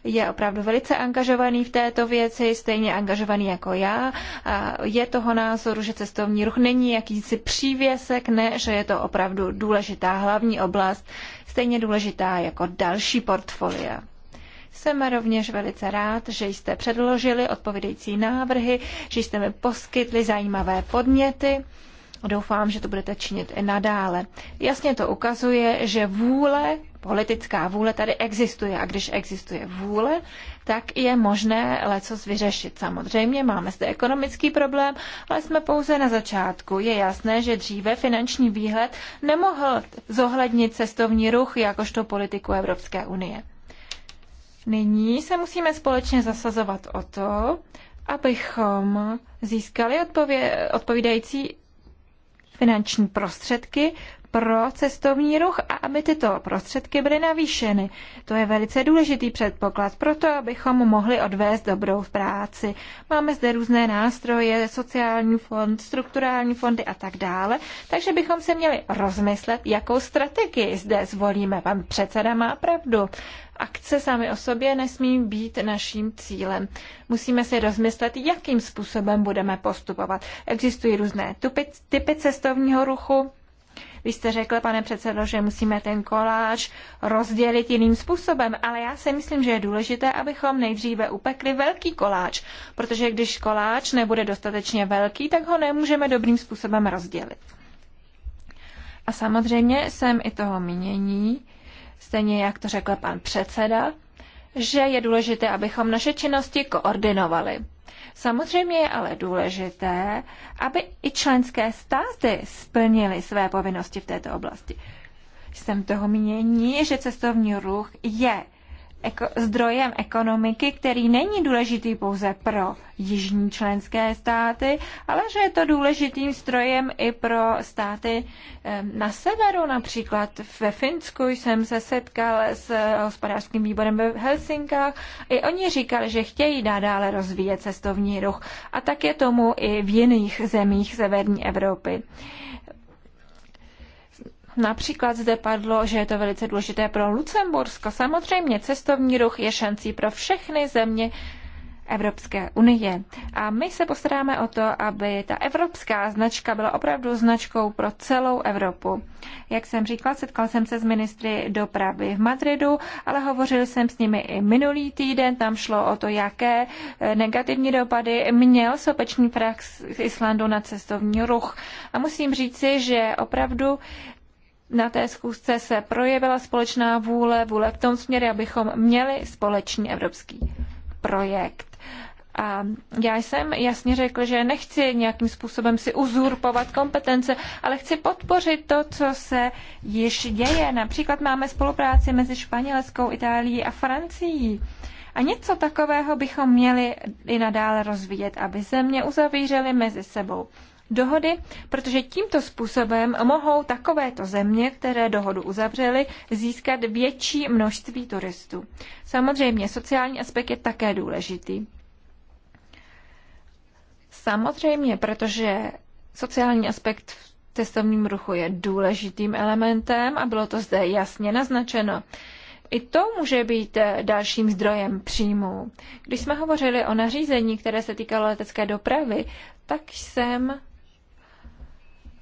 je opravdu velice angažovaný v této věci, stejně angažovaný jako já. A je toho názoru, že cestovní ruch není jakýsi přívěsek, ne, že je to opravdu důležitá hlavní dopravní oblast stejně důležitá jako další portfolia. Jsem rovněž velice rád, že jste předložili odpovědející návrhy, že jste mi poskytli zajímavé podněty. Doufám, že to budete činit i nadále. Jasně to ukazuje, že vůle, politická vůle tady existuje a když existuje vůle, tak je možné lecos vyřešit. Samozřejmě máme zde ekonomický problém, ale jsme pouze na začátku. Je jasné, že dříve finanční výhled nemohl zohlednit cestovní ruch jakožto politiku Evropské unie. Nyní se musíme společně zasazovat o to, abychom získali odpovědající finanční prostředky pro cestovní ruch a aby tyto prostředky byly navýšeny. To je velice důležitý předpoklad pro to, abychom mohli odvést dobrou práci. Máme zde různé nástroje, sociální fond, strukturální fondy a tak dále, takže bychom se měli rozmyslet, jakou strategii zde zvolíme. Pan předseda má pravdu. Akce sami o sobě nesmí být naším cílem. Musíme si rozmyslet, jakým způsobem budeme postupovat. Existují různé typy cestovního ruchu, vy jste řekl, pane předsedo, že musíme ten koláč rozdělit jiným způsobem, ale já si myslím, že je důležité, abychom nejdříve upekli velký koláč, protože když koláč nebude dostatečně velký, tak ho nemůžeme dobrým způsobem rozdělit. A samozřejmě jsem i toho mínění, stejně jak to řekl pan předseda, že je důležité, abychom naše činnosti koordinovali. Samozřejmě je ale důležité, aby i členské státy splnily své povinnosti v této oblasti. Jsem toho mínění, že cestovní ruch je eko, zdrojem ekonomiky, který není důležitý pouze pro jižní členské státy, ale že je to důležitým strojem i pro státy na severu. Například ve Finsku jsem se setkal s hospodářským výborem v Helsinkách. I oni říkali, že chtějí nadále rozvíjet cestovní ruch. A tak je tomu i v jiných zemích severní Evropy. Například zde padlo, že je to velice důležité pro Lucembursko. Samozřejmě cestovní ruch je šancí pro všechny země Evropské unie. A my se postaráme o to, aby ta evropská značka byla opravdu značkou pro celou Evropu. Jak jsem říkala, setkal jsem se s ministry dopravy v Madridu, ale hovořil jsem s nimi i minulý týden. Tam šlo o to, jaké eh, negativní dopady měl sopeční prax z Islandu na cestovní ruch. A musím říci, že opravdu na té schůzce se projevila společná vůle, vůle v tom směru, abychom měli společný evropský projekt. A já jsem jasně řekl, že nechci nějakým způsobem si uzurpovat kompetence, ale chci podpořit to, co se již děje. Například máme spolupráci mezi Španělskou, Itálií a Francií. A něco takového bychom měli i nadále rozvíjet, aby země uzavířely mezi sebou dohody, protože tímto způsobem mohou takovéto země, které dohodu uzavřely, získat větší množství turistů. Samozřejmě sociální aspekt je také důležitý. Samozřejmě, protože sociální aspekt v cestovním ruchu je důležitým elementem a bylo to zde jasně naznačeno. I to může být eh, dalším zdrojem příjmů. Když jsme hovořili o nařízení, které se týkalo letecké dopravy, tak jsem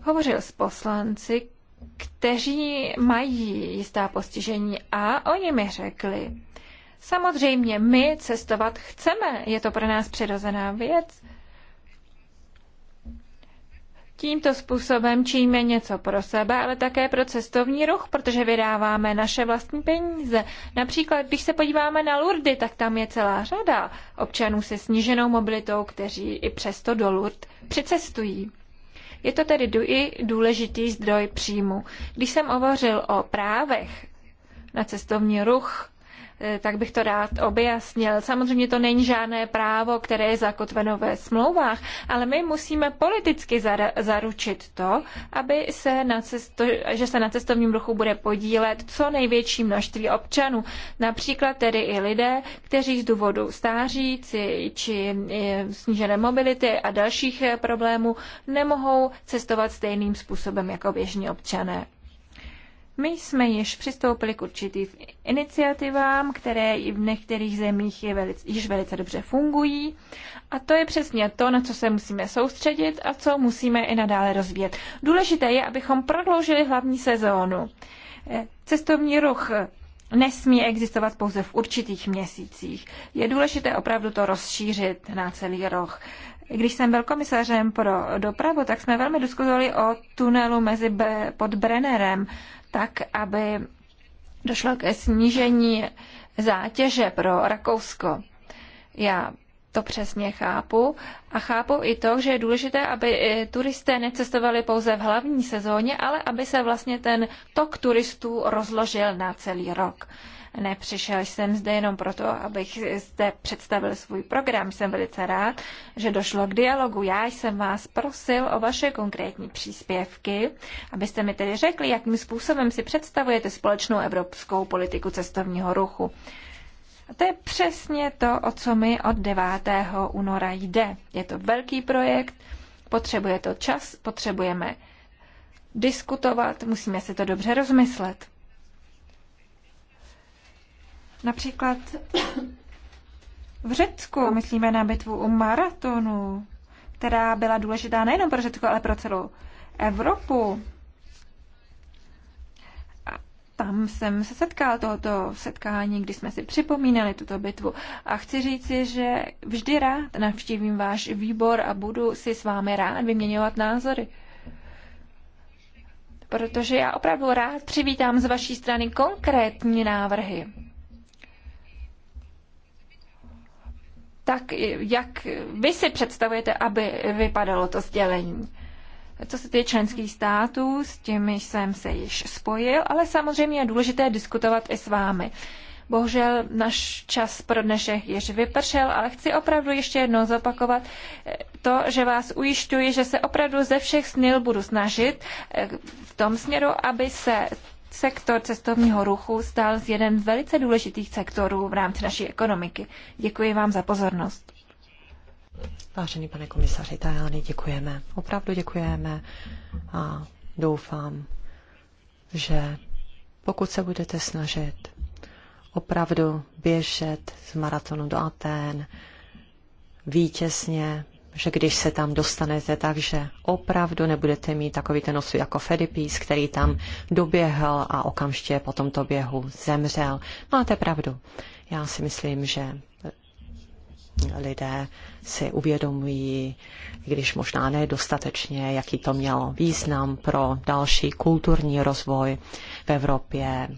hovořil s poslanci, kteří mají jistá postižení a oni mi řekli, samozřejmě my cestovat chceme, je to pro nás přirozená věc. Tímto způsobem činíme něco pro sebe, ale také pro cestovní ruch, protože vydáváme naše vlastní peníze. Například, když se podíváme na Lurdy, tak tam je celá řada občanů se sníženou mobilitou, kteří i přesto do Lurd přicestují. Je to tedy i důležitý zdroj příjmu. Když jsem hovořil o právech na cestovní ruch, Eh, tak bych to rád objasnil. Samozřejmě to není žádné právo, které je zakotveno ve smlouvách, ale my musíme politicky zaručit to, aby se na cesto, že se na cestovním ruchu bude podílet co největší množství občanů. Například tedy i lidé, kteří z důvodu stáří či, či eh, snížené mobility a dalších eh, problémů nemohou cestovat stejným způsobem jako běžní občané. My jsme již přistoupili k určitým iniciativám, které i v některých zemích je velice, již velice dobře fungují. A to je přesně to, na co se musíme soustředit a co musíme i nadále rozvíjet. Důležité je, abychom prodloužili hlavní sezónu. Eh, cestovní ruch nesmí existovat pouze v určitých měsících. Je důležité opravdu to rozšířit na celý rok. Když jsem byl komisařem pro dopravu, tak jsme velmi diskutovali o tunelu mezi B, pod Brennerem tak aby došlo ke snížení zátěže pro Rakousko. Já to přesně chápu a chápu i to, že je důležité, aby turisté necestovali pouze v hlavní sezóně, ale aby se vlastně ten tok turistů rozložil na celý rok. Nepřišel jsem zde jenom proto, abych zde představil svůj program. Jsem velice rád, že došlo k dialogu. Já jsem vás prosil o vaše konkrétní příspěvky, abyste mi tedy řekli, jakým způsobem si představujete společnou evropskou politiku cestovního ruchu. A to je přesně to, o co mi od 9. února jde. Je to velký projekt, potřebuje to čas, potřebujeme diskutovat, musíme si to dobře rozmyslet. Například v Řecku myslíme na bitvu u maratonu, která byla důležitá nejenom pro Řecko, ale pro celou Evropu. A tam jsem se setkal tohoto setkání, kdy jsme si připomínali tuto bitvu. A chci říci, že vždy rád navštívím váš výbor a budu si s vámi rád vyměňovat názory protože já opravdu rád přivítám z vaší strany konkrétní návrhy. tak jak vy si představujete, aby vypadalo to sdělení? Co se týče členských států, s těmi jsem se již spojil, ale samozřejmě je důležité diskutovat i s vámi. Bohužel náš čas pro dnešek již vypršel, ale chci opravdu ještě jednou zopakovat to, že vás ujišťuji, že se opravdu ze všech snil budu snažit eh, v tom směru, aby se sektor cestovního ruchu stál z jeden z velice důležitých sektorů v rámci naší ekonomiky. Děkuji vám za pozornost. Vážený pane komisaři Tajany, děkujeme. Opravdu děkujeme a doufám, že pokud se budete snažit opravdu běžet z maratonu do Aten vítězně, že když se tam dostanete, takže opravdu nebudete mít takový ten osud jako Fedipis, který tam doběhl a okamžitě po tomto běhu zemřel. Máte pravdu. Já si myslím, že lidé si uvědomují, když možná nedostatečně, dostatečně, jaký to měl význam pro další kulturní rozvoj v Evropě,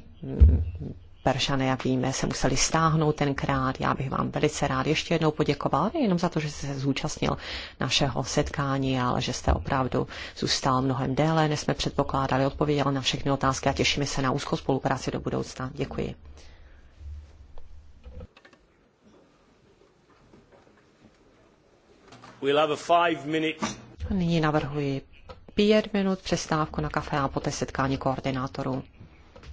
Peršané, jak víme, se museli stáhnout tenkrát. Já bych vám velice rád ještě jednou poděkoval, nejenom za to, že jste se zúčastnil našeho setkání, ale že jste opravdu zůstal mnohem déle, než jsme předpokládali, odpověděl na všechny otázky a těšíme se na úzkou spolupráci do budoucna. Děkuji. We'll have a five minute... Nyní navrhuji pět minut přestávku na kafe a poté setkání koordinátorů.